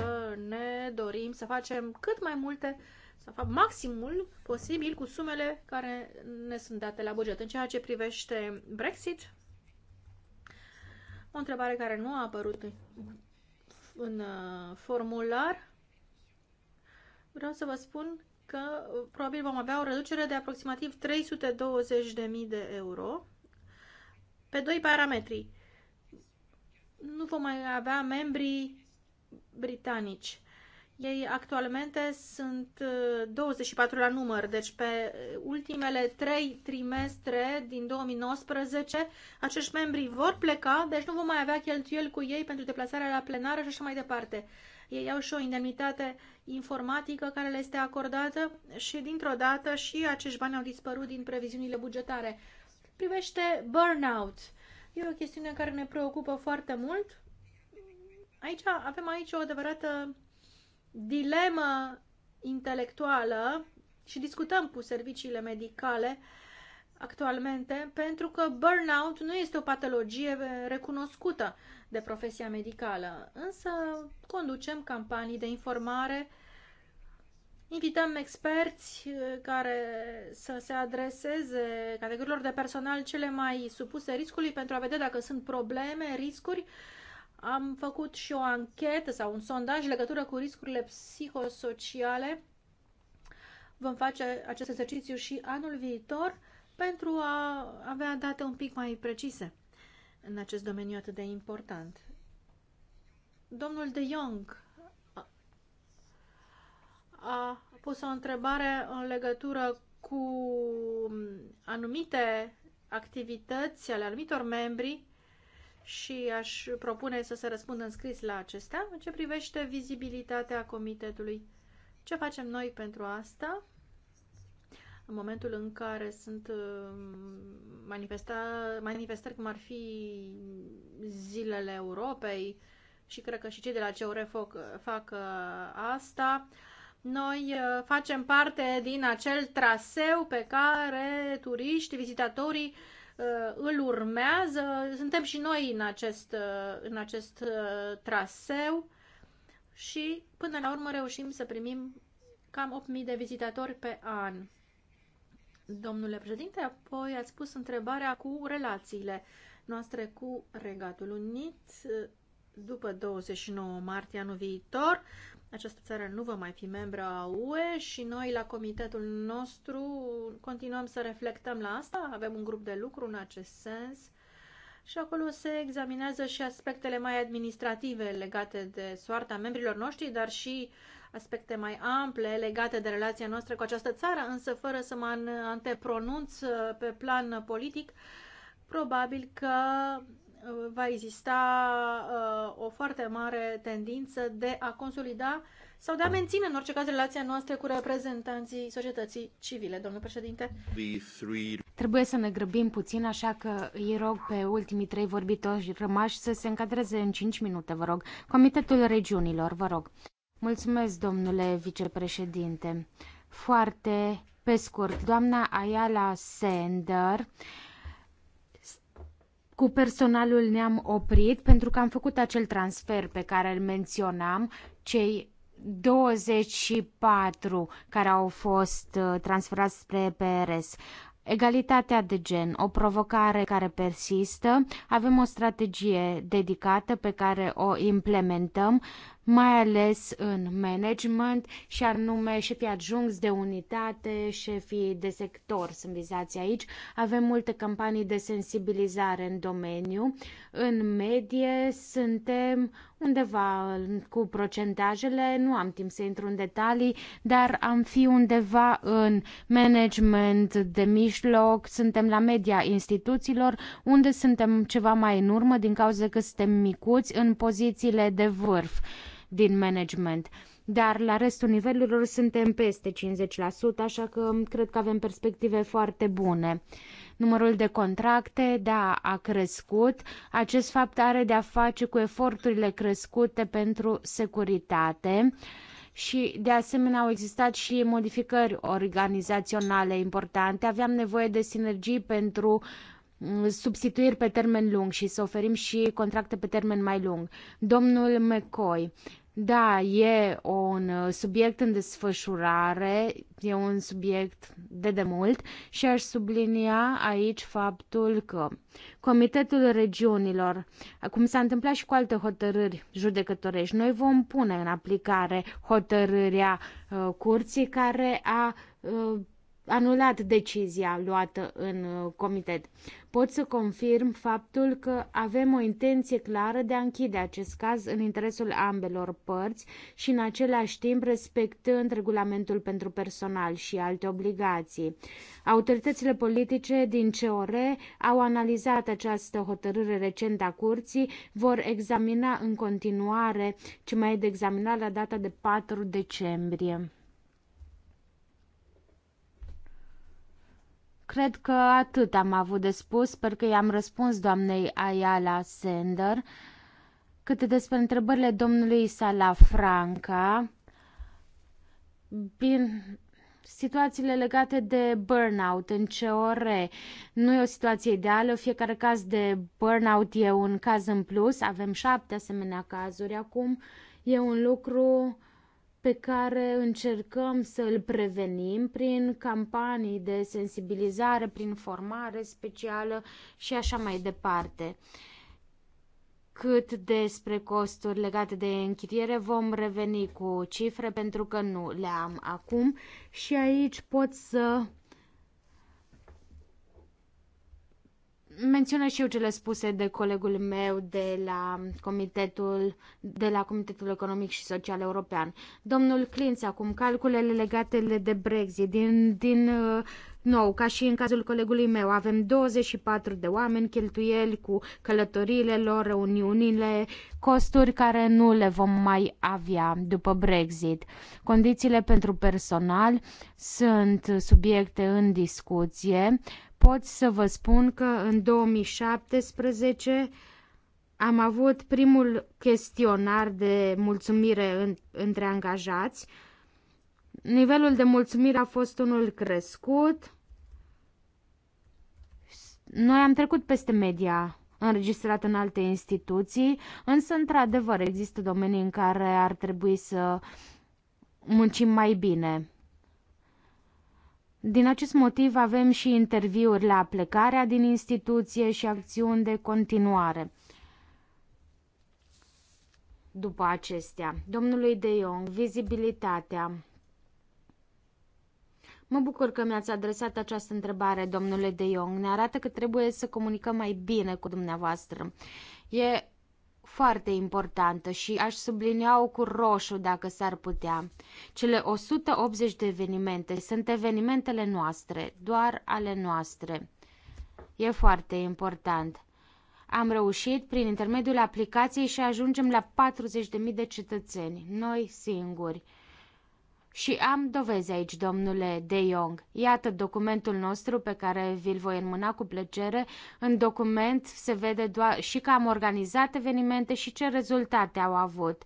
ne dorim să facem cât mai multe uh, sau fapt, maximul posibil cu sumele care ne sunt date la buget. În ceea ce privește Brexit, o întrebare care nu a apărut în, în uh, formular, vreau să vă spun că uh, probabil vom avea o reducere de aproximativ 320.000 de euro pe doi parametri. Nu vom mai avea membrii britanici ei actualmente sunt 24 uh, la număr, deci pe ultimele trei trimestre din 2019 acești membri vor pleca, deci nu vom mai avea cheltuieli cu ei pentru deplasarea la plenară și așa mai departe. Ei au și o indemnitate informatică care le este acordată și dintr-o dată și acești bani au dispărut din previziunile bugetare. Privește burnout. E o chestiune care ne preocupă foarte mult. Aici avem aici o adevărată dilemă intelectuală și discutăm cu serviciile medicale actualmente pentru că burnout nu este o patologie recunoscută de profesia medicală, însă conducem campanii de informare Invităm experți eh, care să se adreseze categoriilor de personal cele mai supuse riscului pentru a vedea dacă sunt probleme, riscuri am făcut și o anchetă sau un sondaj legătură cu riscurile psihosociale. Vom face acest exercițiu și anul viitor pentru a avea date un pic mai precise în acest domeniu atât de important. Domnul de Jong a pus o întrebare în legătură cu anumite activități ale anumitor membri și aș propune să se răspundă în scris la acestea. În ce privește vizibilitatea comitetului, ce facem noi pentru asta? În momentul în care sunt uh, manifestări cum ar fi zilele Europei și cred că și cei de la CEUR fac, fac uh, asta, noi uh, facem parte din acel traseu pe care turiști, vizitatorii Uh, îl urmează. Suntem și noi în acest, uh, în acest uh, traseu și până la urmă reușim să primim cam 8.000 de vizitatori pe an. Domnule președinte, apoi ați pus întrebarea cu relațiile noastre cu Regatul Unit după 29 martie anul viitor. Această țară nu va mai fi membra a UE și noi la comitetul nostru continuăm să reflectăm la asta. Avem un grup de lucru în acest sens și acolo se examinează și aspectele mai administrative legate de soarta membrilor noștri, dar și aspecte mai ample legate de relația noastră cu această țară, însă fără să mă antepronunț uh, pe plan politic, probabil că Uh, va exista uh, o foarte mare tendință de a consolida sau de a menține, în orice caz, relația noastră cu reprezentanții societății civile, domnul președinte. Trebuie să ne grăbim puțin, așa că îi rog pe ultimii trei vorbitori rămași să se încadreze în 5 minute, vă rog. Comitetul Regiunilor, vă rog. Mulțumesc, domnule vicepreședinte. Foarte pe scurt, doamna Ayala Sender cu personalul ne-am oprit pentru că am făcut acel transfer pe care îl menționam, cei 24 care au fost uh, transferați spre PRS. Egalitatea de gen, o provocare care persistă, avem o strategie dedicată pe care o implementăm mai ales în management și anume șefii adjuncți de unitate, șefii de sector sunt vizați aici. Avem multe campanii de sensibilizare în domeniu. În medie suntem undeva cu procentajele, nu am timp să intru în detalii, dar am fi undeva în management de mijloc, suntem la media instituțiilor, unde suntem ceva mai în urmă din cauza că suntem micuți în pozițiile de vârf din management. Dar la restul nivelurilor suntem peste 50%, așa că cred că avem perspective foarte bune. Numărul de contracte, da, a crescut. Acest fapt are de a face cu eforturile crescute pentru securitate și de asemenea au existat și modificări organizaționale importante. Aveam nevoie de sinergii pentru mm, substituiri pe termen lung și să oferim și contracte pe termen mai lung. Domnul McCoy, da, e un uh, subiect în desfășurare, e un subiect de demult și aș sublinia aici faptul că Comitetul Regiunilor, cum s-a întâmplat și cu alte hotărâri judecătorești, noi vom pune în aplicare hotărârea uh, curții care a uh, anulat decizia luată în uh, comitet. Pot să confirm faptul că avem o intenție clară de a închide acest caz în interesul ambelor părți și în același timp respectând regulamentul pentru personal și alte obligații. Autoritățile politice din COR au analizat această hotărâre recentă a curții, vor examina în continuare ce mai e de examinat la data de 4 decembrie. Cred că atât am avut de spus, sper că i-am răspuns doamnei Ayala Sender. Câte despre întrebările domnului Salafranca, bine, situațiile legate de burnout în ce ore. Nu e o situație ideală, fiecare caz de burnout e un caz în plus, avem șapte asemenea cazuri acum. E un lucru uh, pe care încercăm să îl prevenim prin campanii de sensibilizare, prin formare specială și așa mai departe. Cât despre costuri legate de închiriere, vom reveni cu cifre pentru că nu le am acum și aici pot să menționez și eu cele spuse de colegul meu de la Comitetul, de la Comitetul Economic și Social European. Domnul Clinț, acum calculele legate de Brexit, din, din uh, nou, ca și în cazul colegului meu, avem 24 de oameni, cheltuieli cu călătoriile lor, reuniunile, costuri care nu le vom mai avea după Brexit. Condițiile pentru personal sunt subiecte în discuție pot să vă spun că în 2017 am avut primul chestionar de mulțumire în, între angajați. Nivelul de mulțumire a fost unul crescut. Noi am trecut peste media înregistrat în alte instituții, însă, într-adevăr, există domenii în care ar trebui să muncim mai bine. Din acest motiv avem și interviuri la plecarea din instituție și acțiuni de continuare. După acestea, domnului De Jong, vizibilitatea. Mă bucur că mi-ați adresat această întrebare, domnule De Jong. Ne arată că trebuie să comunicăm mai bine cu dumneavoastră. E foarte importantă și aș sublinia-o cu roșu dacă s-ar putea. Cele 180 de evenimente sunt evenimentele noastre, doar ale noastre. E foarte important. Am reușit, prin intermediul aplicației, și ajungem la 40.000 de cetățeni, noi singuri. Și am dovezi aici, domnule De Jong. Iată documentul nostru pe care vi-l voi înmâna cu plăcere. În document se vede doar și că am organizat evenimente și ce rezultate au avut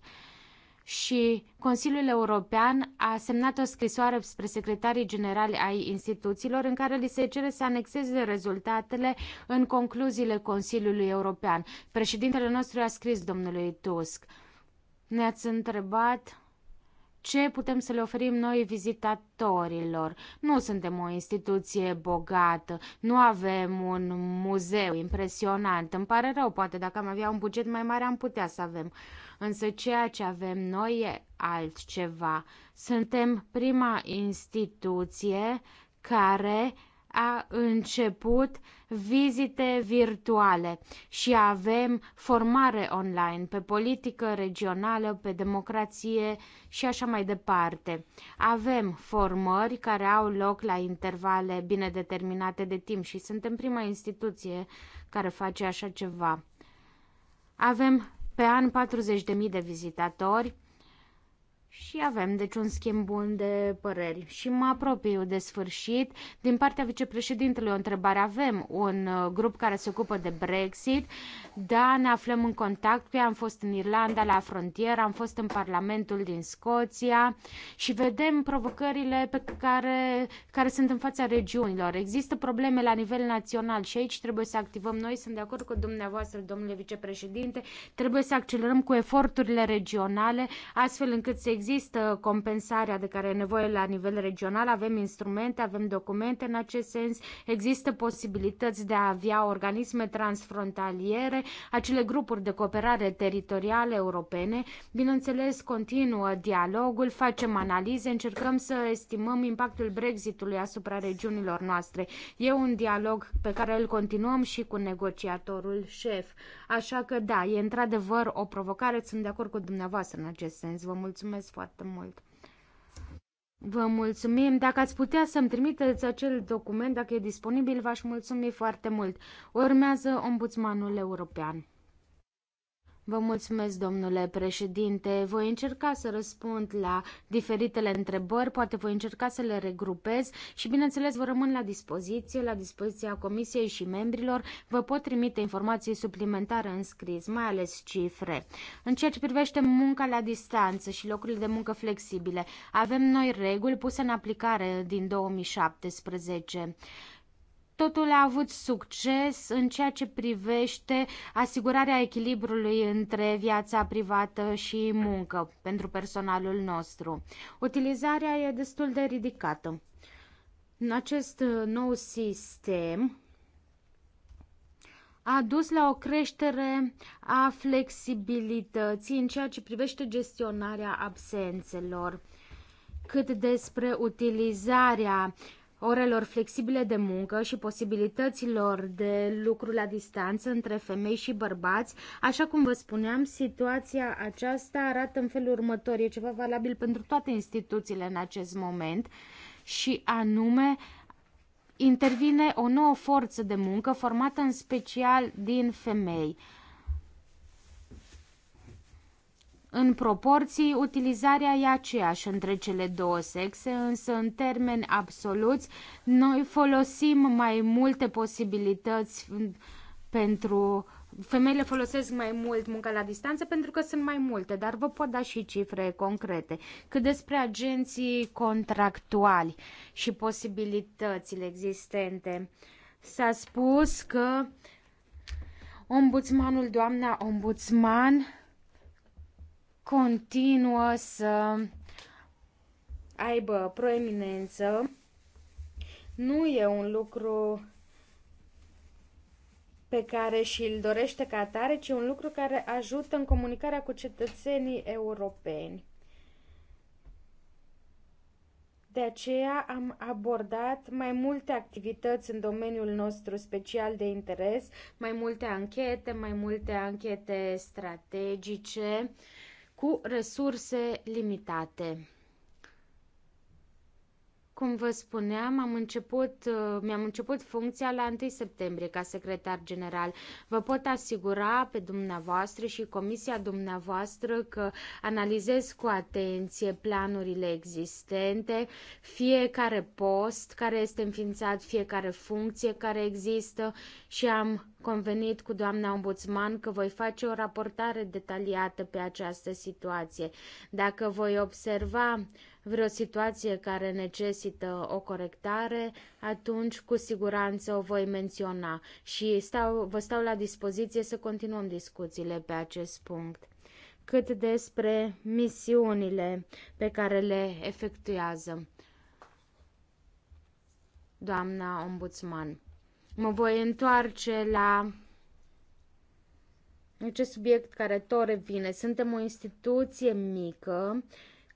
și Consiliul European a semnat o scrisoare spre secretarii generali ai instituțiilor în care li se cere să anexeze rezultatele în concluziile Consiliului European. Președintele nostru a scris domnului Tusk. Ne-ați întrebat ce putem să le oferim noi vizitatorilor. Nu suntem o instituție bogată, nu avem un muzeu impresionant. Îmi pare rău, poate dacă am avea un buget mai mare am putea să avem. Însă ceea ce avem noi e altceva. Suntem prima instituție care a început vizite virtuale și avem formare online pe politică regională, pe democrație și așa mai departe. Avem formări care au loc la intervale bine determinate de timp și suntem prima instituție care face așa ceva. Avem pe an 40.000 de vizitatori și avem deci un schimb bun de păreri. Și mă apropiu de sfârșit. Din partea vicepreședintelui o întrebare. Avem un uh, grup care se ocupă de Brexit. Da, ne aflăm în contact cu ei. Am fost în Irlanda, la frontieră, am fost în Parlamentul din Scoția și vedem provocările pe care, care sunt în fața regiunilor. Există probleme la nivel național și aici trebuie să activăm noi. Sunt de acord cu dumneavoastră, domnule vicepreședinte. Trebuie să accelerăm cu eforturile regionale astfel încât să existe există compensarea de care e nevoie la nivel regional, avem instrumente, avem documente în acest sens, există posibilități de a avea organisme transfrontaliere, acele grupuri de cooperare teritoriale europene. Bineînțeles, continuă dialogul, facem analize, încercăm să estimăm impactul Brexitului asupra regiunilor noastre. E un dialog pe care îl continuăm și cu negociatorul șef. Așa că da, e într-adevăr o provocare, sunt de acord cu dumneavoastră în acest sens. Vă mulțumesc foarte mult. Vă mulțumim. Dacă ați putea să-mi trimiteți acel document, dacă e disponibil, v-aș mulțumi foarte mult. Urmează Ombudsmanul European. Vă mulțumesc, domnule președinte. Voi încerca să răspund la diferitele întrebări, poate voi încerca să le regrupez și, bineînțeles, vă rămân la dispoziție, la dispoziția comisiei și membrilor. Vă pot trimite informații suplimentare în scris, mai ales cifre. În ceea ce privește munca la distanță și locurile de muncă flexibile, avem noi reguli puse în aplicare din 2017. Totul a avut succes în ceea ce privește asigurarea echilibrului între viața privată și muncă pentru personalul nostru. Utilizarea e destul de ridicată. În acest uh, nou sistem a dus la o creștere a flexibilității în ceea ce privește gestionarea absențelor. Cât despre utilizarea uh, orelor flexibile de muncă și posibilităților de lucru la distanță între femei și bărbați. Așa cum vă spuneam, situația aceasta arată în felul următor. E ceva valabil pentru toate instituțiile în acest moment și anume intervine o nouă forță de muncă formată în special din femei. În proporții, utilizarea e aceeași între cele două sexe, însă în termeni absoluți, noi folosim mai multe posibilități pentru femeile folosesc mai mult munca la distanță pentru că sunt mai multe, dar vă pot da și cifre concrete. Cât despre agenții contractuali și posibilitățile existente, s-a spus că ombudsmanul, doamna ombudsman, continuă să aibă proeminență. Nu e un lucru pe care și îl dorește ca atare, ci un lucru care ajută în comunicarea cu cetățenii europeni. De aceea am abordat mai multe activități în domeniul nostru special de interes, mai multe anchete, mai multe anchete strategice, uh, cu resurse limitate. Cum vă spuneam, am început, uh, mi-am început funcția la 1 septembrie ca secretar general. Vă pot asigura pe dumneavoastră și comisia dumneavoastră că analizez cu atenție planurile existente, fiecare post care este înființat, fiecare funcție care există și am convenit cu doamna ombudsman că voi face o raportare detaliată pe această situație. Dacă voi observa vreo situație care necesită o corectare, atunci cu siguranță o voi menționa și stau, vă stau la dispoziție să continuăm discuțiile pe acest punct cât despre misiunile pe care le efectuează doamna ombudsman. Mă voi întoarce la acest subiect care tot revine. Suntem o instituție mică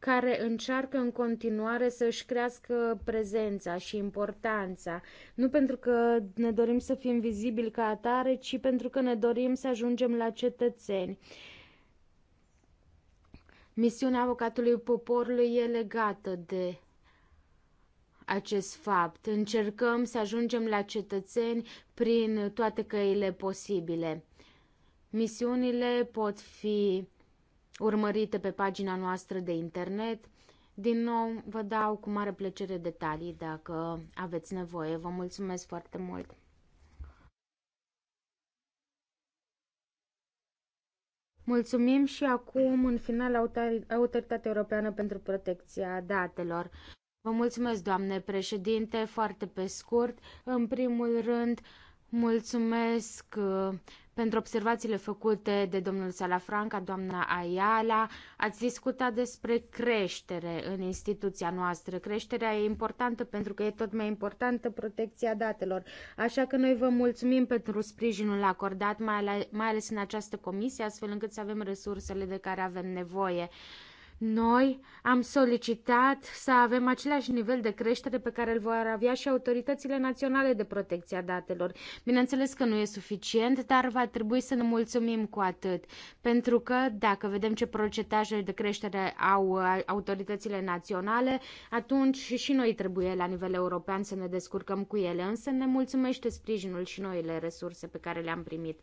care încearcă în continuare să își crească prezența și importanța. Nu pentru că ne dorim să fim vizibili ca atare, ci pentru că ne dorim să ajungem la cetățeni. Misiunea avocatului poporului e legată de acest fapt. Încercăm să ajungem la cetățeni prin toate căile posibile. Misiunile pot fi urmărite pe pagina noastră de internet. Din nou, vă dau cu mare plăcere detalii dacă aveți nevoie. Vă mulțumesc foarte mult! Mulțumim și acum, în final, Autoritatea Europeană pentru Protecția Datelor. Vă mulțumesc, doamne președinte, foarte pe scurt. În primul rând, mulțumesc pentru observațiile făcute de domnul Salafranca, doamna Ayala. Ați discutat despre creștere în instituția noastră. Creșterea e importantă pentru că e tot mai importantă protecția datelor. Așa că noi vă mulțumim pentru sprijinul acordat, mai ales în această comisie, astfel încât să avem resursele de care avem nevoie. Noi am solicitat să avem același nivel de creștere pe care îl vor avea și autoritățile naționale de protecție a datelor. Bineînțeles că nu e suficient, dar va trebui să ne mulțumim cu atât, pentru că dacă vedem ce procentaje de creștere au autoritățile naționale, atunci și noi trebuie la nivel european să ne descurcăm cu ele, însă ne mulțumește sprijinul și noile resurse pe care le-am primit.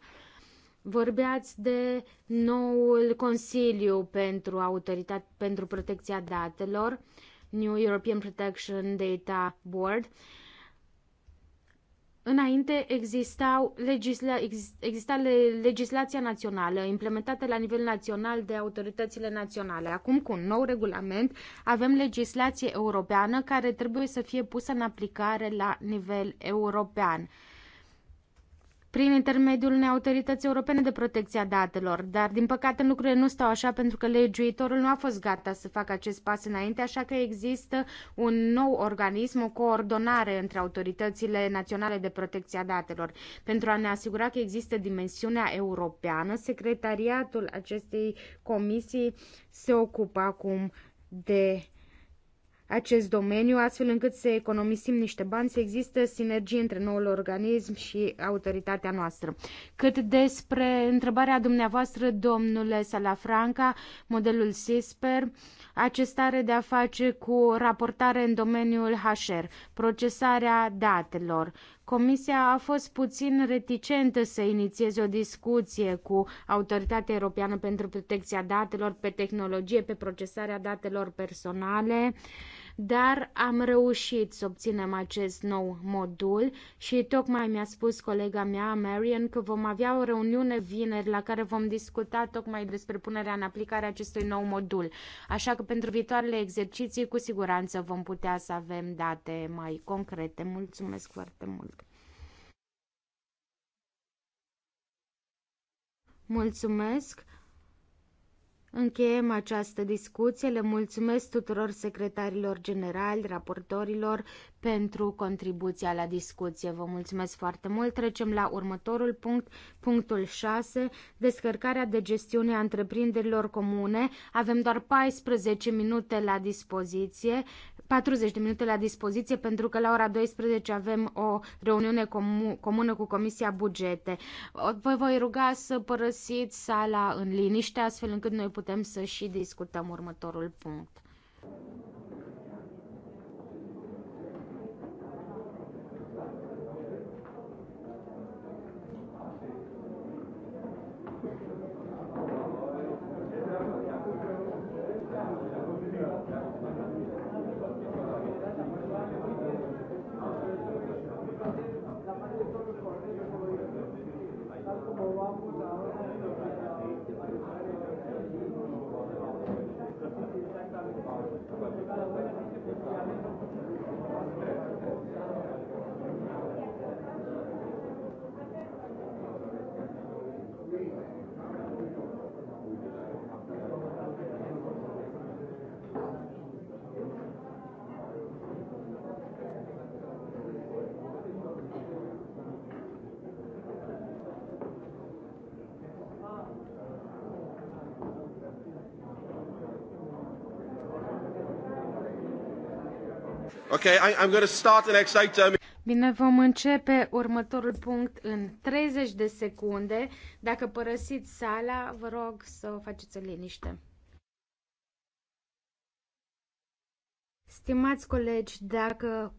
Vorbeați de noul Consiliu pentru, autoritate, pentru protecția datelor, New European Protection Data Board. Înainte existau legisla, exista legislația națională implementată la nivel național de autoritățile naționale. Acum, cu un nou regulament, avem legislație europeană care trebuie să fie pusă în aplicare la nivel european prin intermediul unei autorități europene de protecție a datelor, dar din păcate lucrurile nu stau așa pentru că legiuitorul nu a fost gata să facă acest pas înainte, așa că există un nou organism, o coordonare între autoritățile naționale de protecție a datelor. Pentru a ne asigura că există dimensiunea europeană, secretariatul acestei comisii se ocupă acum de acest domeniu, astfel încât să economisim niște bani, să există sinergie între noul organism și autoritatea noastră. Cât despre întrebarea dumneavoastră, domnule Salafranca, modelul SISPER, acesta are de a face cu raportare în domeniul HR, procesarea datelor. Comisia a fost puțin reticentă să inițieze o discuție cu Autoritatea Europeană pentru Protecția Datelor pe tehnologie, pe procesarea datelor personale. Uh, dar am reușit să obținem acest nou modul și tocmai mi-a spus colega mea, Marian, că vom avea o reuniune vineri la care vom discuta tocmai despre punerea în aplicare acestui nou modul. Așa că pentru viitoarele exerciții cu siguranță vom putea să avem date mai concrete. Mulțumesc foarte mult! Mulțumesc! Încheiem această discuție. Le mulțumesc tuturor secretarilor generali, raportorilor pentru contribuția la discuție. Vă mulțumesc foarte mult. Trecem la următorul punct, punctul 6, descărcarea de gestiune a întreprinderilor comune. Avem doar 14 minute la dispoziție. 40 de minute la dispoziție pentru că la ora 12 avem o reuniune comună cu Comisia Bugete. Vă voi ruga să părăsiți sala în liniște astfel încât noi putem să și discutăm următorul punct. Okay, I, I'm going to start the next item. Um, Bine, vom începe următorul punct în 30 de secunde. Dacă părăsiți sala, vă rog să o faceți în liniște. Stimați colegi, dacă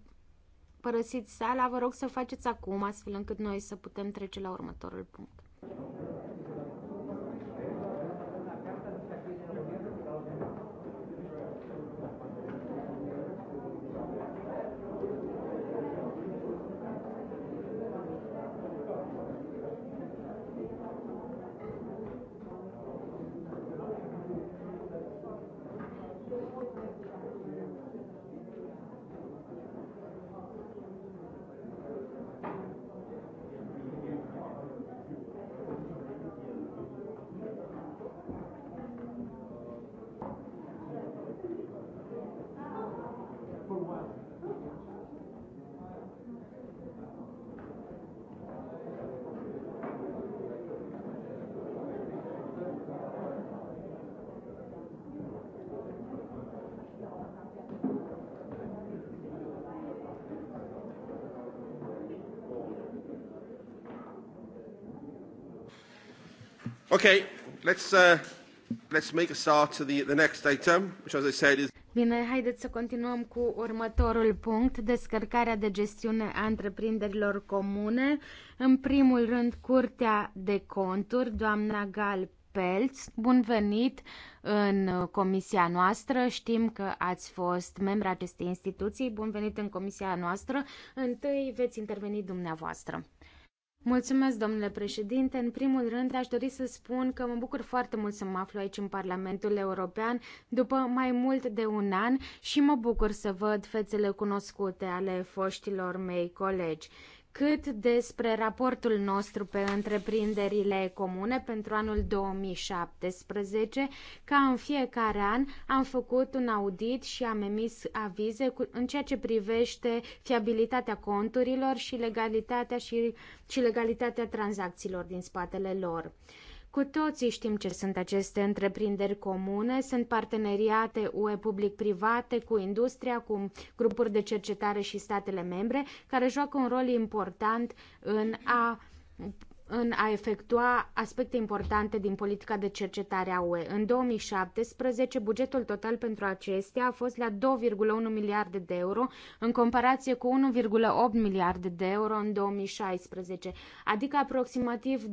părăsiți sala, vă rog să o faceți acum, astfel încât noi să putem trece la următorul punct. Okay, let's, uh, let's make a start to the, the next item, which as I said is... Bine, haideți să continuăm cu următorul punct, descărcarea de gestiune a întreprinderilor comune. În primul rând, Curtea de Conturi, doamna Gal Pelț, bun venit în comisia noastră. Știm că ați fost membra acestei instituții, bun venit în comisia noastră. Întâi veți interveni dumneavoastră. Mulțumesc, domnule președinte. În primul rând, aș dori să spun că mă bucur foarte mult să mă aflu aici în Parlamentul European după mai mult de un an și mă bucur să văd fețele cunoscute ale foștilor mei colegi cât despre raportul nostru pe întreprinderile comune pentru anul 2017, ca în fiecare an am făcut un audit și am emis avize cu, în ceea ce privește fiabilitatea conturilor și legalitatea și, și legalitatea tranzacțiilor din spatele lor. Cu toții știm ce sunt aceste întreprinderi comune, sunt parteneriate UE public-private cu industria, cu grupuri de cercetare și statele membre, care joacă un rol important în a în a efectua aspecte importante din politica de cercetare a UE. În 2017, bugetul total pentru acestea a fost la 2,1 miliarde de euro, în comparație cu 1,8 miliarde de euro în 2016, adică aproximativ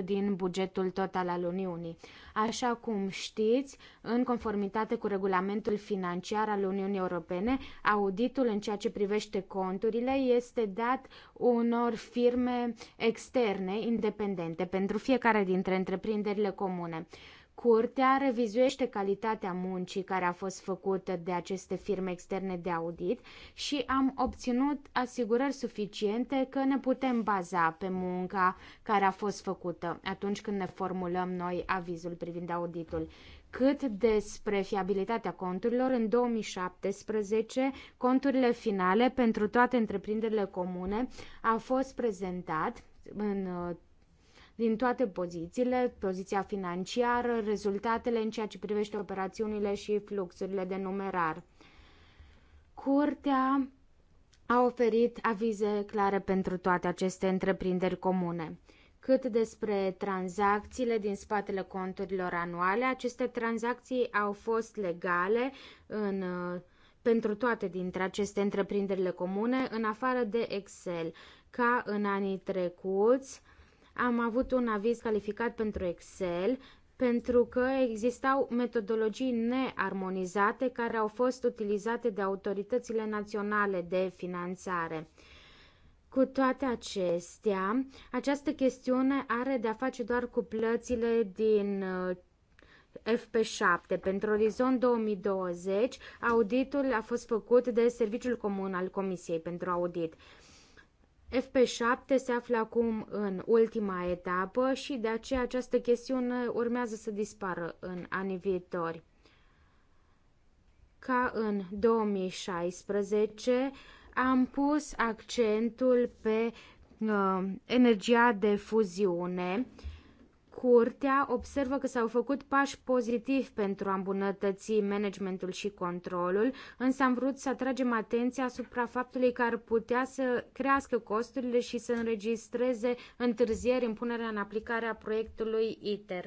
2% din bugetul total al Uniunii. Așa cum știți, în conformitate cu regulamentul financiar al Uniunii Europene, auditul în ceea ce privește conturile este dat unor firme externe, independente, pentru fiecare dintre întreprinderile comune. Curtea revizuiește calitatea muncii care a fost făcută de aceste firme externe de audit și am obținut asigurări suficiente că ne putem baza pe munca care a fost făcută atunci când ne formulăm noi avizul privind auditul cât despre fiabilitatea conturilor, în 2017, conturile finale pentru toate întreprinderile comune a fost prezentat în din toate pozițiile, poziția financiară, rezultatele în ceea ce privește operațiunile și fluxurile de numerar. Curtea a oferit avize clare pentru toate aceste întreprinderi comune cât despre tranzacțiile din spatele conturilor anuale. Aceste tranzacții au fost legale în, pentru toate dintre aceste întreprinderile comune, în afară de Excel. Ca în anii trecuți, am avut un aviz calificat pentru Excel, pentru că existau metodologii nearmonizate care au fost utilizate de autoritățile naționale de finanțare. Cu toate acestea, această chestiune are de-a face doar cu plățile din uh, FP7. Pentru orizont 2020, auditul a fost făcut de Serviciul Comun al Comisiei pentru Audit. FP7 se află acum în ultima etapă și de aceea această chestiune urmează să dispară în anii viitori. Ca în 2016, am pus accentul pe uh, energia de fuziune. Curtea observă că s-au făcut pași pozitivi pentru a îmbunătăți managementul și controlul, însă am vrut să atragem atenția asupra faptului că ar putea să crească costurile și să înregistreze întârzieri în punerea în aplicare a proiectului ITER.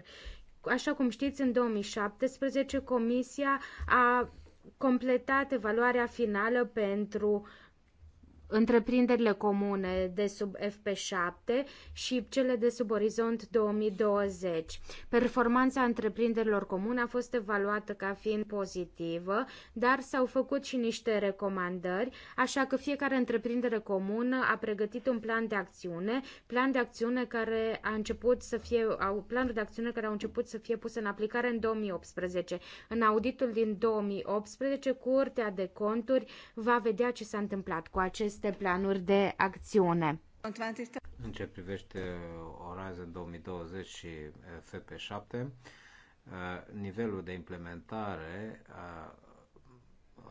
Așa cum știți, în 2017 Comisia a completat evaluarea finală pentru uh, întreprinderile comune de sub FP7 și cele de sub Orizont 2020. Performanța întreprinderilor comune a fost evaluată ca fiind pozitivă, dar s-au făcut și niște recomandări, așa că fiecare întreprindere comună a pregătit un plan de acțiune, plan de acțiune care a început să fie, au, planul de acțiune care au început să fie puse în aplicare în 2018. În auditul din 2018, Curtea de Conturi va vedea ce s-a întâmplat cu acest aceste planuri de acțiune. În ce privește Horizon 2020 și eh, FP7, eh, nivelul de implementare eh,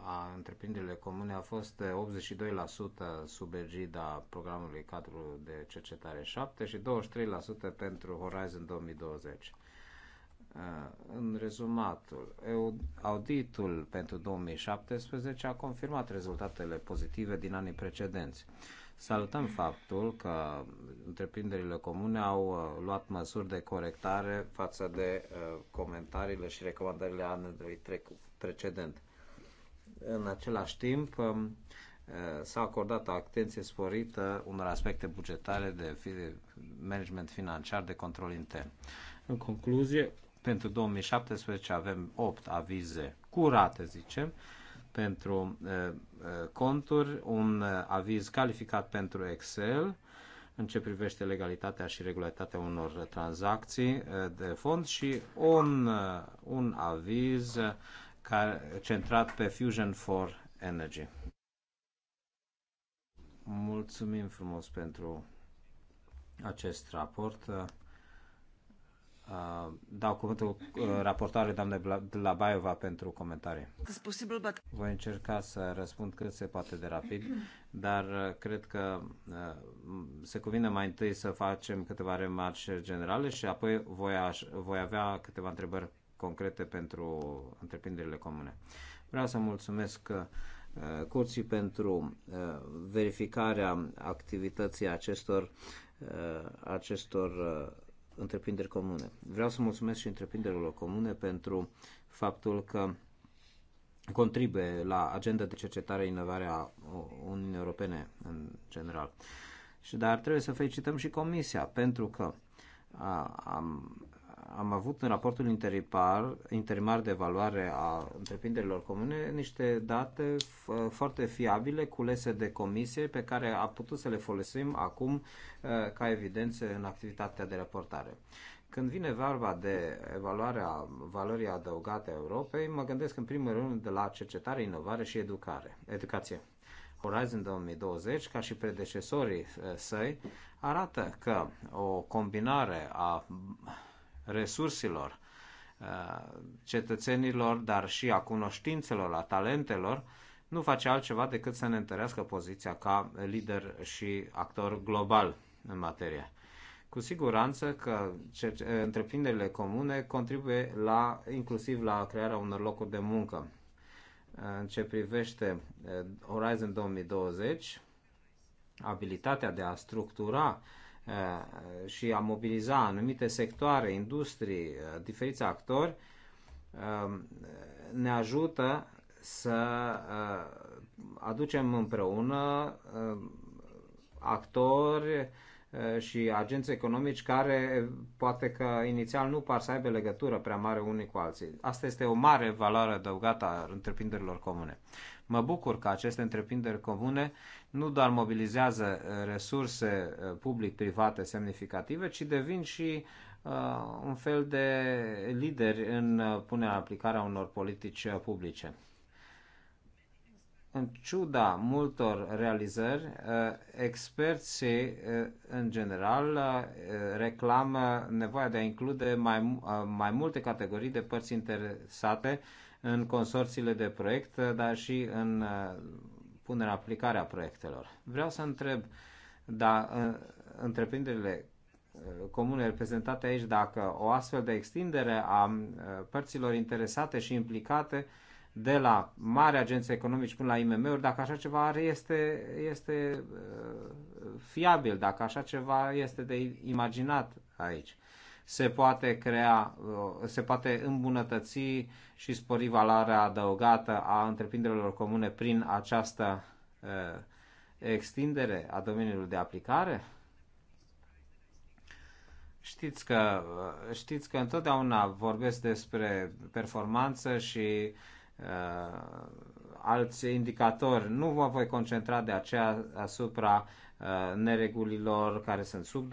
a întreprinderile comune a fost 82% sub egida programului cadru de cercetare 7 și 23% pentru Horizon 2020. Uh, în rezumatul, auditul pentru 2017 a confirmat rezultatele pozitive din anii precedenți. Salutăm faptul că întreprinderile comune au uh, luat măsuri de corectare față de uh, comentariile și recomandările anului precedent. În același timp, um, s-a acordat o atenție sporită unor aspecte bugetare de management financiar de control intern. În concluzie, pentru 2017 avem 8 avize curate, zicem, pentru uh, uh, conturi, un uh, aviz calificat pentru Excel, în ce privește legalitatea și regularitatea unor tranzacții de fond și un, un aviz care, centrat pe Fusion for Energy. Mulțumim frumos pentru acest raport. Uh, dau cuvântul uh, raportare doamnei Blabaiova pentru comentarii. Voi încerca să răspund cât se poate de rapid, dar uh, cred că se cuvine mai întâi să facem câteva remarci generale și apoi voi, aș, voi avea câteva întrebări concrete pentru întreprinderile comune. Vreau să mulțumesc curții pentru verificarea activității acestor acestor întreprinderi comune. Vreau să mulțumesc și întreprinderilor comune pentru faptul că contribuie la agenda de cercetare inovare a Uniunii Europene în general. Și dar trebuie să felicităm și Comisia pentru că a, am am avut în raportul interimar, interimar de evaluare a întreprinderilor comune niște date foarte fiabile culese de comisie pe care a putut să le folosim acum uh, ca evidențe în activitatea de raportare. Când vine vorba de evaluarea valorii adăugate a Europei, mă gândesc în primul rând de la cercetare, inovare și educare, educație. Horizon 2020, ca și predecesorii uh, săi, arată că o combinare a resurselor uh, cetățenilor, dar și a cunoștințelor, a talentelor, nu face altceva decât să ne întărească poziția ca lider și actor global în materie. Cu siguranță că întreprinderile comune contribuie la, inclusiv la crearea unor locuri de muncă. În ce privește uh, Horizon 2020, abilitatea de a structura uh, Eh, și a mobiliza anumite sectoare, industrii, eh, diferiți actori, eh, ne ajută să aducem împreună actori și agenți economici care poate că inițial nu par să aibă legătură prea mare unii cu alții. Asta este o mare valoare adăugată a întreprinderilor comune. Mă bucur că aceste întreprinderi comune nu doar mobilizează uh, resurse uh, public-private semnificative, ci devin și uh, un fel de lideri în uh, punerea aplicarea unor politici publice. În ciuda multor realizări, experții în general reclamă nevoia de a include mai, mai multe categorii de părți interesate în consorțiile de proiect, dar și în uh, punerea aplicarea proiectelor. Vreau să întreb, da, uh, întreprinderile uh, comune reprezentate aici, dacă o astfel de extindere a părților interesate și implicate de la mari agenții economici până la IMM-uri, dacă așa ceva are, este, este fiabil, dacă așa ceva este de imaginat aici se poate crea, uh, se poate îmbunătăți și spori valoarea adăugată a întreprinderilor comune prin această uh, extindere a domeniului de aplicare? Știți că, uh, știți că întotdeauna vorbesc despre performanță și uh, alți indicatori. Nu vă voi concentra de aceea asupra Uh, neregulilor care sunt sub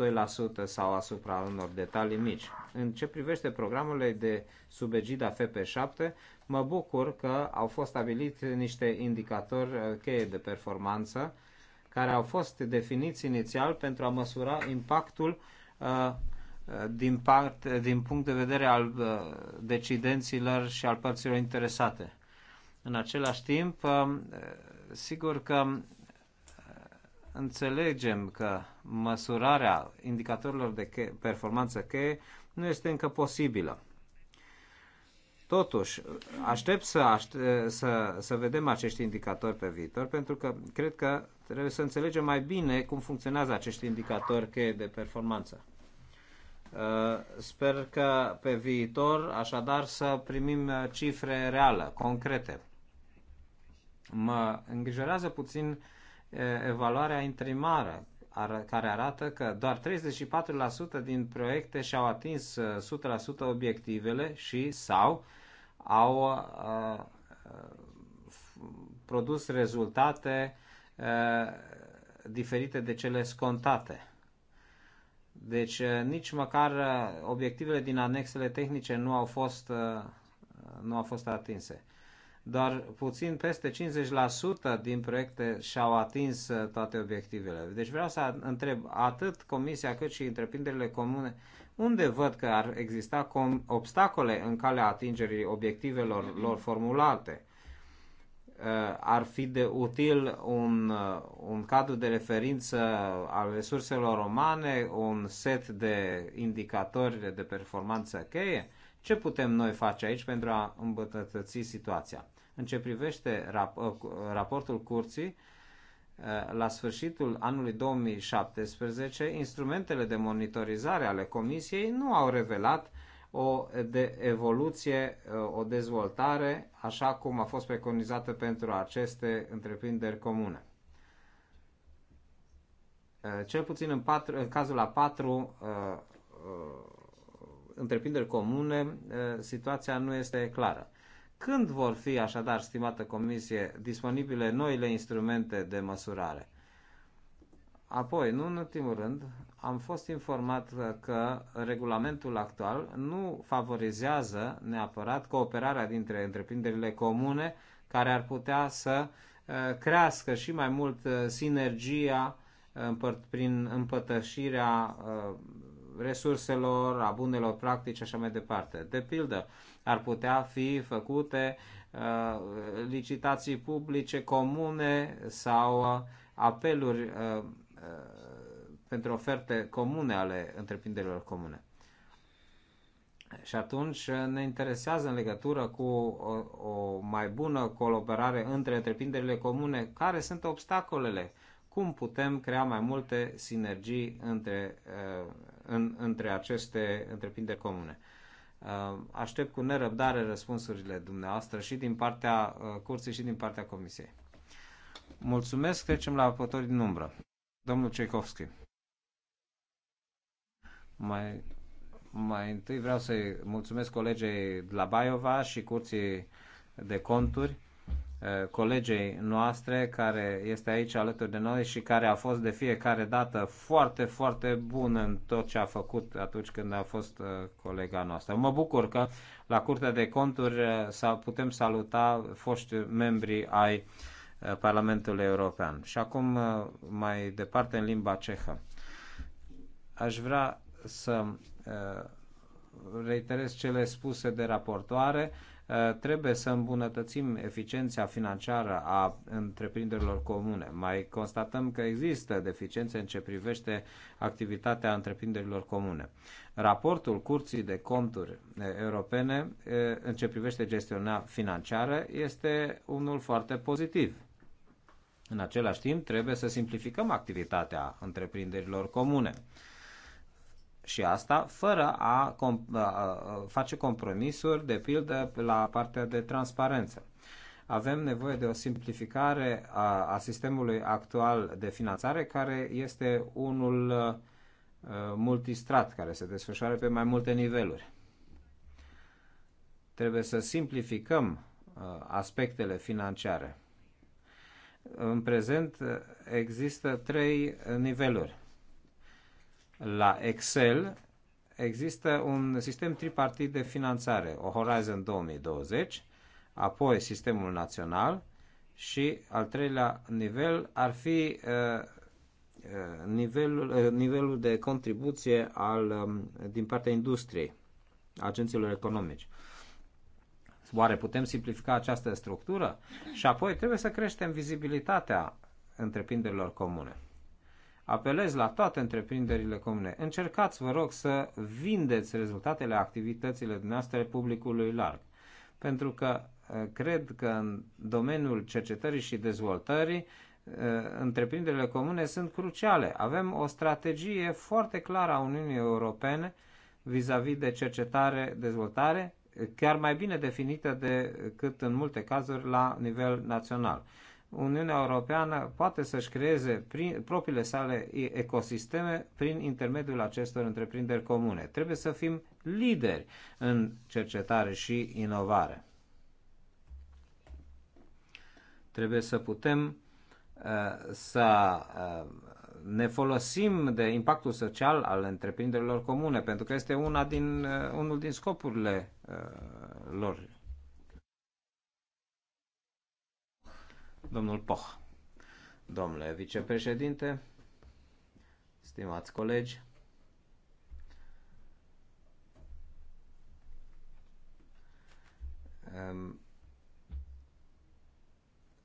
2% sau asupra unor detalii mici. În ce privește programele de sub egida FP7, mă bucur că au fost stabilit niște indicatori uh, cheie de performanță care au fost definiți inițial pentru a măsura impactul uh, din, part, din punct de vedere al decidenților și al părților interesate. În același timp, sigur că înțelegem că măsurarea indicatorilor de performanță cheie nu este încă posibilă. Totuși, aștept să, aștept să, să vedem acești indicatori pe viitor, pentru că cred că trebuie să înțelegem mai bine cum funcționează acești indicatori cheie de performanță. Uh, sper că pe viitor, așadar, să primim uh, cifre reale, concrete. Mă îngrijorează puțin evaluarea interimară, care arată că doar 34% din proiecte și-au atins 100% obiectivele și sau au produs rezultate diferite de cele scontate. Deci nici măcar obiectivele din anexele tehnice nu au fost, nu au fost atinse doar puțin peste 50% din proiecte și-au atins uh, toate obiectivele. Deci vreau să întreb atât Comisia cât și întreprinderile comune unde văd că ar exista obstacole în calea atingerii obiectivelor mm-hmm. lor formulate. Uh, ar fi de util un, uh, un cadru de referință al resurselor romane, un set de indicatori de performanță cheie? Ce putem noi face aici pentru a îmbunătăți situația? În ce privește rap- uh, raportul curții, uh, la sfârșitul anului 2017, instrumentele de monitorizare ale Comisiei nu au revelat o de evoluție, uh, o dezvoltare, așa cum a fost preconizată pentru aceste întreprinderi comune. Cel puțin în, patru, în cazul a patru întreprinderi comune, situația nu este clară. Când vor fi așadar, stimată Comisie, disponibile noile instrumente de măsurare? Apoi, nu în ultimul rând, am fost informat că regulamentul actual nu favorizează neapărat cooperarea dintre întreprinderile comune care ar putea să uh, crească și mai mult uh, sinergia uh, prin împătășirea resurselor, a bunelor practici și așa mai departe. De pildă, ar putea fi făcute uh, licitații publice comune sau uh, apeluri uh, pentru oferte comune ale întreprinderilor comune. Și atunci ne interesează în legătură cu o, o mai bună colaborare între întreprinderile comune, care sunt obstacolele, cum putem crea mai multe sinergii între, în, între aceste întreprinderi comune. Uh, aștept cu nerăbdare răspunsurile dumneavoastră și din partea uh, curții și din partea comisiei. Mulțumesc, trecem la apătorii din umbră. Domnul Ceikovski. Mai, mai întâi vreau să-i mulțumesc colegei Dlabaiova și curții de conturi Eh, colegei noastre care este aici alături de noi și care a fost de fiecare dată foarte, foarte bună în tot ce a făcut atunci când a fost eh, colega noastră. Mă bucur că la Curtea de Conturi eh, putem saluta foști membri ai Parlamentului European. Și acum mai departe în limba cehă. Aș vrea să reiterez cele spuse de raportoare Eh, trebuie să îmbunătățim eficiența financiară a întreprinderilor comune. Mai constatăm că există deficiențe în ce privește activitatea întreprinderilor comune. Raportul Curții de Conturi eh, Europene eh, în ce privește gestiunea financiară este unul foarte pozitiv. În același timp, trebuie să simplificăm activitatea întreprinderilor comune și asta fără a, comp- a face compromisuri, de pildă, la partea de transparență. Avem nevoie de o simplificare a, a sistemului actual de finanțare, care este unul a, multistrat, care se desfășoară pe mai multe niveluri. Trebuie să simplificăm a, aspectele financiare. În prezent există trei niveluri la Excel există un sistem tripartit de finanțare, o Horizon 2020, apoi sistemul național și al treilea nivel ar fi uh, uh, nivelul, uh, nivelul de contribuție al, um, din partea industriei, agențiilor economici. Oare putem simplifica această structură? Și apoi trebuie să creștem vizibilitatea întreprinderilor comune apelez la toate întreprinderile comune. Încercați, vă rog, să vindeți rezultatele activităților dumneavoastră publicului larg. Pentru că uh, cred că în domeniul cercetării și dezvoltării uh, întreprinderile comune sunt cruciale. Avem o strategie foarte clară a Uniunii Europene vis-a-vis -vis de cercetare, dezvoltare, chiar mai bine definită decât în multe cazuri la nivel național. Uniunea Europeană poate să-și creeze prin, propriile sale ecosisteme prin intermediul acestor întreprinderi comune. Trebuie să fim lideri în cercetare și inovare. Trebuie să putem uh, să uh, ne folosim de impactul social al întreprinderilor comune, pentru că este una din, uh, unul din scopurile uh, lor Domnul Poch. Domnule vicepreședinte, stimați colegi,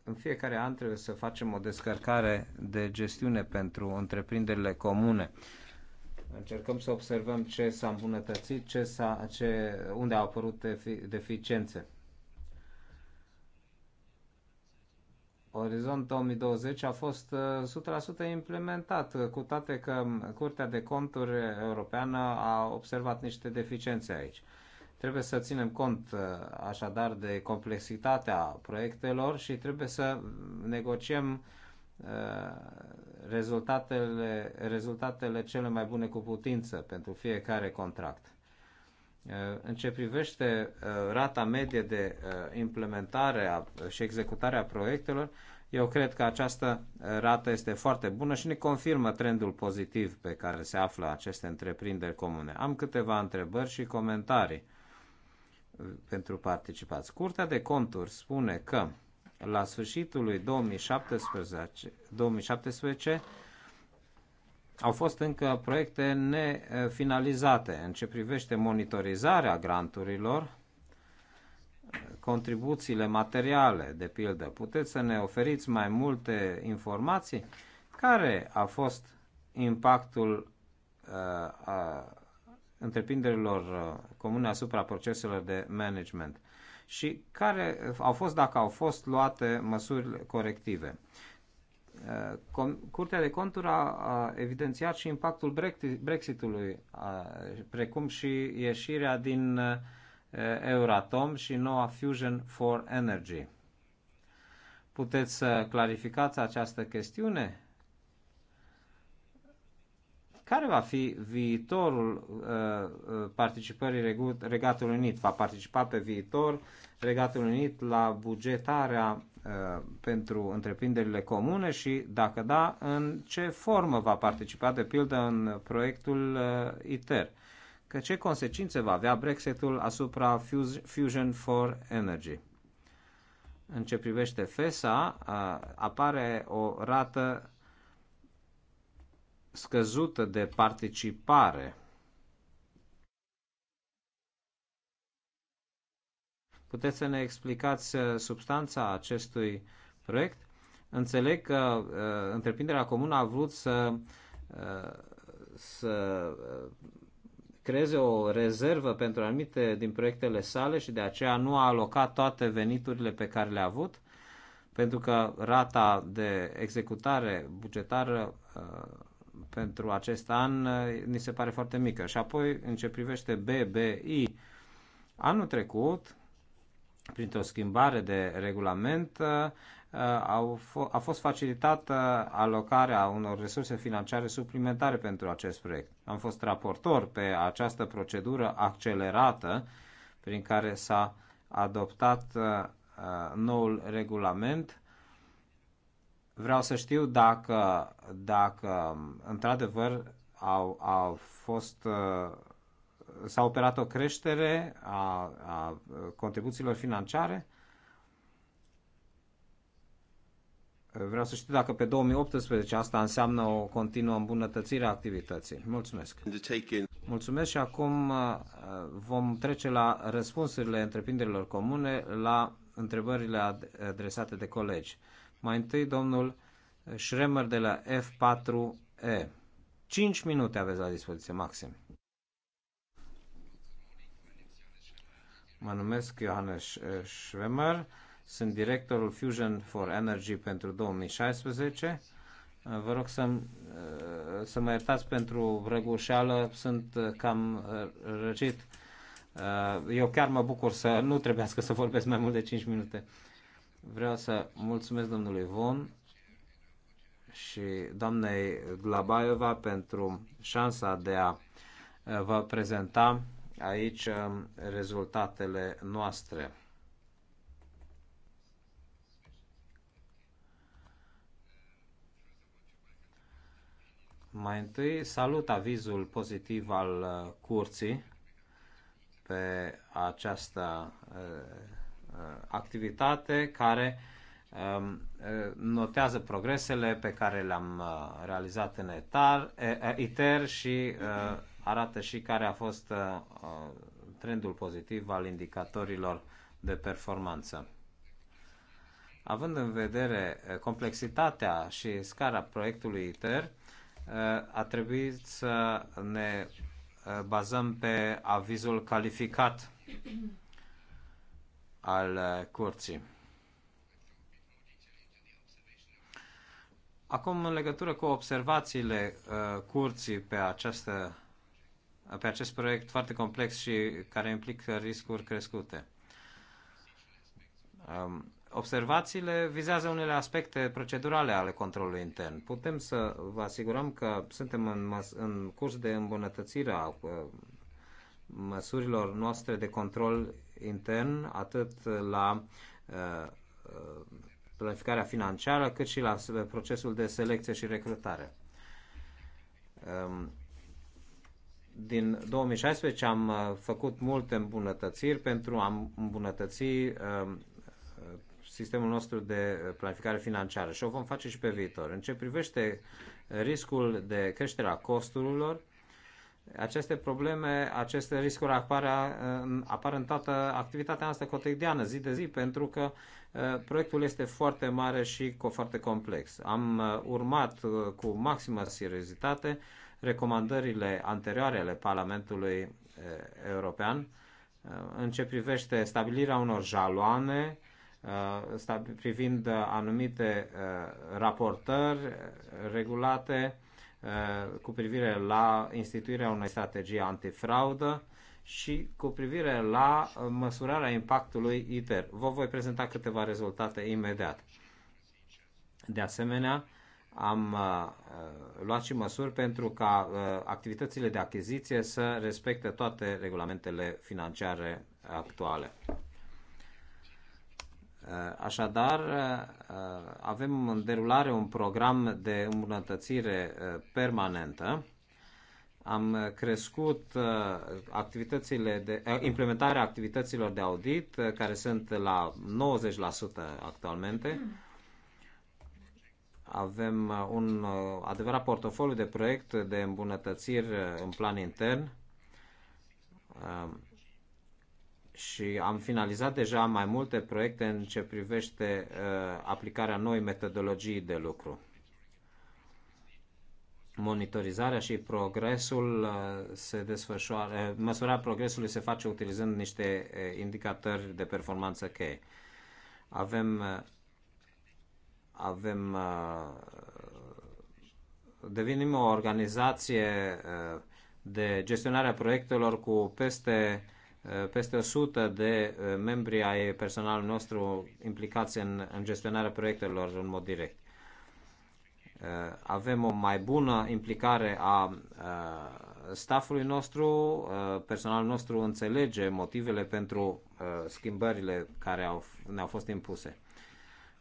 în fiecare an trebuie să facem o descărcare de gestiune pentru întreprinderile comune. Încercăm să observăm ce s-a îmbunătățit, ce s-a, ce, unde au apărut deficiențe. Orizont 2020 a fost 100% uh, implementat, uh, cu toate că um, Curtea de Conturi Europeană a observat niște deficiențe aici. Trebuie să ținem cont uh, așadar de complexitatea proiectelor și trebuie să negociem rezultatele, rezultatele cele mai bune cu putință pentru fiecare contract. Uh, în ce privește uh, rata medie de uh, implementare și executare a proiectelor, eu cred că această rată este foarte bună și ne confirmă trendul pozitiv pe care se află aceste întreprinderi comune. Am câteva întrebări și comentarii pentru participați. Curtea de conturi spune că la sfârșitul lui 2017, 2017 au fost încă proiecte nefinalizate. În ce privește monitorizarea granturilor, contribuțiile materiale, de pildă, puteți să ne oferiți mai multe informații? Care a fost impactul uh, a întreprinderilor uh, comune asupra proceselor de management? Și care au fost, dacă au fost, luate măsuri corective? Curtea de Conturi a evidențiat și impactul Brexitului, precum și ieșirea din Euratom și noua Fusion for Energy. Puteți să clarificați această chestiune? Care va fi viitorul participării Regatului Unit? Va participa pe viitor Regatul Unit la bugetarea Uh, pentru întreprinderile comune și, dacă da, în ce formă va participa, de pildă, în proiectul uh, ITER? Că ce consecințe va avea Brexitul asupra Fusion for Energy? În ce privește FESA, uh, apare o rată scăzută de participare – Puteți să ne explicați uh, substanța acestui proiect? Înțeleg că uh, întreprinderea comună a vrut să, uh, să uh, creeze o rezervă pentru anumite din proiectele sale și de aceea nu a alocat toate veniturile pe care le-a avut, pentru că rata de executare bugetară uh, pentru acest an uh, ni se pare foarte mică. Și apoi, în ce privește BBI, anul trecut, printr-o schimbare de regulament, uh, uh, a fost facilitată alocarea unor resurse financiare suplimentare pentru acest proiect. Am fost raportor pe această procedură accelerată prin care s-a adoptat uh, noul regulament. Vreau să știu dacă, dacă într-adevăr au, au fost s-a operat o creștere a, a contribuțiilor financiare. Vreau să știu dacă pe 2018 asta înseamnă o continuă îmbunătățire a activității. Mulțumesc. Mulțumesc și acum uh, vom trece la răspunsurile întreprinderilor comune la întrebările adresate de colegi. Mai întâi domnul Schremer de la F4E. 5 minute aveți la dispoziție maxim. Mă numesc Johannes eh, Schwemmer, sunt directorul Fusion for Energy pentru 2016. Eh, vă rog să, eh, să mă iertați pentru răgușeală, sunt cam răcit. Eu chiar mă bucur să nu trebuiască să vorbesc mai mult de 5 minute. Vreau să mulțumesc domnului Von și doamnei Glabaeva pentru șansa de a vă prezenta aici um, rezultatele noastre. Mai întâi salut avizul pozitiv al uh, curții pe această uh, uh, activitate care um, notează progresele pe care le-am realizat în etar, ITER și arată și care a fost uh, uh, trendul pozitiv al indicatorilor de performanță. Având în vedere uh, complexitatea și scara proiectului ITER, a trebuit să ne bazăm pe avizul calificat al curții. Acum, în legătură cu observațiile curții pe această pe acest proiect foarte complex și care implică riscuri crescute. Um, observațiile vizează unele aspecte procedurale ale controlului intern. Putem să vă asigurăm că suntem în, în curs de îmbunătățire a uh, măsurilor noastre de control intern, atât la uh, uh, planificarea financiară, cât și la procesul de selecție și recrutare. Um, din 2016 am uh, făcut multe îmbunătățiri pentru a îmbunătăți um, sistemul nostru de planificare financiară și o vom face și pe viitor. În ce privește riscul de creștere a costurilor, aceste probleme, aceste riscuri apar, uh, apar în toată activitatea noastră cotidiană, zi de zi, pentru că uh, proiectul este foarte mare și foarte complex. Am urmat cu maximă seriozitate recomandările anterioare ale Parlamentului eh, European eh, în ce privește stabilirea unor jaloane eh, privind anumite raportări regulate cu privire la instituirea unei strategii antifraudă și cu privire la măsurarea impactului ITER. Vă voi prezenta câteva rezultate imediat. De asemenea, am uh, uh, luat și măsuri pentru ca uh, activitățile de achiziție să respecte toate regulamentele financiare actuale. Așadar, avem în derulare un program de îmbunătățire permanentă. Am crescut activitățile de, implementarea activităților de audit, care sunt la 90% actualmente. Mm avem uh, un uh, adevărat portofoliu de proiect de îmbunătățiri uh, în plan intern um, și am finalizat deja mai multe proiecte în ce privește aplicarea noi metodologii de lucru. Monitorizarea și progresul se desfășoară, măsurarea progresului se face utilizând niște indicatori de performanță cheie. Avem avem uh, devenim o organizație uh, de gestionare a proiectelor cu peste, uh, peste 100 de membri ai personalului nostru implicați în, în gestionarea proiectelor în mod direct. Avem o mai bună implicare a staffului nostru, personalul nostru înțelege motivele pentru schimbările care au, ne-au fost impuse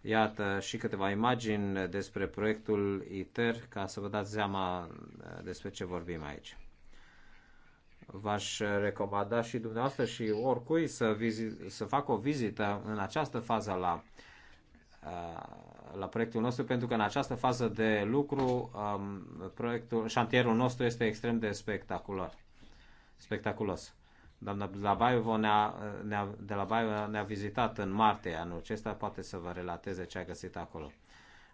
Iată și câteva imagini despre proiectul ITER, ca să vă dați seama uh, despre ce vorbim aici. V-aș recomanda și dumneavoastră și oricui să, vizi- să facă o vizită în această fază la, uh, la proiectul nostru, pentru că în această fază de lucru um, proiectul, șantierul nostru este extrem de spectacular, spectaculos. Doamna Blavaio ne-a, ne-a, de la Baiova ne-a vizitat în martie anul acesta, poate să vă relateze ce a găsit acolo.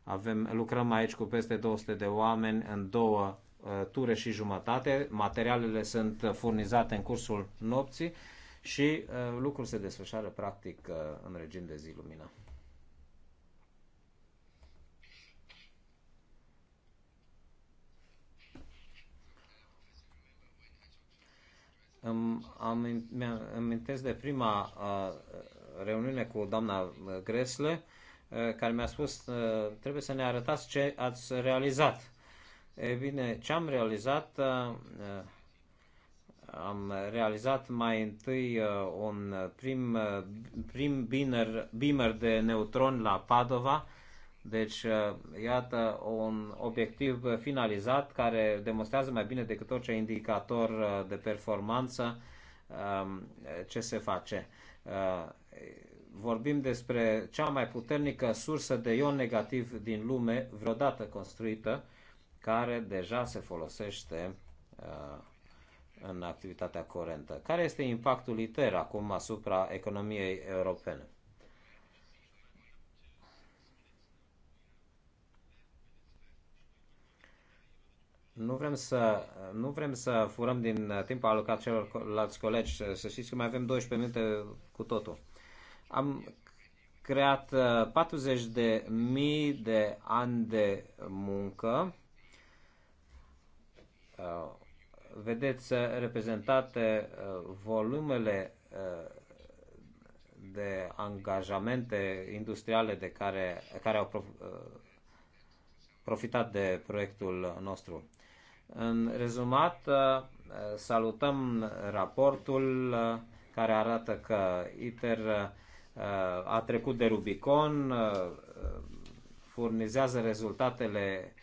Avem, lucrăm aici cu peste 200 de oameni în două uh, ture și jumătate. Materialele sunt uh, furnizate în cursul nopții și uh, lucrul se desfășoară practic uh, în regim de zi lumină. Îmi amintesc de prima reuniune cu doamna Gresle, care mi-a spus, trebuie să ne arătați ce ați realizat. E bine, ce am realizat, am realizat mai întâi un prim, prim beamer, beamer de neutron la Padova, deci, uh, iată un obiectiv finalizat care demonstrează mai bine decât orice indicator uh, de performanță um, ce se face. Uh, vorbim despre cea mai puternică sursă de ion negativ din lume vreodată construită, care deja se folosește în activitatea curentă. Care este impactul ITER acum asupra economiei europene? Nu vrem să, nu vrem să furăm din timpul alocat celorlalți colegi. Să știți că mai avem 12 minute cu totul. Am creat 40 uh, de mii de ani de muncă. Uh, vedeți uh, reprezentate volumele de angajamente industriale de care, care au profitat de proiectul nostru. În rezumat, uh, salutăm raportul uh, care arată că ITER uh, a trecut de Rubicon, furnizează rezultatele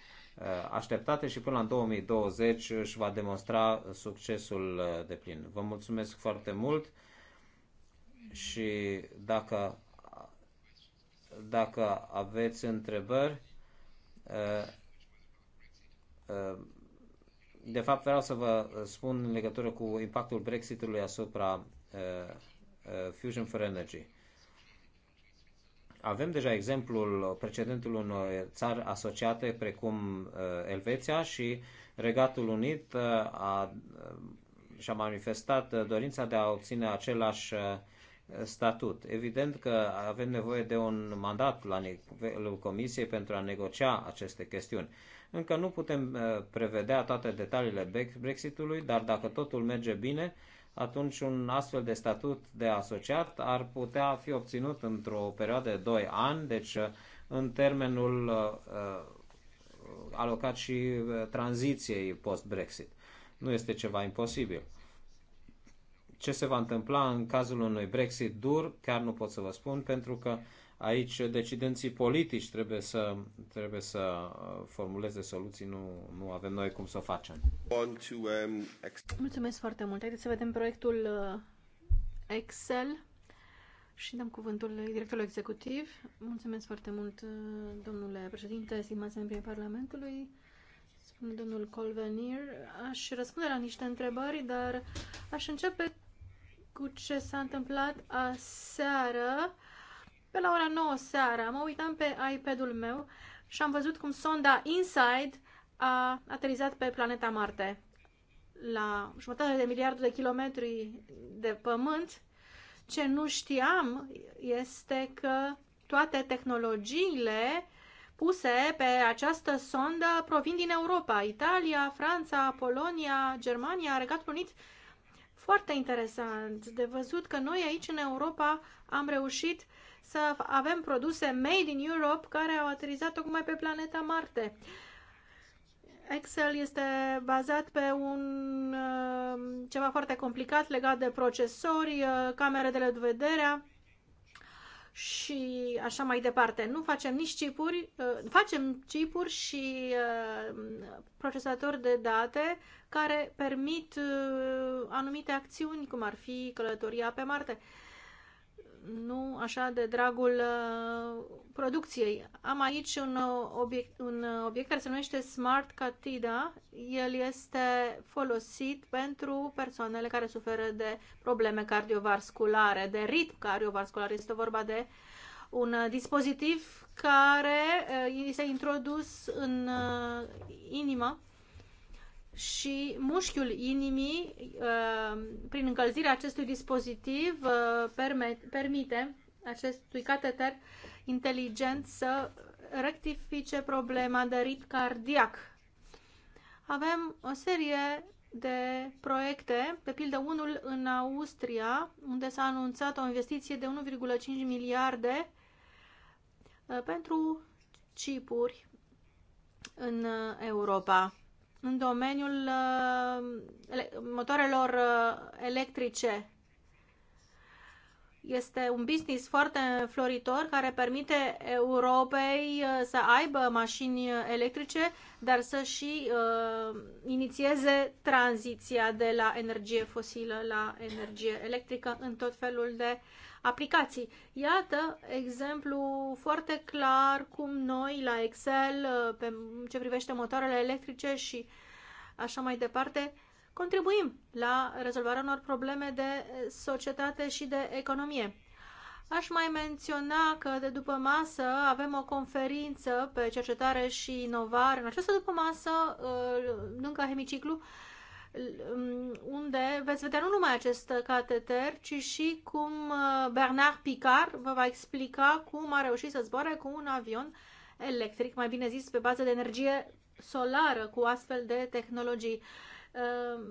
așteptate și până la 2020 își va demonstra succesul de plin. Vă mulțumesc foarte mult și dacă, dacă aveți întrebări, de fapt, vreau să vă uh, spun în legătură cu impactul Brexitului asupra uh, uh, Fusion for Energy. Avem deja exemplul precedentul unor țări asociate precum Elveția și Regatul Unit a, și-a manifestat dorința de a obține același statut. Evident că avem nevoie de un mandat la nivelul Comisiei pentru a negocia aceste chestiuni. Încă nu putem uh, prevedea toate detaliile Brexitului, dar dacă totul merge bine, atunci un astfel de statut de asociat ar putea fi obținut într-o perioadă de 2 ani, deci uh, în termenul uh, uh alocat și tranziției post-Brexit. Nu este ceva imposibil. Ce se va întâmpla în cazul unui Brexit dur, chiar nu pot să vă spun, pentru că uh, aici decidenții politici trebuie să, trebuie să uh, formuleze soluții, nu, nu avem noi cum să o facem. Um, Mulțumesc foarte mult. Haideți să vedem proiectul uh, Excel și dăm cuvântul directorului executiv. Mulțumesc foarte mult, uh, domnule președinte, stimați ai Parlamentului. domnul Colvenir, aș răspunde la niște întrebări, dar aș începe cu ce s-a întâmplat aseară pe la ora 9 seara mă uitam pe iPad-ul meu și am văzut cum sonda InSide a aterizat pe planeta Marte. La jumătate de miliard de kilometri de pământ, ce nu știam este că toate tehnologiile puse pe această sondă provin din Europa, Italia, Franța, Polonia, Germania, Regatul Unit. Foarte interesant de văzut că noi aici în Europa am reușit să avem produse made in Europe care au aterizat tocmai pe planeta Marte. Excel este bazat pe un uh, ceva foarte complicat legat de procesori, uh, camere de vedere și așa mai departe. Nu facem nici chipuri, uh, facem chipuri și procesatori de date care permit anumite acțiuni, cum ar fi călătoria pe Marte nu așa de dragul uh, producției. Am aici un uh, obiect, un uh, obiect care se numește Smart Catida. El este folosit pentru persoanele care suferă de probleme cardiovasculare, de ritm cardiovascular. Este vorba de un dispozitiv care este introdus în inimă și mușchiul inimii, uh, prin încălzirea acestui dispozitiv, uh, permite acestui cateter inteligent să rectifice problema de ritm cardiac. Avem o serie de proiecte, de pildă unul în Austria, unde s-a anunțat o investiție de 1,5 miliarde uh, pentru chipuri în Europa în domeniul uh, motoarelor uh, electrice. Este un business foarte floritor care permite Europei uh, să aibă mașini electrice, dar să și uh, inițieze tranziția de la energie fosilă la energie electrică în tot felul de uh, aplicații. Iată exemplu foarte clar cum noi la Excel, uh, pe ce privește motoarele electrice și așa mai departe, contribuim la rezolvarea unor probleme de societate și de economie. Aș mai menționa că de după masă avem o conferință pe cercetare și inovare. În această după masă, uh, lângă hemiciclu, Um, unde veți vedea nu numai acest cateter, ci și cum uh, Bernard Picard vă va explica cum a reușit să zboare cu un avion electric, mai bine zis, pe bază de energie solară, cu astfel de tehnologii. Um,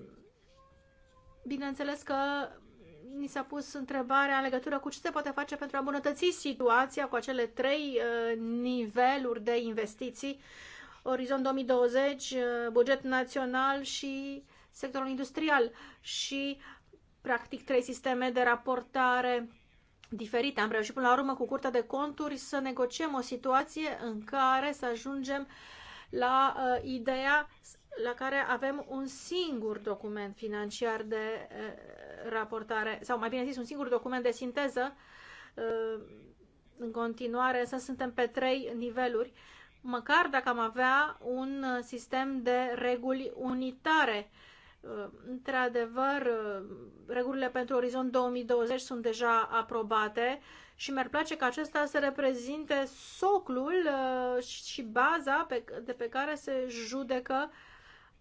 bineînțeles că ni s-a pus întrebarea în legătură cu ce se poate face pentru a îmbunătăți situația cu acele trei uh, niveluri de investiții, Orizont 2020, uh, buget național și uh, sectorul industrial și practic trei sisteme de raportare diferite. Am reușit până la urmă cu Curtea de Conturi să negociem o situație în care să ajungem la uh, ideea la care avem un singur document financiar de uh, raportare, sau mai bine zis, un singur document de sinteză. Uh, în continuare, să suntem pe trei niveluri, măcar dacă am avea un uh, sistem de reguli unitare uh, Uh, într-adevăr, uh, regulile pentru Orizont 2020 sunt deja aprobate și mi-ar place ca acesta să reprezinte soclul uh, și baza de pe care se judecă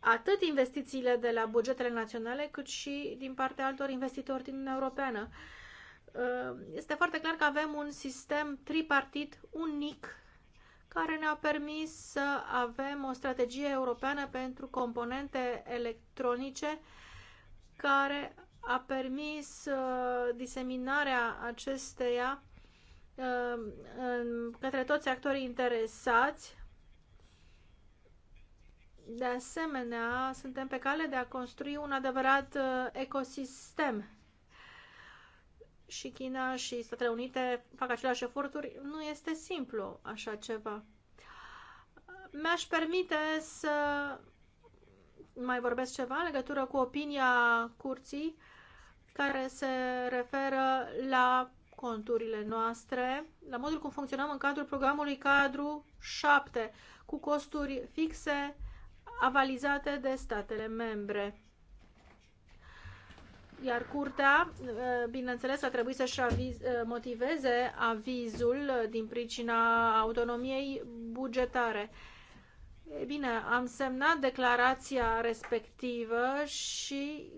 atât investițiile de la bugetele naționale, cât și din partea altor investitori din Uniunea Europeană. Este foarte clar că avem un sistem tripartit unic care ne-au permis să avem o strategie europeană pentru componente electronice care a permis uh, diseminarea acesteia uh, către toți actorii interesați. De asemenea, suntem pe cale de a construi un adevărat uh, ecosistem și China și Statele Unite fac aceleași eforturi, nu este simplu așa ceva. Mi-aș permite să mai vorbesc ceva în legătură cu opinia curții care se referă la conturile noastre, la modul cum funcționăm în cadrul programului cadru 7, cu costuri fixe avalizate de statele membre. Iar curtea, eh, bineînțeles, a trebuit să-și aviz, eh, motiveze avizul eh, din pricina autonomiei bugetare. E bine, am semnat declarația respectivă și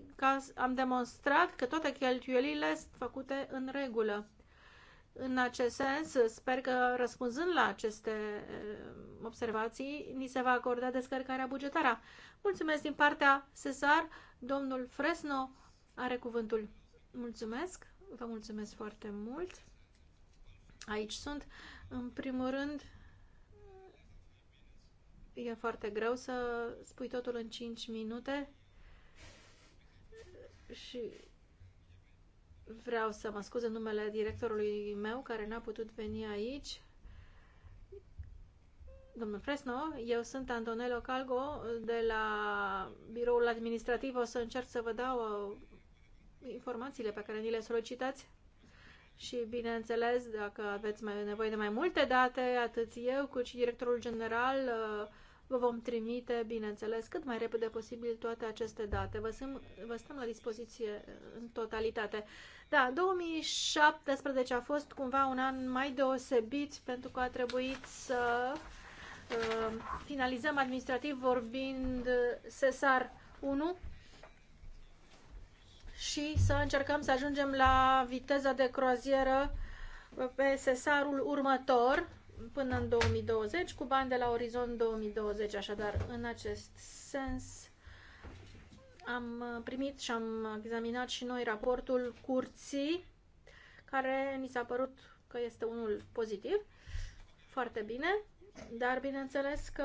am demonstrat că toate cheltuielile sunt făcute în regulă. În acest sens, sper că răspunzând la aceste observații, ni se va acorda descărcarea bugetară. Mulțumesc din partea Cesar, domnul Fresno are cuvântul. Mulțumesc, vă mulțumesc foarte mult. Aici sunt. În primul rând, e foarte greu să spui totul în 5 minute și vreau să mă scuz în numele directorului meu care n-a putut veni aici. Domnul Fresno, eu sunt Antonello Calgo de la biroul administrativ. O să încerc să vă dau informațiile pe care ni le solicitați și, bineînțeles, dacă aveți mai nevoie de mai multe date, atât eu cât și directorul general uh, vă vom trimite, bineînțeles, cât mai repede posibil toate aceste date. Vă, sunt, vă stăm la dispoziție în totalitate. Da, 2017 a fost cumva un an mai deosebit pentru că a trebuit să uh, finalizăm administrativ vorbind uh, SESAR 1 și să încercăm să ajungem la viteza de croazieră pe sesarul următor până în 2020 cu bani de la Orizont 2020. Așadar, în acest sens am primit și am examinat și noi raportul curții care ni s-a părut că este unul pozitiv, foarte bine, dar bineînțeles că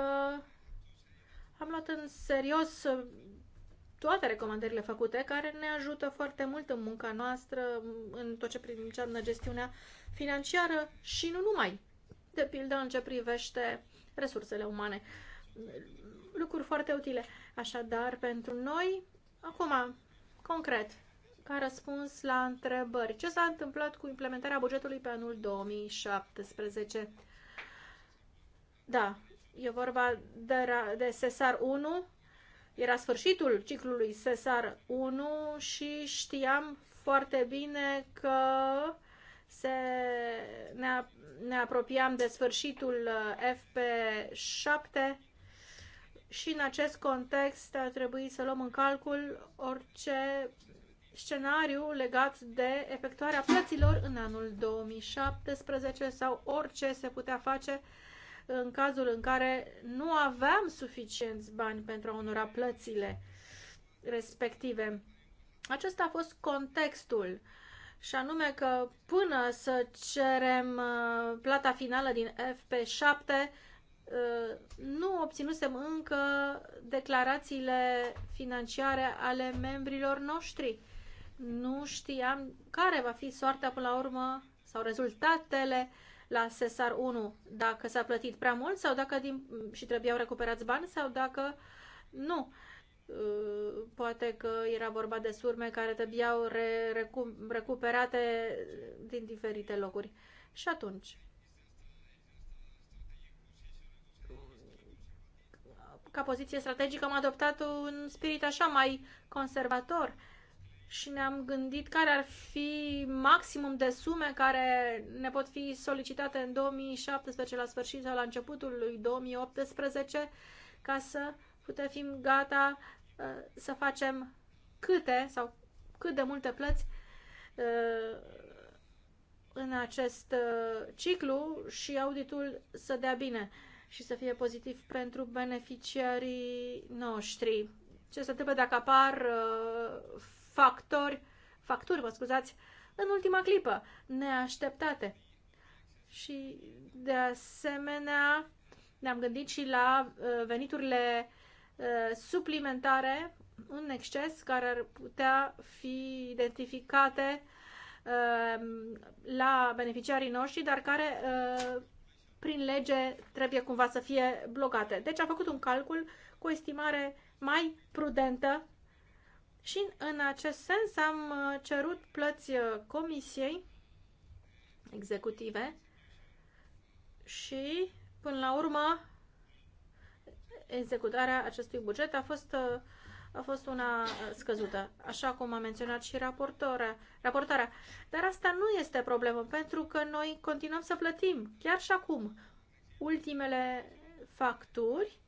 am luat în serios toate recomandările făcute, care ne ajută foarte mult în munca noastră, în tot ce înseamnă gestiunea financiară și nu numai, de pildă în ce privește resursele umane. Lucruri foarte utile. Așadar, pentru noi, acum, concret, ca răspuns la întrebări, ce s-a întâmplat cu implementarea bugetului pe anul 2017? Da, e vorba de, de SESAR 1, era sfârșitul ciclului Sesar 1 și știam foarte bine că se, ne, ne apropiam de sfârșitul uh, FP7 și în acest context ar trebui să luăm în calcul orice scenariu legat de efectuarea plăților în anul 2017 sau orice se putea face uh, în cazul în care nu aveam suficienți bani pentru a onora plățile respective. Acesta a fost contextul și anume că până să cerem uh, plata finală din FP7 uh, nu obținusem încă declarațiile financiare ale membrilor noștri. Nu știam care va fi soarta până la urmă sau rezultatele uh, la SESAR 1 dacă s-a plătit prea mult sau dacă din, și trebuiau recuperați bani sau dacă nu. Uh, poate că era vorba de surme care trebuiau re, recu, recuperate din diferite locuri. Și atunci, ca poziție strategică am adoptat un spirit așa mai conservator și ne-am gândit care ar fi maximum de sume care ne pot fi solicitate în 2017 la sfârșit sau la începutul lui 2018 ca să putem fi gata uh, să facem câte sau cât de multe plăți uh, în acest uh, ciclu și auditul să dea bine și să fie pozitiv pentru beneficiarii noștri. Ce se întâmplă dacă apar factori, facturi, vă scuzați, în ultima clipă, neașteptate. Și de asemenea ne-am gândit și la uh, veniturile uh, suplimentare în exces care ar putea fi identificate uh, la beneficiarii noștri, dar care prin lege trebuie cumva să fie blocate. Deci a făcut un calcul cu o estimare mai prudentă și în acest sens am uh, cerut plăți uh, comisiei executive și până la urmă executarea acestui buget a fost, uh, a fost una scăzută, așa cum a menționat și raportoarea, raportarea. Dar asta nu este problemă, pentru că noi continuăm să plătim, chiar și acum, ultimele facturi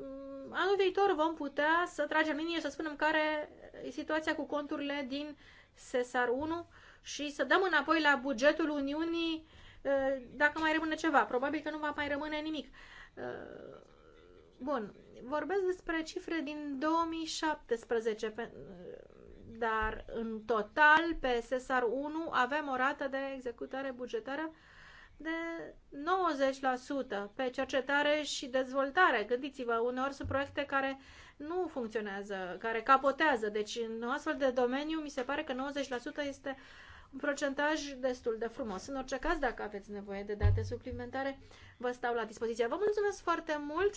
Mm, anul viitor vom putea să tragem linie, să spunem care e situația cu conturile din SESAR 1 și să dăm înapoi la bugetul Uniunii eh, dacă mai rămâne ceva. Probabil că nu va mai rămâne nimic. Eh, bun, vorbesc despre cifre din 2017, eh, dar în total pe SESAR 1 avem o rată de executare bugetară de 90% pe cercetare și dezvoltare. Gândiți-vă, uneori sunt proiecte care nu funcționează, care capotează. Deci, în astfel de domeniu, mi se pare că 90% este un procentaj destul de frumos. În orice caz, dacă aveți nevoie de date suplimentare, vă stau la dispoziție. Vă mulțumesc foarte mult!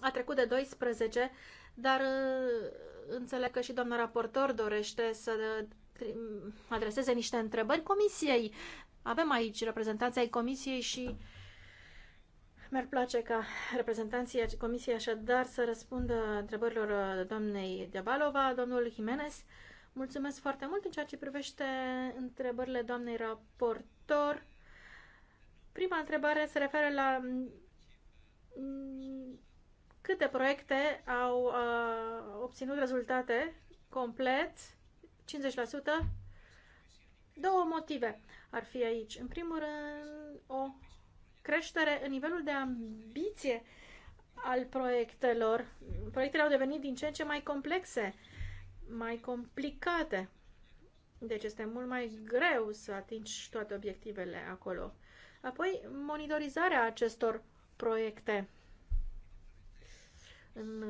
A trecut de 12, dar uh, înțeleg că și doamna raportor dorește să uh, adreseze niște întrebări comisiei. Avem aici reprezentanții ai Comisiei și mi-ar place ca reprezentanții Comisiei așadar să răspundă întrebărilor uh, doamnei Diabalova, domnul Jimenez. Mulțumesc foarte mult în ceea ce privește întrebările doamnei raportor. Prima întrebare se referă la mm, câte proiecte au uh, obținut rezultate complet, 50%, Două motive ar fi aici. În primul rând, o creștere în nivelul de ambiție al proiectelor. Proiectele au devenit din ce în ce mai complexe, mai complicate. Deci este mult mai greu să atingi toate obiectivele acolo. Apoi, monitorizarea acestor proiecte în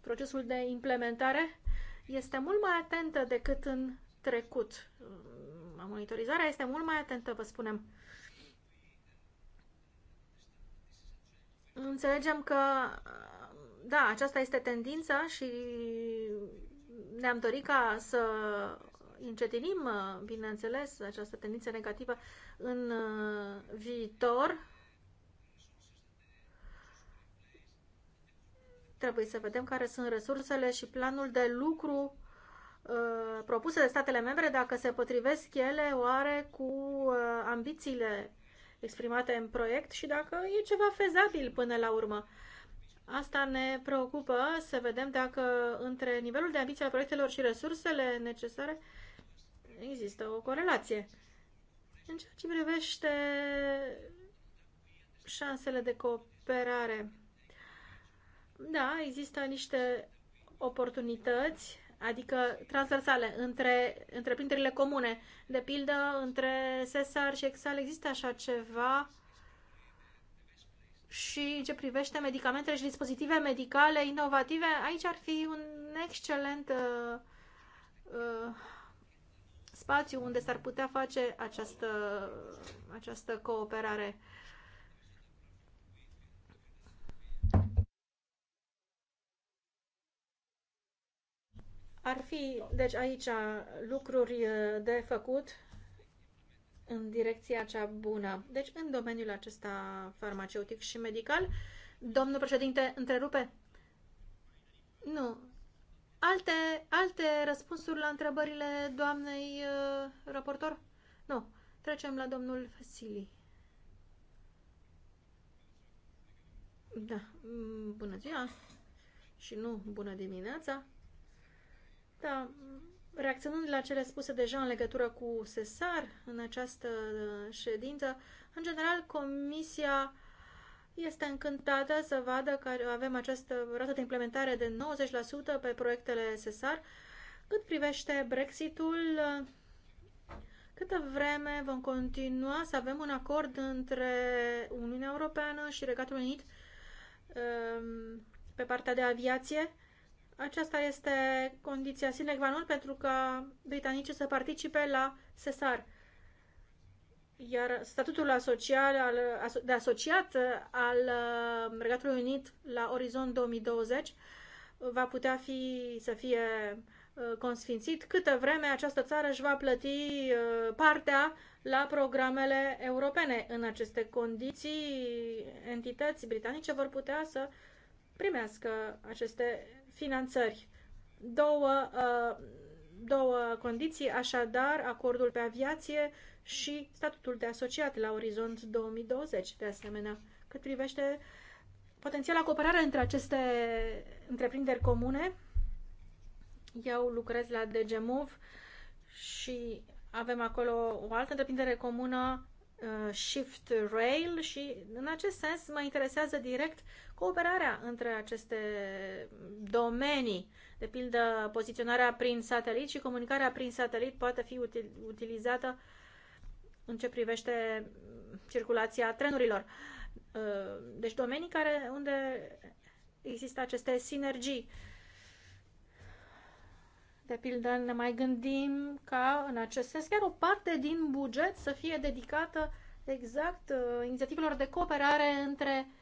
procesul de implementare este mult mai atentă decât în trecut monitorizarea este mult mai atentă, vă spunem. Înțelegem că, da, aceasta este tendința și ne-am dorit ca să încetinim, bineînțeles, această tendință negativă în uh, viitor. Trebuie să vedem care sunt resursele și planul de lucru Uh, propuse de statele membre, dacă se potrivesc ele oare cu uh, ambițiile exprimate în proiect și dacă e ceva fezabil până la urmă. Asta ne preocupă să vedem dacă între nivelul de ambiție al proiectelor și resursele necesare există o corelație. În ceea ce privește șansele de cooperare, da, există niște oportunități adică transversale, între întreprinderile comune. De pildă, între SESAR și EXAL există așa ceva și în ce privește medicamentele și dispozitive medicale inovative, aici ar fi un excelent uh, uh, spațiu unde s-ar putea face această, această cooperare. Ar fi, deci, aici lucruri uh, de făcut în direcția cea bună. Deci, în domeniul acesta farmaceutic și medical, domnul președinte, întrerupe? Nu. Alte, alte răspunsuri la întrebările doamnei uh, raportor? Nu. Trecem la domnul Vasili. Da, mm, bună ziua și nu bună dimineața. Da, reacționând la cele spuse deja în legătură cu Sesar în această uh, ședință, în general, Comisia este încântată să vadă că avem această rată de implementare de 90% pe proiectele Sesar. Cât privește Brexitul, uh, câtă vreme vom continua să avem un acord între Uniunea Europeană și Regatul Unit uh, pe partea de aviație, aceasta este condiția sine qua non pentru că britanicii să participe la SESAR. Iar statutul asocial, al, de asociat uh, al uh, Regatului Unit la Orizont 2020 va putea fi să fie uh, consfințit câtă vreme această țară își va plăti partea la programele europene. În aceste condiții, entități britanice vor putea să primească aceste finanțări. Două, uh, două condiții, așadar, acordul pe aviație și statutul de asociat la Orizont 2020, de asemenea, cât privește potențiala cooperare între aceste întreprinderi comune. Eu lucrez la DGMOV și avem acolo o altă întreprindere comună, uh, Shift Rail, și în acest sens mă interesează direct cooperarea între aceste domenii. De pildă, poziționarea prin satelit și comunicarea prin satelit poate fi util, utilizată în ce privește circulația trenurilor. Uh, deci domenii care, unde există aceste sinergii. De pildă, ne mai gândim ca, în acest sens, chiar o parte din buget să fie dedicată exact uh, inițiativelor de cooperare între uh,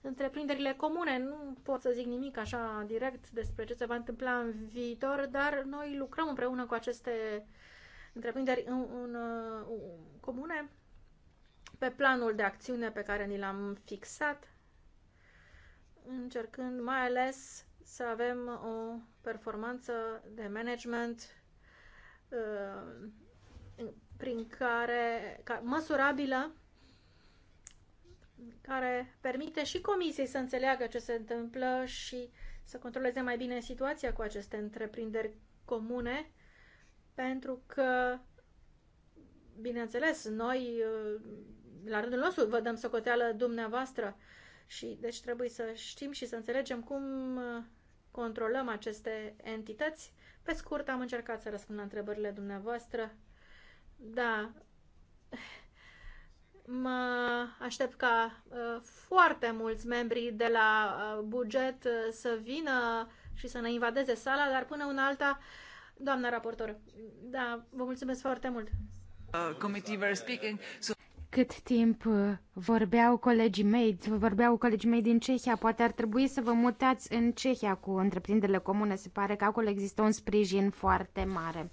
întreprinderile comune. Nu pot să zic nimic așa direct despre ce se va întâmpla în viitor, dar noi lucrăm împreună cu aceste întreprinderi în, în, în comune pe planul de acțiune pe care ni l-am fixat, încercând mai ales să avem o performanță de management uh, prin care, ca, măsurabilă care permite și comisiei să înțeleagă ce se întâmplă și să controleze mai bine situația cu aceste întreprinderi comune, pentru că, bineînțeles, noi, uh, la rândul nostru, vă dăm socoteală dumneavoastră și deci trebuie să știm și să înțelegem cum uh, controlăm aceste entități. Pe scurt, am încercat să răspund la întrebările dumneavoastră. Da, mă aștept ca uh, foarte mulți membri de la uh, buget uh, să vină și să ne invadeze sala, dar până în alta, doamna raportor, da, vă mulțumesc foarte mult. Cât timp vorbeau colegii mei, vorbeau colegii mei din Cehia, poate ar trebui să vă mutați în Cehia cu întreprinderile comune. Se pare că acolo există un sprijin foarte mare.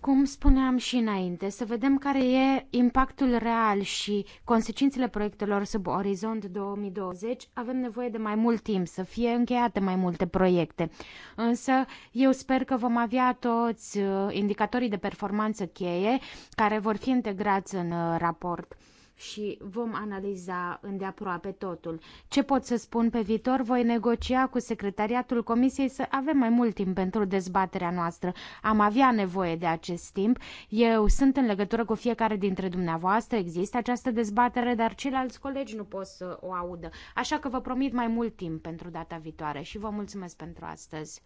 Cum spuneam și înainte, să vedem care e impactul real și consecințele proiectelor sub orizont 2020. Avem nevoie de mai mult timp, să fie încheiate mai multe proiecte. Însă eu sper că vom avea toți uh, indicatorii de performanță cheie care vor fi integrați în uh, raport și vom analiza îndeaproape totul. Ce pot să spun pe viitor? Voi negocia cu secretariatul comisiei să avem mai mult timp pentru dezbaterea noastră. Am avea nevoie de acest timp. Eu sunt în legătură cu fiecare dintre dumneavoastră. Există această dezbatere, dar ceilalți colegi nu pot să o audă. Așa că vă promit mai mult timp pentru data viitoare și vă mulțumesc pentru astăzi.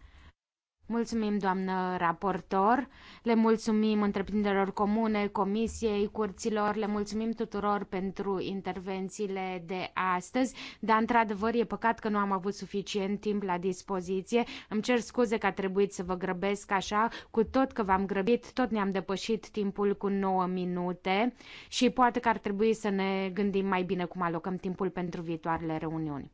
Mulțumim, doamnă raportor, le mulțumim întreprinderilor comune, comisiei, curților, le mulțumim tuturor pentru intervențiile de astăzi, dar într-adevăr e păcat că nu am avut suficient timp la dispoziție. Îmi cer scuze că a trebuit să vă grăbesc așa, cu tot că v-am grăbit, tot ne-am depășit timpul cu 9 minute și poate că ar trebui să ne gândim mai bine cum alocăm timpul pentru viitoarele reuniuni.